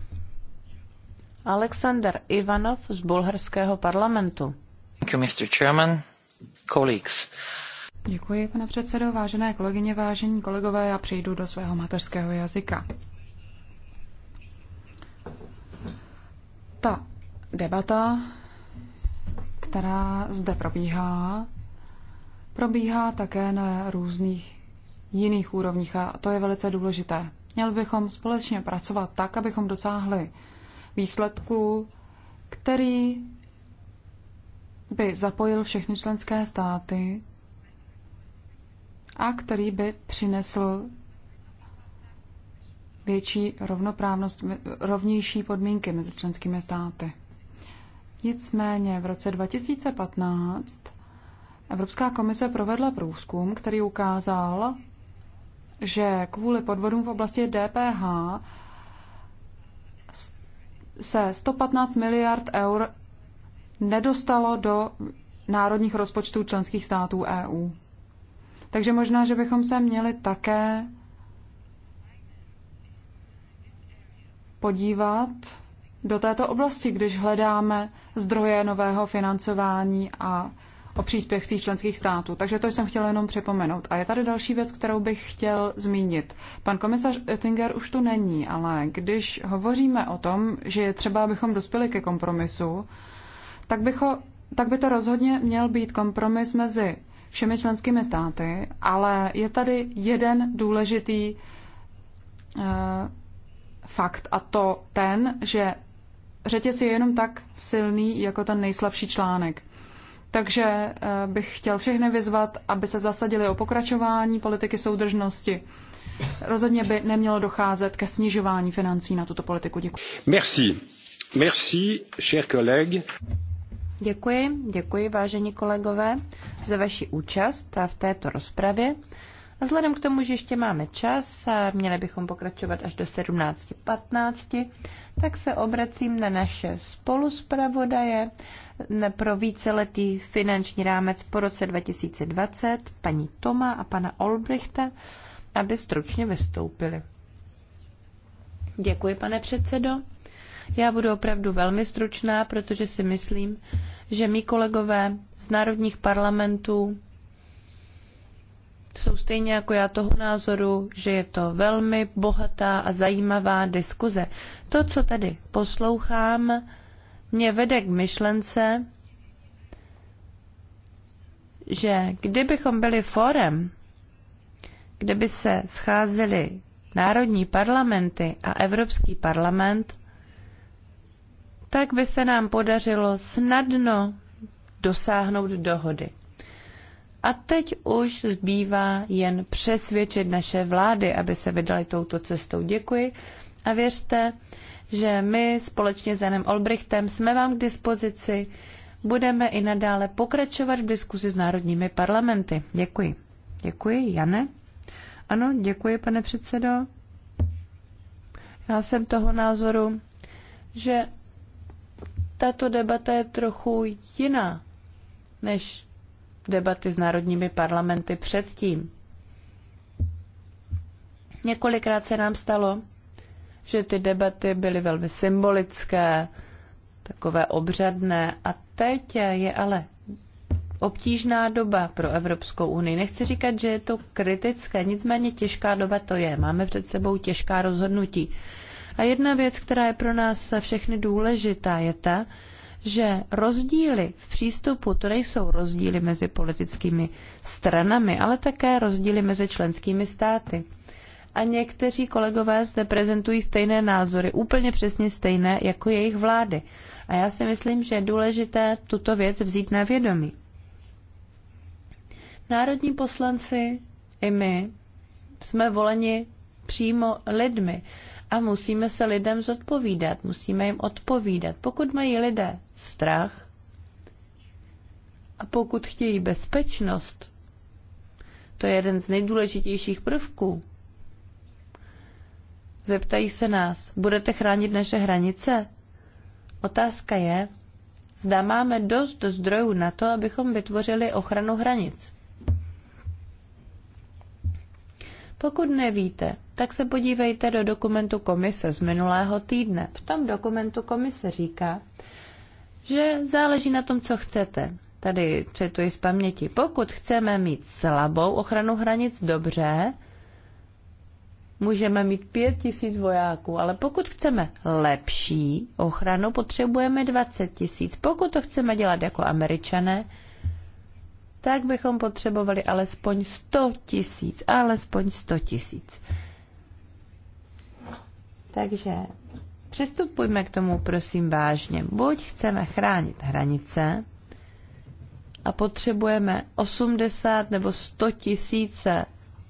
Alexander Ivanov z bulharského parlamentu. Mr. Chairman. Colleagues. Děkuji, pane předsedo. Vážené kolegyně, vážení kolegové, já přejdu do svého mateřského jazyka. Ta debata, která zde probíhá, probíhá také na různých jiných úrovních a to je velice důležité. Měli bychom společně pracovat tak, abychom dosáhli výsledku, který by zapojil všechny členské státy a který by přinesl větší rovnoprávnost, rovnější podmínky mezi členskými státy. Nicméně v roce 2015 Evropská komise provedla průzkum, který ukázal, že kvůli podvodům v oblasti DPH se 115 miliard eur nedostalo do národních rozpočtů členských států EU. Takže možná, že bychom se měli také podívat do této oblasti, když hledáme zdroje nového financování a o příspěvcích členských států. Takže to jsem chtěl jenom připomenout. A je tady další věc, kterou bych chtěl zmínit. Pan komisař Oettinger už tu není, ale když hovoříme o tom, že je třeba, abychom dospěli ke kompromisu, tak, ho, tak by to rozhodně měl být kompromis mezi všemi členskými státy, ale je tady jeden důležitý uh, fakt a to ten, že řetěz je jenom tak silný jako ten nejslabší článek. Takže eh, bych chtěl všechny vyzvat, aby se zasadili o pokračování politiky soudržnosti. Rozhodně by nemělo docházet ke snižování financí na tuto politiku. Děkuji. Merci. Merci, cher collègue. Děkuji, děkuji, vážení kolegové, za vaši účast v této rozpravě. A vzhledem k tomu, že ještě máme čas, a měli bychom pokračovat až do 17.15, tak se obracím na naše spoluspravodaje, pro víceletý finanční rámec po roce 2020 paní Toma a pana Olbrichta, aby stručně vystoupili. Děkuji, pane předsedo. Já budu opravdu velmi stručná, protože si myslím, že mý kolegové z národních parlamentů jsou stejně jako já toho názoru, že je to velmi bohatá a zajímavá diskuze. To, co tady poslouchám, mě vede k myšlence, že kdybychom byli fórem, kde by se scházely národní parlamenty a Evropský parlament, tak by se nám podařilo snadno dosáhnout dohody. A teď už zbývá jen přesvědčit naše vlády, aby se vydali touto cestou. Děkuji a věřte, že my společně s Janem Olbrichtem jsme vám k dispozici. Budeme i nadále pokračovat v diskusi s národními parlamenty. Děkuji. Děkuji, Jane. Ano, děkuji, pane předsedo. Já jsem toho názoru, že tato debata je trochu jiná než debaty s národními parlamenty předtím. Několikrát se nám stalo, že ty debaty byly velmi symbolické, takové obřadné. A teď je ale obtížná doba pro Evropskou unii. Nechci říkat, že je to kritické, nicméně těžká doba to je. Máme před sebou těžká rozhodnutí. A jedna věc, která je pro nás všechny důležitá, je ta, že rozdíly v přístupu, to nejsou rozdíly mezi politickými stranami, ale také rozdíly mezi členskými státy a někteří kolegové zde prezentují stejné názory, úplně přesně stejné jako jejich vlády. A já si myslím, že je důležité tuto věc vzít na vědomí. Národní poslanci i my jsme voleni přímo lidmi a musíme se lidem zodpovídat, musíme jim odpovídat. Pokud mají lidé strach a pokud chtějí bezpečnost, to je jeden z nejdůležitějších prvků Zeptají se nás, budete chránit naše hranice? Otázka je, zda máme dost zdrojů na to, abychom vytvořili ochranu hranic. Pokud nevíte, tak se podívejte do dokumentu komise z minulého týdne. V tom dokumentu komise říká, že záleží na tom, co chcete. Tady cituji z paměti. Pokud chceme mít slabou ochranu hranic, dobře, můžeme mít pět tisíc vojáků, ale pokud chceme lepší ochranu, potřebujeme 20 tisíc. Pokud to chceme dělat jako američané, tak bychom potřebovali alespoň 100 tisíc, alespoň 100 tisíc. Takže přistupujme k tomu, prosím, vážně. Buď chceme chránit hranice a potřebujeme 80 nebo 100 tisíce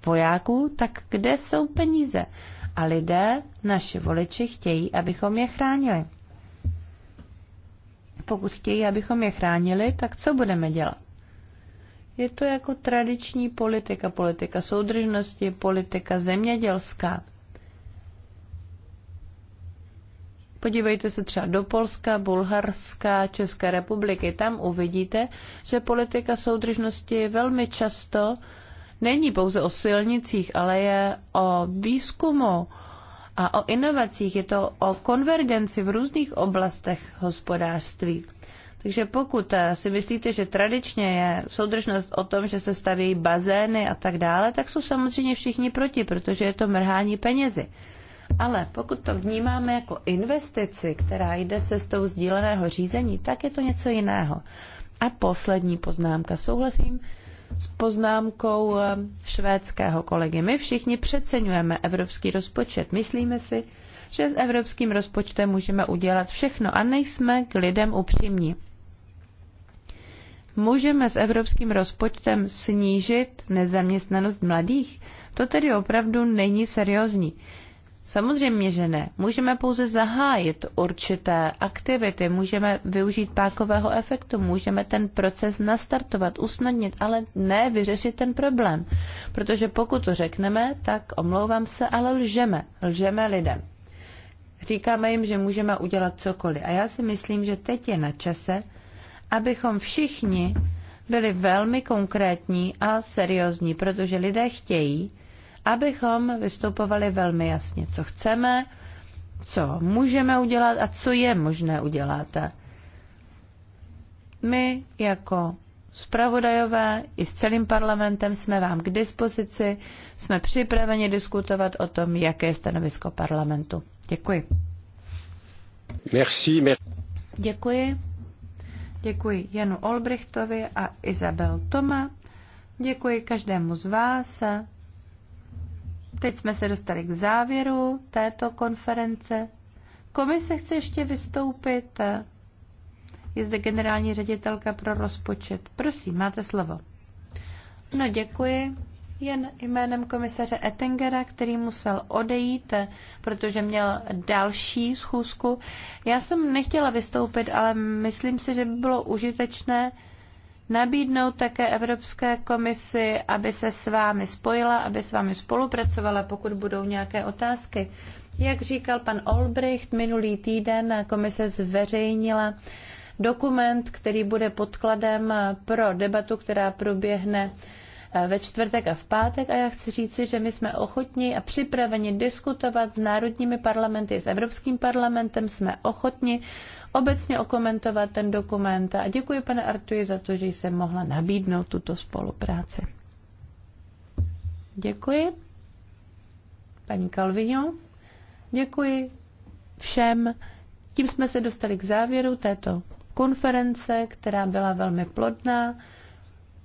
vojáků, tak kde jsou peníze? A lidé, naši voliči, chtějí, abychom je chránili. Pokud chtějí, abychom je chránili, tak co budeme dělat? Je to jako tradiční politika, politika soudržnosti, politika zemědělská. Podívejte se třeba do Polska, Bulharska, České republiky. Tam uvidíte, že politika soudržnosti velmi často není pouze o silnicích, ale je o výzkumu a o inovacích. Je to o konvergenci v různých oblastech hospodářství. Takže pokud eh, si myslíte, že tradičně je soudržnost o tom, že se staví bazény a tak dále, tak jsou samozřejmě všichni proti, protože je to mrhání penězi. Ale pokud to vnímáme jako investici, která jde cestou sdíleného řízení, tak je to něco jiného. A poslední poznámka. Souhlasím s poznámkou eh, švédského kolegy. My všichni přeceňujeme evropský rozpočet. Myslíme si, že s evropským rozpočtem můžeme udělat všechno a nejsme k lidem upřímní. Můžeme s evropským rozpočtem snížit nezaměstnanost mladých? To tedy opravdu není seriózní. Samozřejmě, že ne. Můžeme pouze zahájit určité aktivity, můžeme využít pákového efektu, můžeme ten proces nastartovat, usnadnit, ale ne vyřešit ten problém. Protože pokud to řekneme, tak omlouvám se, ale lžeme. Lžeme lidem. Říkáme jim, že můžeme udělat cokoliv. A já si myslím, že teď je na čase, abychom všichni byli velmi konkrétní a seriózní, protože lidé chtějí, abychom vystupovali velmi jasně, co chceme, co můžeme udělat a co je možné udělat. My jako zpravodajové i s celým parlamentem jsme vám k dispozici, jsme připraveni diskutovat o tom, jaké je stanovisko parlamentu. Děkuji. Merci, mer- Děkuji. Děkuji Janu Olbrichtovi a Izabel Toma. Děkuji každému z vás Teď jsme se dostali k závěru této konference. Komise chce ještě vystoupit. Je zde generální ředitelka pro rozpočet. Prosím, máte slovo. No, děkuji. Jen jménem komisaře Ettingera, který musel odejít, protože měl další schůzku. Já jsem nechtěla vystoupit, ale myslím si, že by bylo užitečné nabídnout také Evropské komisi, aby se s vámi spojila, aby s vámi spolupracovala, pokud budou nějaké otázky. Jak říkal pan Olbricht, minulý týden komise zveřejnila dokument, který bude podkladem pro debatu, která proběhne eh, ve čtvrtek a v pátek a já chci říci, že my jsme ochotní a připraveni diskutovat s národními parlamenty, s Evropským parlamentem, jsme ochotni obecně okomentovat ten dokument. A děkuji, pane Artuji, za to, že jsem mohla nabídnout tuto spolupráci. Děkuji. Paní Kalvinio, děkuji všem. Tím jsme se dostali k závěru této konference, která byla velmi plodná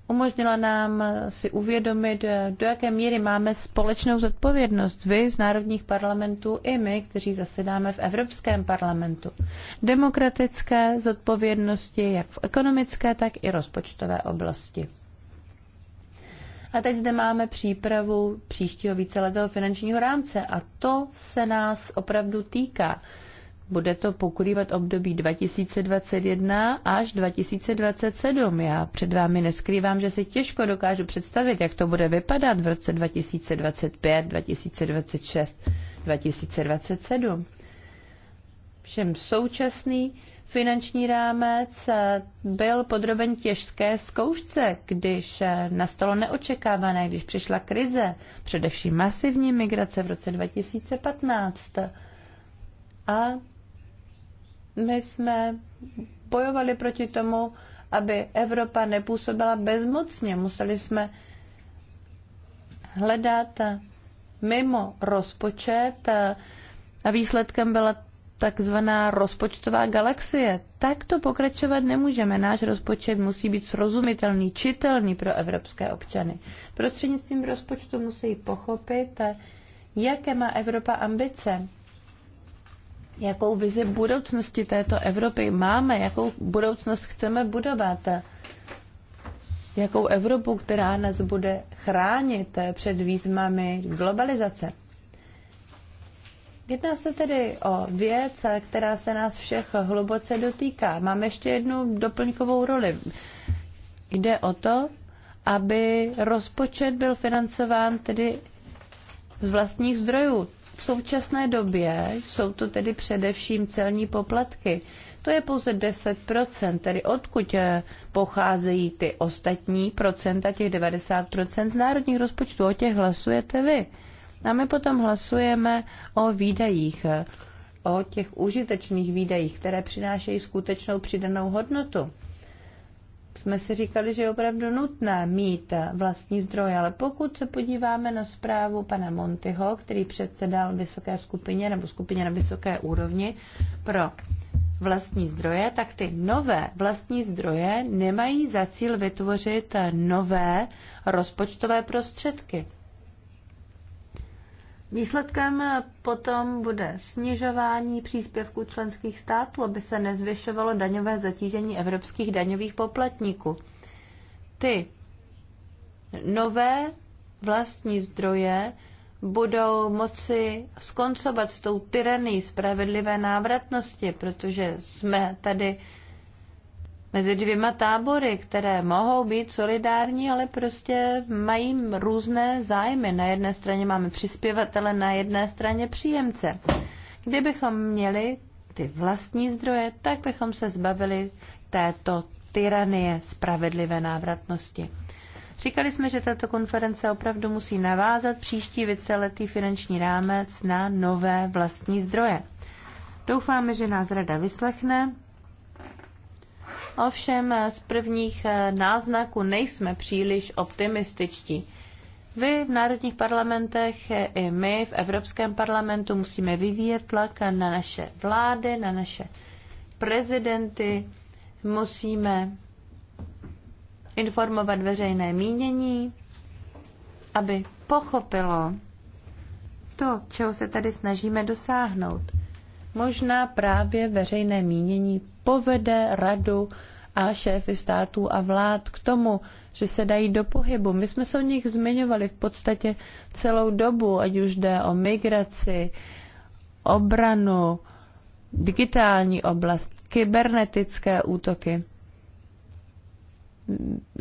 umožnila nám si uvědomit, do jaké míry máme společnou zodpovědnost vy z národních parlamentů i my, kteří zasedáme v Evropském parlamentu. Demokratické zodpovědnosti jak v ekonomické, tak i rozpočtové oblasti. A teď zde máme přípravu příštího víceletého finančního rámce a to se nás opravdu týká. Bude to pokrývat období 2021 až 2027. Já před vámi neskrývám, že si těžko dokážu představit, jak to bude vypadat v roce 2025, 2026, 2027. Všem současný finanční rámec byl podroben těžké zkoušce, když nastalo neočekávané, když přišla krize, především masivní migrace v roce 2015. A my jsme bojovali proti tomu, aby Evropa nepůsobila bezmocně. Museli jsme hledat mimo rozpočet a výsledkem byla takzvaná rozpočtová galaxie. Tak to pokračovat nemůžeme. Náš rozpočet musí být srozumitelný, čitelný pro evropské občany. Prostřednictvím rozpočtu musí pochopit, jaké má Evropa ambice, jakou vizi budoucnosti této Evropy máme, jakou budoucnost chceme budovat, jakou Evropu, která nás bude chránit před výzvami globalizace. Jedná se tedy o věc, která se nás všech hluboce dotýká. Máme ještě jednu doplňkovou roli. Jde o to, aby rozpočet byl financován tedy z vlastních zdrojů. V současné době jsou to tedy především celní poplatky. To je pouze 10%, tedy odkud eh, pocházejí ty ostatní procenta, těch 90% z národních rozpočtů, o těch hlasujete vy. A my potom hlasujeme o výdajích, eh, o těch užitečných výdajích, které přinášejí skutečnou přidanou hodnotu jsme si říkali, že je opravdu nutné mít vlastní zdroje, ale pokud se podíváme na zprávu pana Montyho, který předsedal vysoké skupině nebo skupině na vysoké úrovni pro vlastní zdroje, tak ty nové vlastní zdroje nemají za cíl vytvořit nové rozpočtové prostředky. Výsledkem potom bude snižování příspěvků členských států, aby se nezvyšovalo daňové zatížení evropských daňových poplatníků. Ty nové vlastní zdroje budou moci skoncovat s tou tyranii spravedlivé návratnosti, protože jsme tady mezi dvěma tábory, které mohou být solidární, ale prostě mají různé zájmy. Na jedné straně máme přispěvatele, na jedné straně příjemce. Kdybychom měli ty vlastní zdroje, tak bychom se zbavili této tyranie spravedlivé návratnosti. Říkali jsme, že tato konference opravdu musí navázat příští víceletý finanční rámec na nové vlastní zdroje. Doufáme, že nás rada vyslechne Ovšem eh, z prvních eh, náznaků nejsme příliš optimističtí. Vy v národních parlamentech eh, i my v Evropském parlamentu musíme vyvíjet tlak na naše vlády, na naše prezidenty, musíme informovat veřejné mínění, aby pochopilo to, čeho se tady snažíme dosáhnout. Možná právě veřejné mínění povede radu a šéfy států a vlád k tomu, že se dají do pohybu. My jsme se o nich zmiňovali v podstatě celou dobu, ať už jde o migraci, obranu, digitální oblast, kybernetické útoky.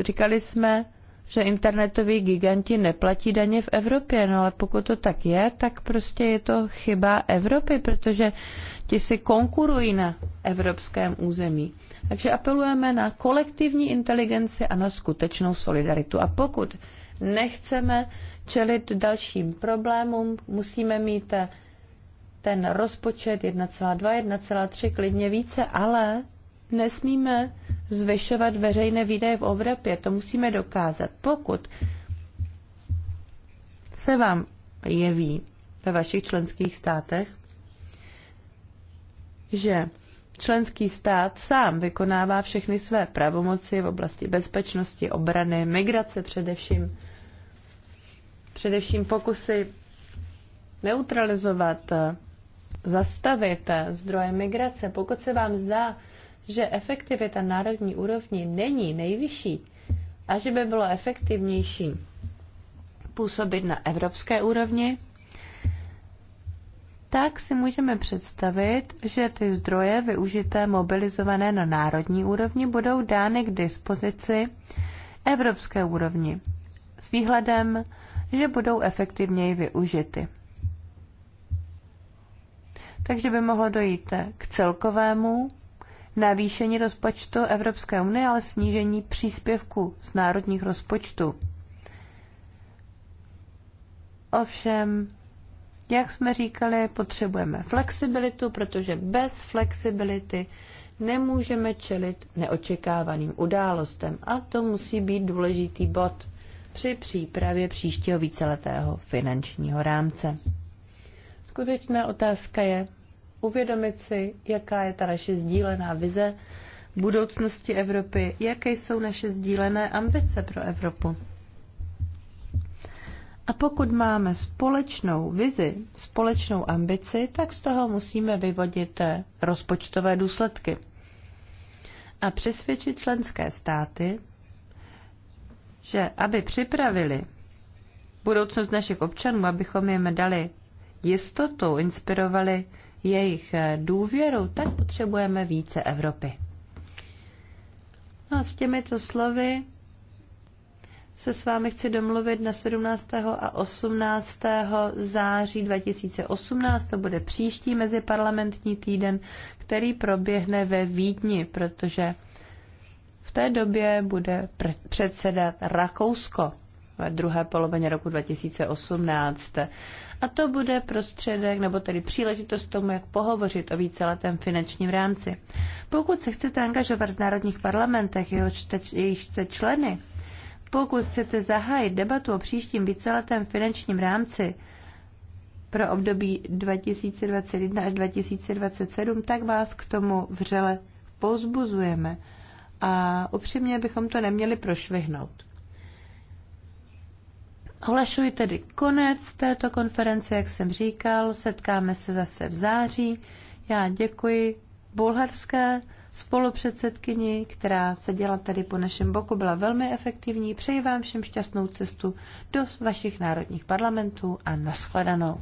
Říkali jsme, že internetoví giganti neplatí daně v Evropě. No ale pokud to tak je, tak prostě je to chyba Evropy, protože ti si konkurují na evropském území. Takže apelujeme na kolektivní inteligenci a na skutečnou solidaritu. A pokud nechceme čelit dalším problémům, musíme mít ten rozpočet 1,2, 1,3, klidně více, ale nesmíme zvyšovat veřejné výdaje v Evropě. To musíme dokázat. Pokud se vám jeví ve vašich členských státech, že členský stát sám vykonává všechny své pravomoci v oblasti bezpečnosti, obrany, migrace především, především pokusy neutralizovat, zastavit zdroje migrace. Pokud se vám zdá, že efektivita národní úrovni není nejvyšší a že by bylo efektivnější působit na evropské úrovni, tak si můžeme představit, že ty zdroje využité mobilizované na národní úrovni budou dány k dispozici evropské úrovni s výhledem, že budou efektivněji využity. Takže by mohlo dojít k celkovému navýšení rozpočtu Evropské unie, ale snížení příspěvku z národních rozpočtů. Ovšem, jak jsme říkali, potřebujeme flexibilitu, protože bez flexibility nemůžeme čelit neočekávaným událostem a to musí být důležitý bod při přípravě příštího víceletého finančního rámce. Skutečná otázka je, uvědomit si, jaká je ta naše sdílená vize budoucnosti Evropy, jaké jsou naše sdílené ambice pro Evropu. A pokud máme společnou vizi, společnou ambici, tak z toho musíme vyvodit eh, rozpočtové důsledky a přesvědčit členské státy, že aby připravili budoucnost našich občanů, abychom jim dali jistotu, inspirovali jejich eh, důvěru, tak potřebujeme více Evropy. No a s těmito slovy se s vámi chci domluvit na 17. a 18. září 2018. To bude příští meziparlamentní týden, který proběhne ve Vídni, protože v té době bude předsedat Rakousko v druhé polovině roku 2018. A to bude prostředek, nebo tedy příležitost tomu, jak pohovořit o víceletém finančním rámci. Pokud se chcete angažovat v národních parlamentech, jejich čte členy, pokud chcete zahájit debatu o příštím víceletém finančním rámci pro období 2021 až 2027, tak vás k tomu vřele pozbuzujeme a upřímně bychom to neměli prošvihnout. Ohlašuji tedy konec této konference, jak jsem říkal. Setkáme se zase v září. Já děkuji bulharské spolupředsedkyni, která seděla tady po našem boku, byla velmi efektivní. Přeji vám všem šťastnou cestu do vašich národních parlamentů a nashledanou.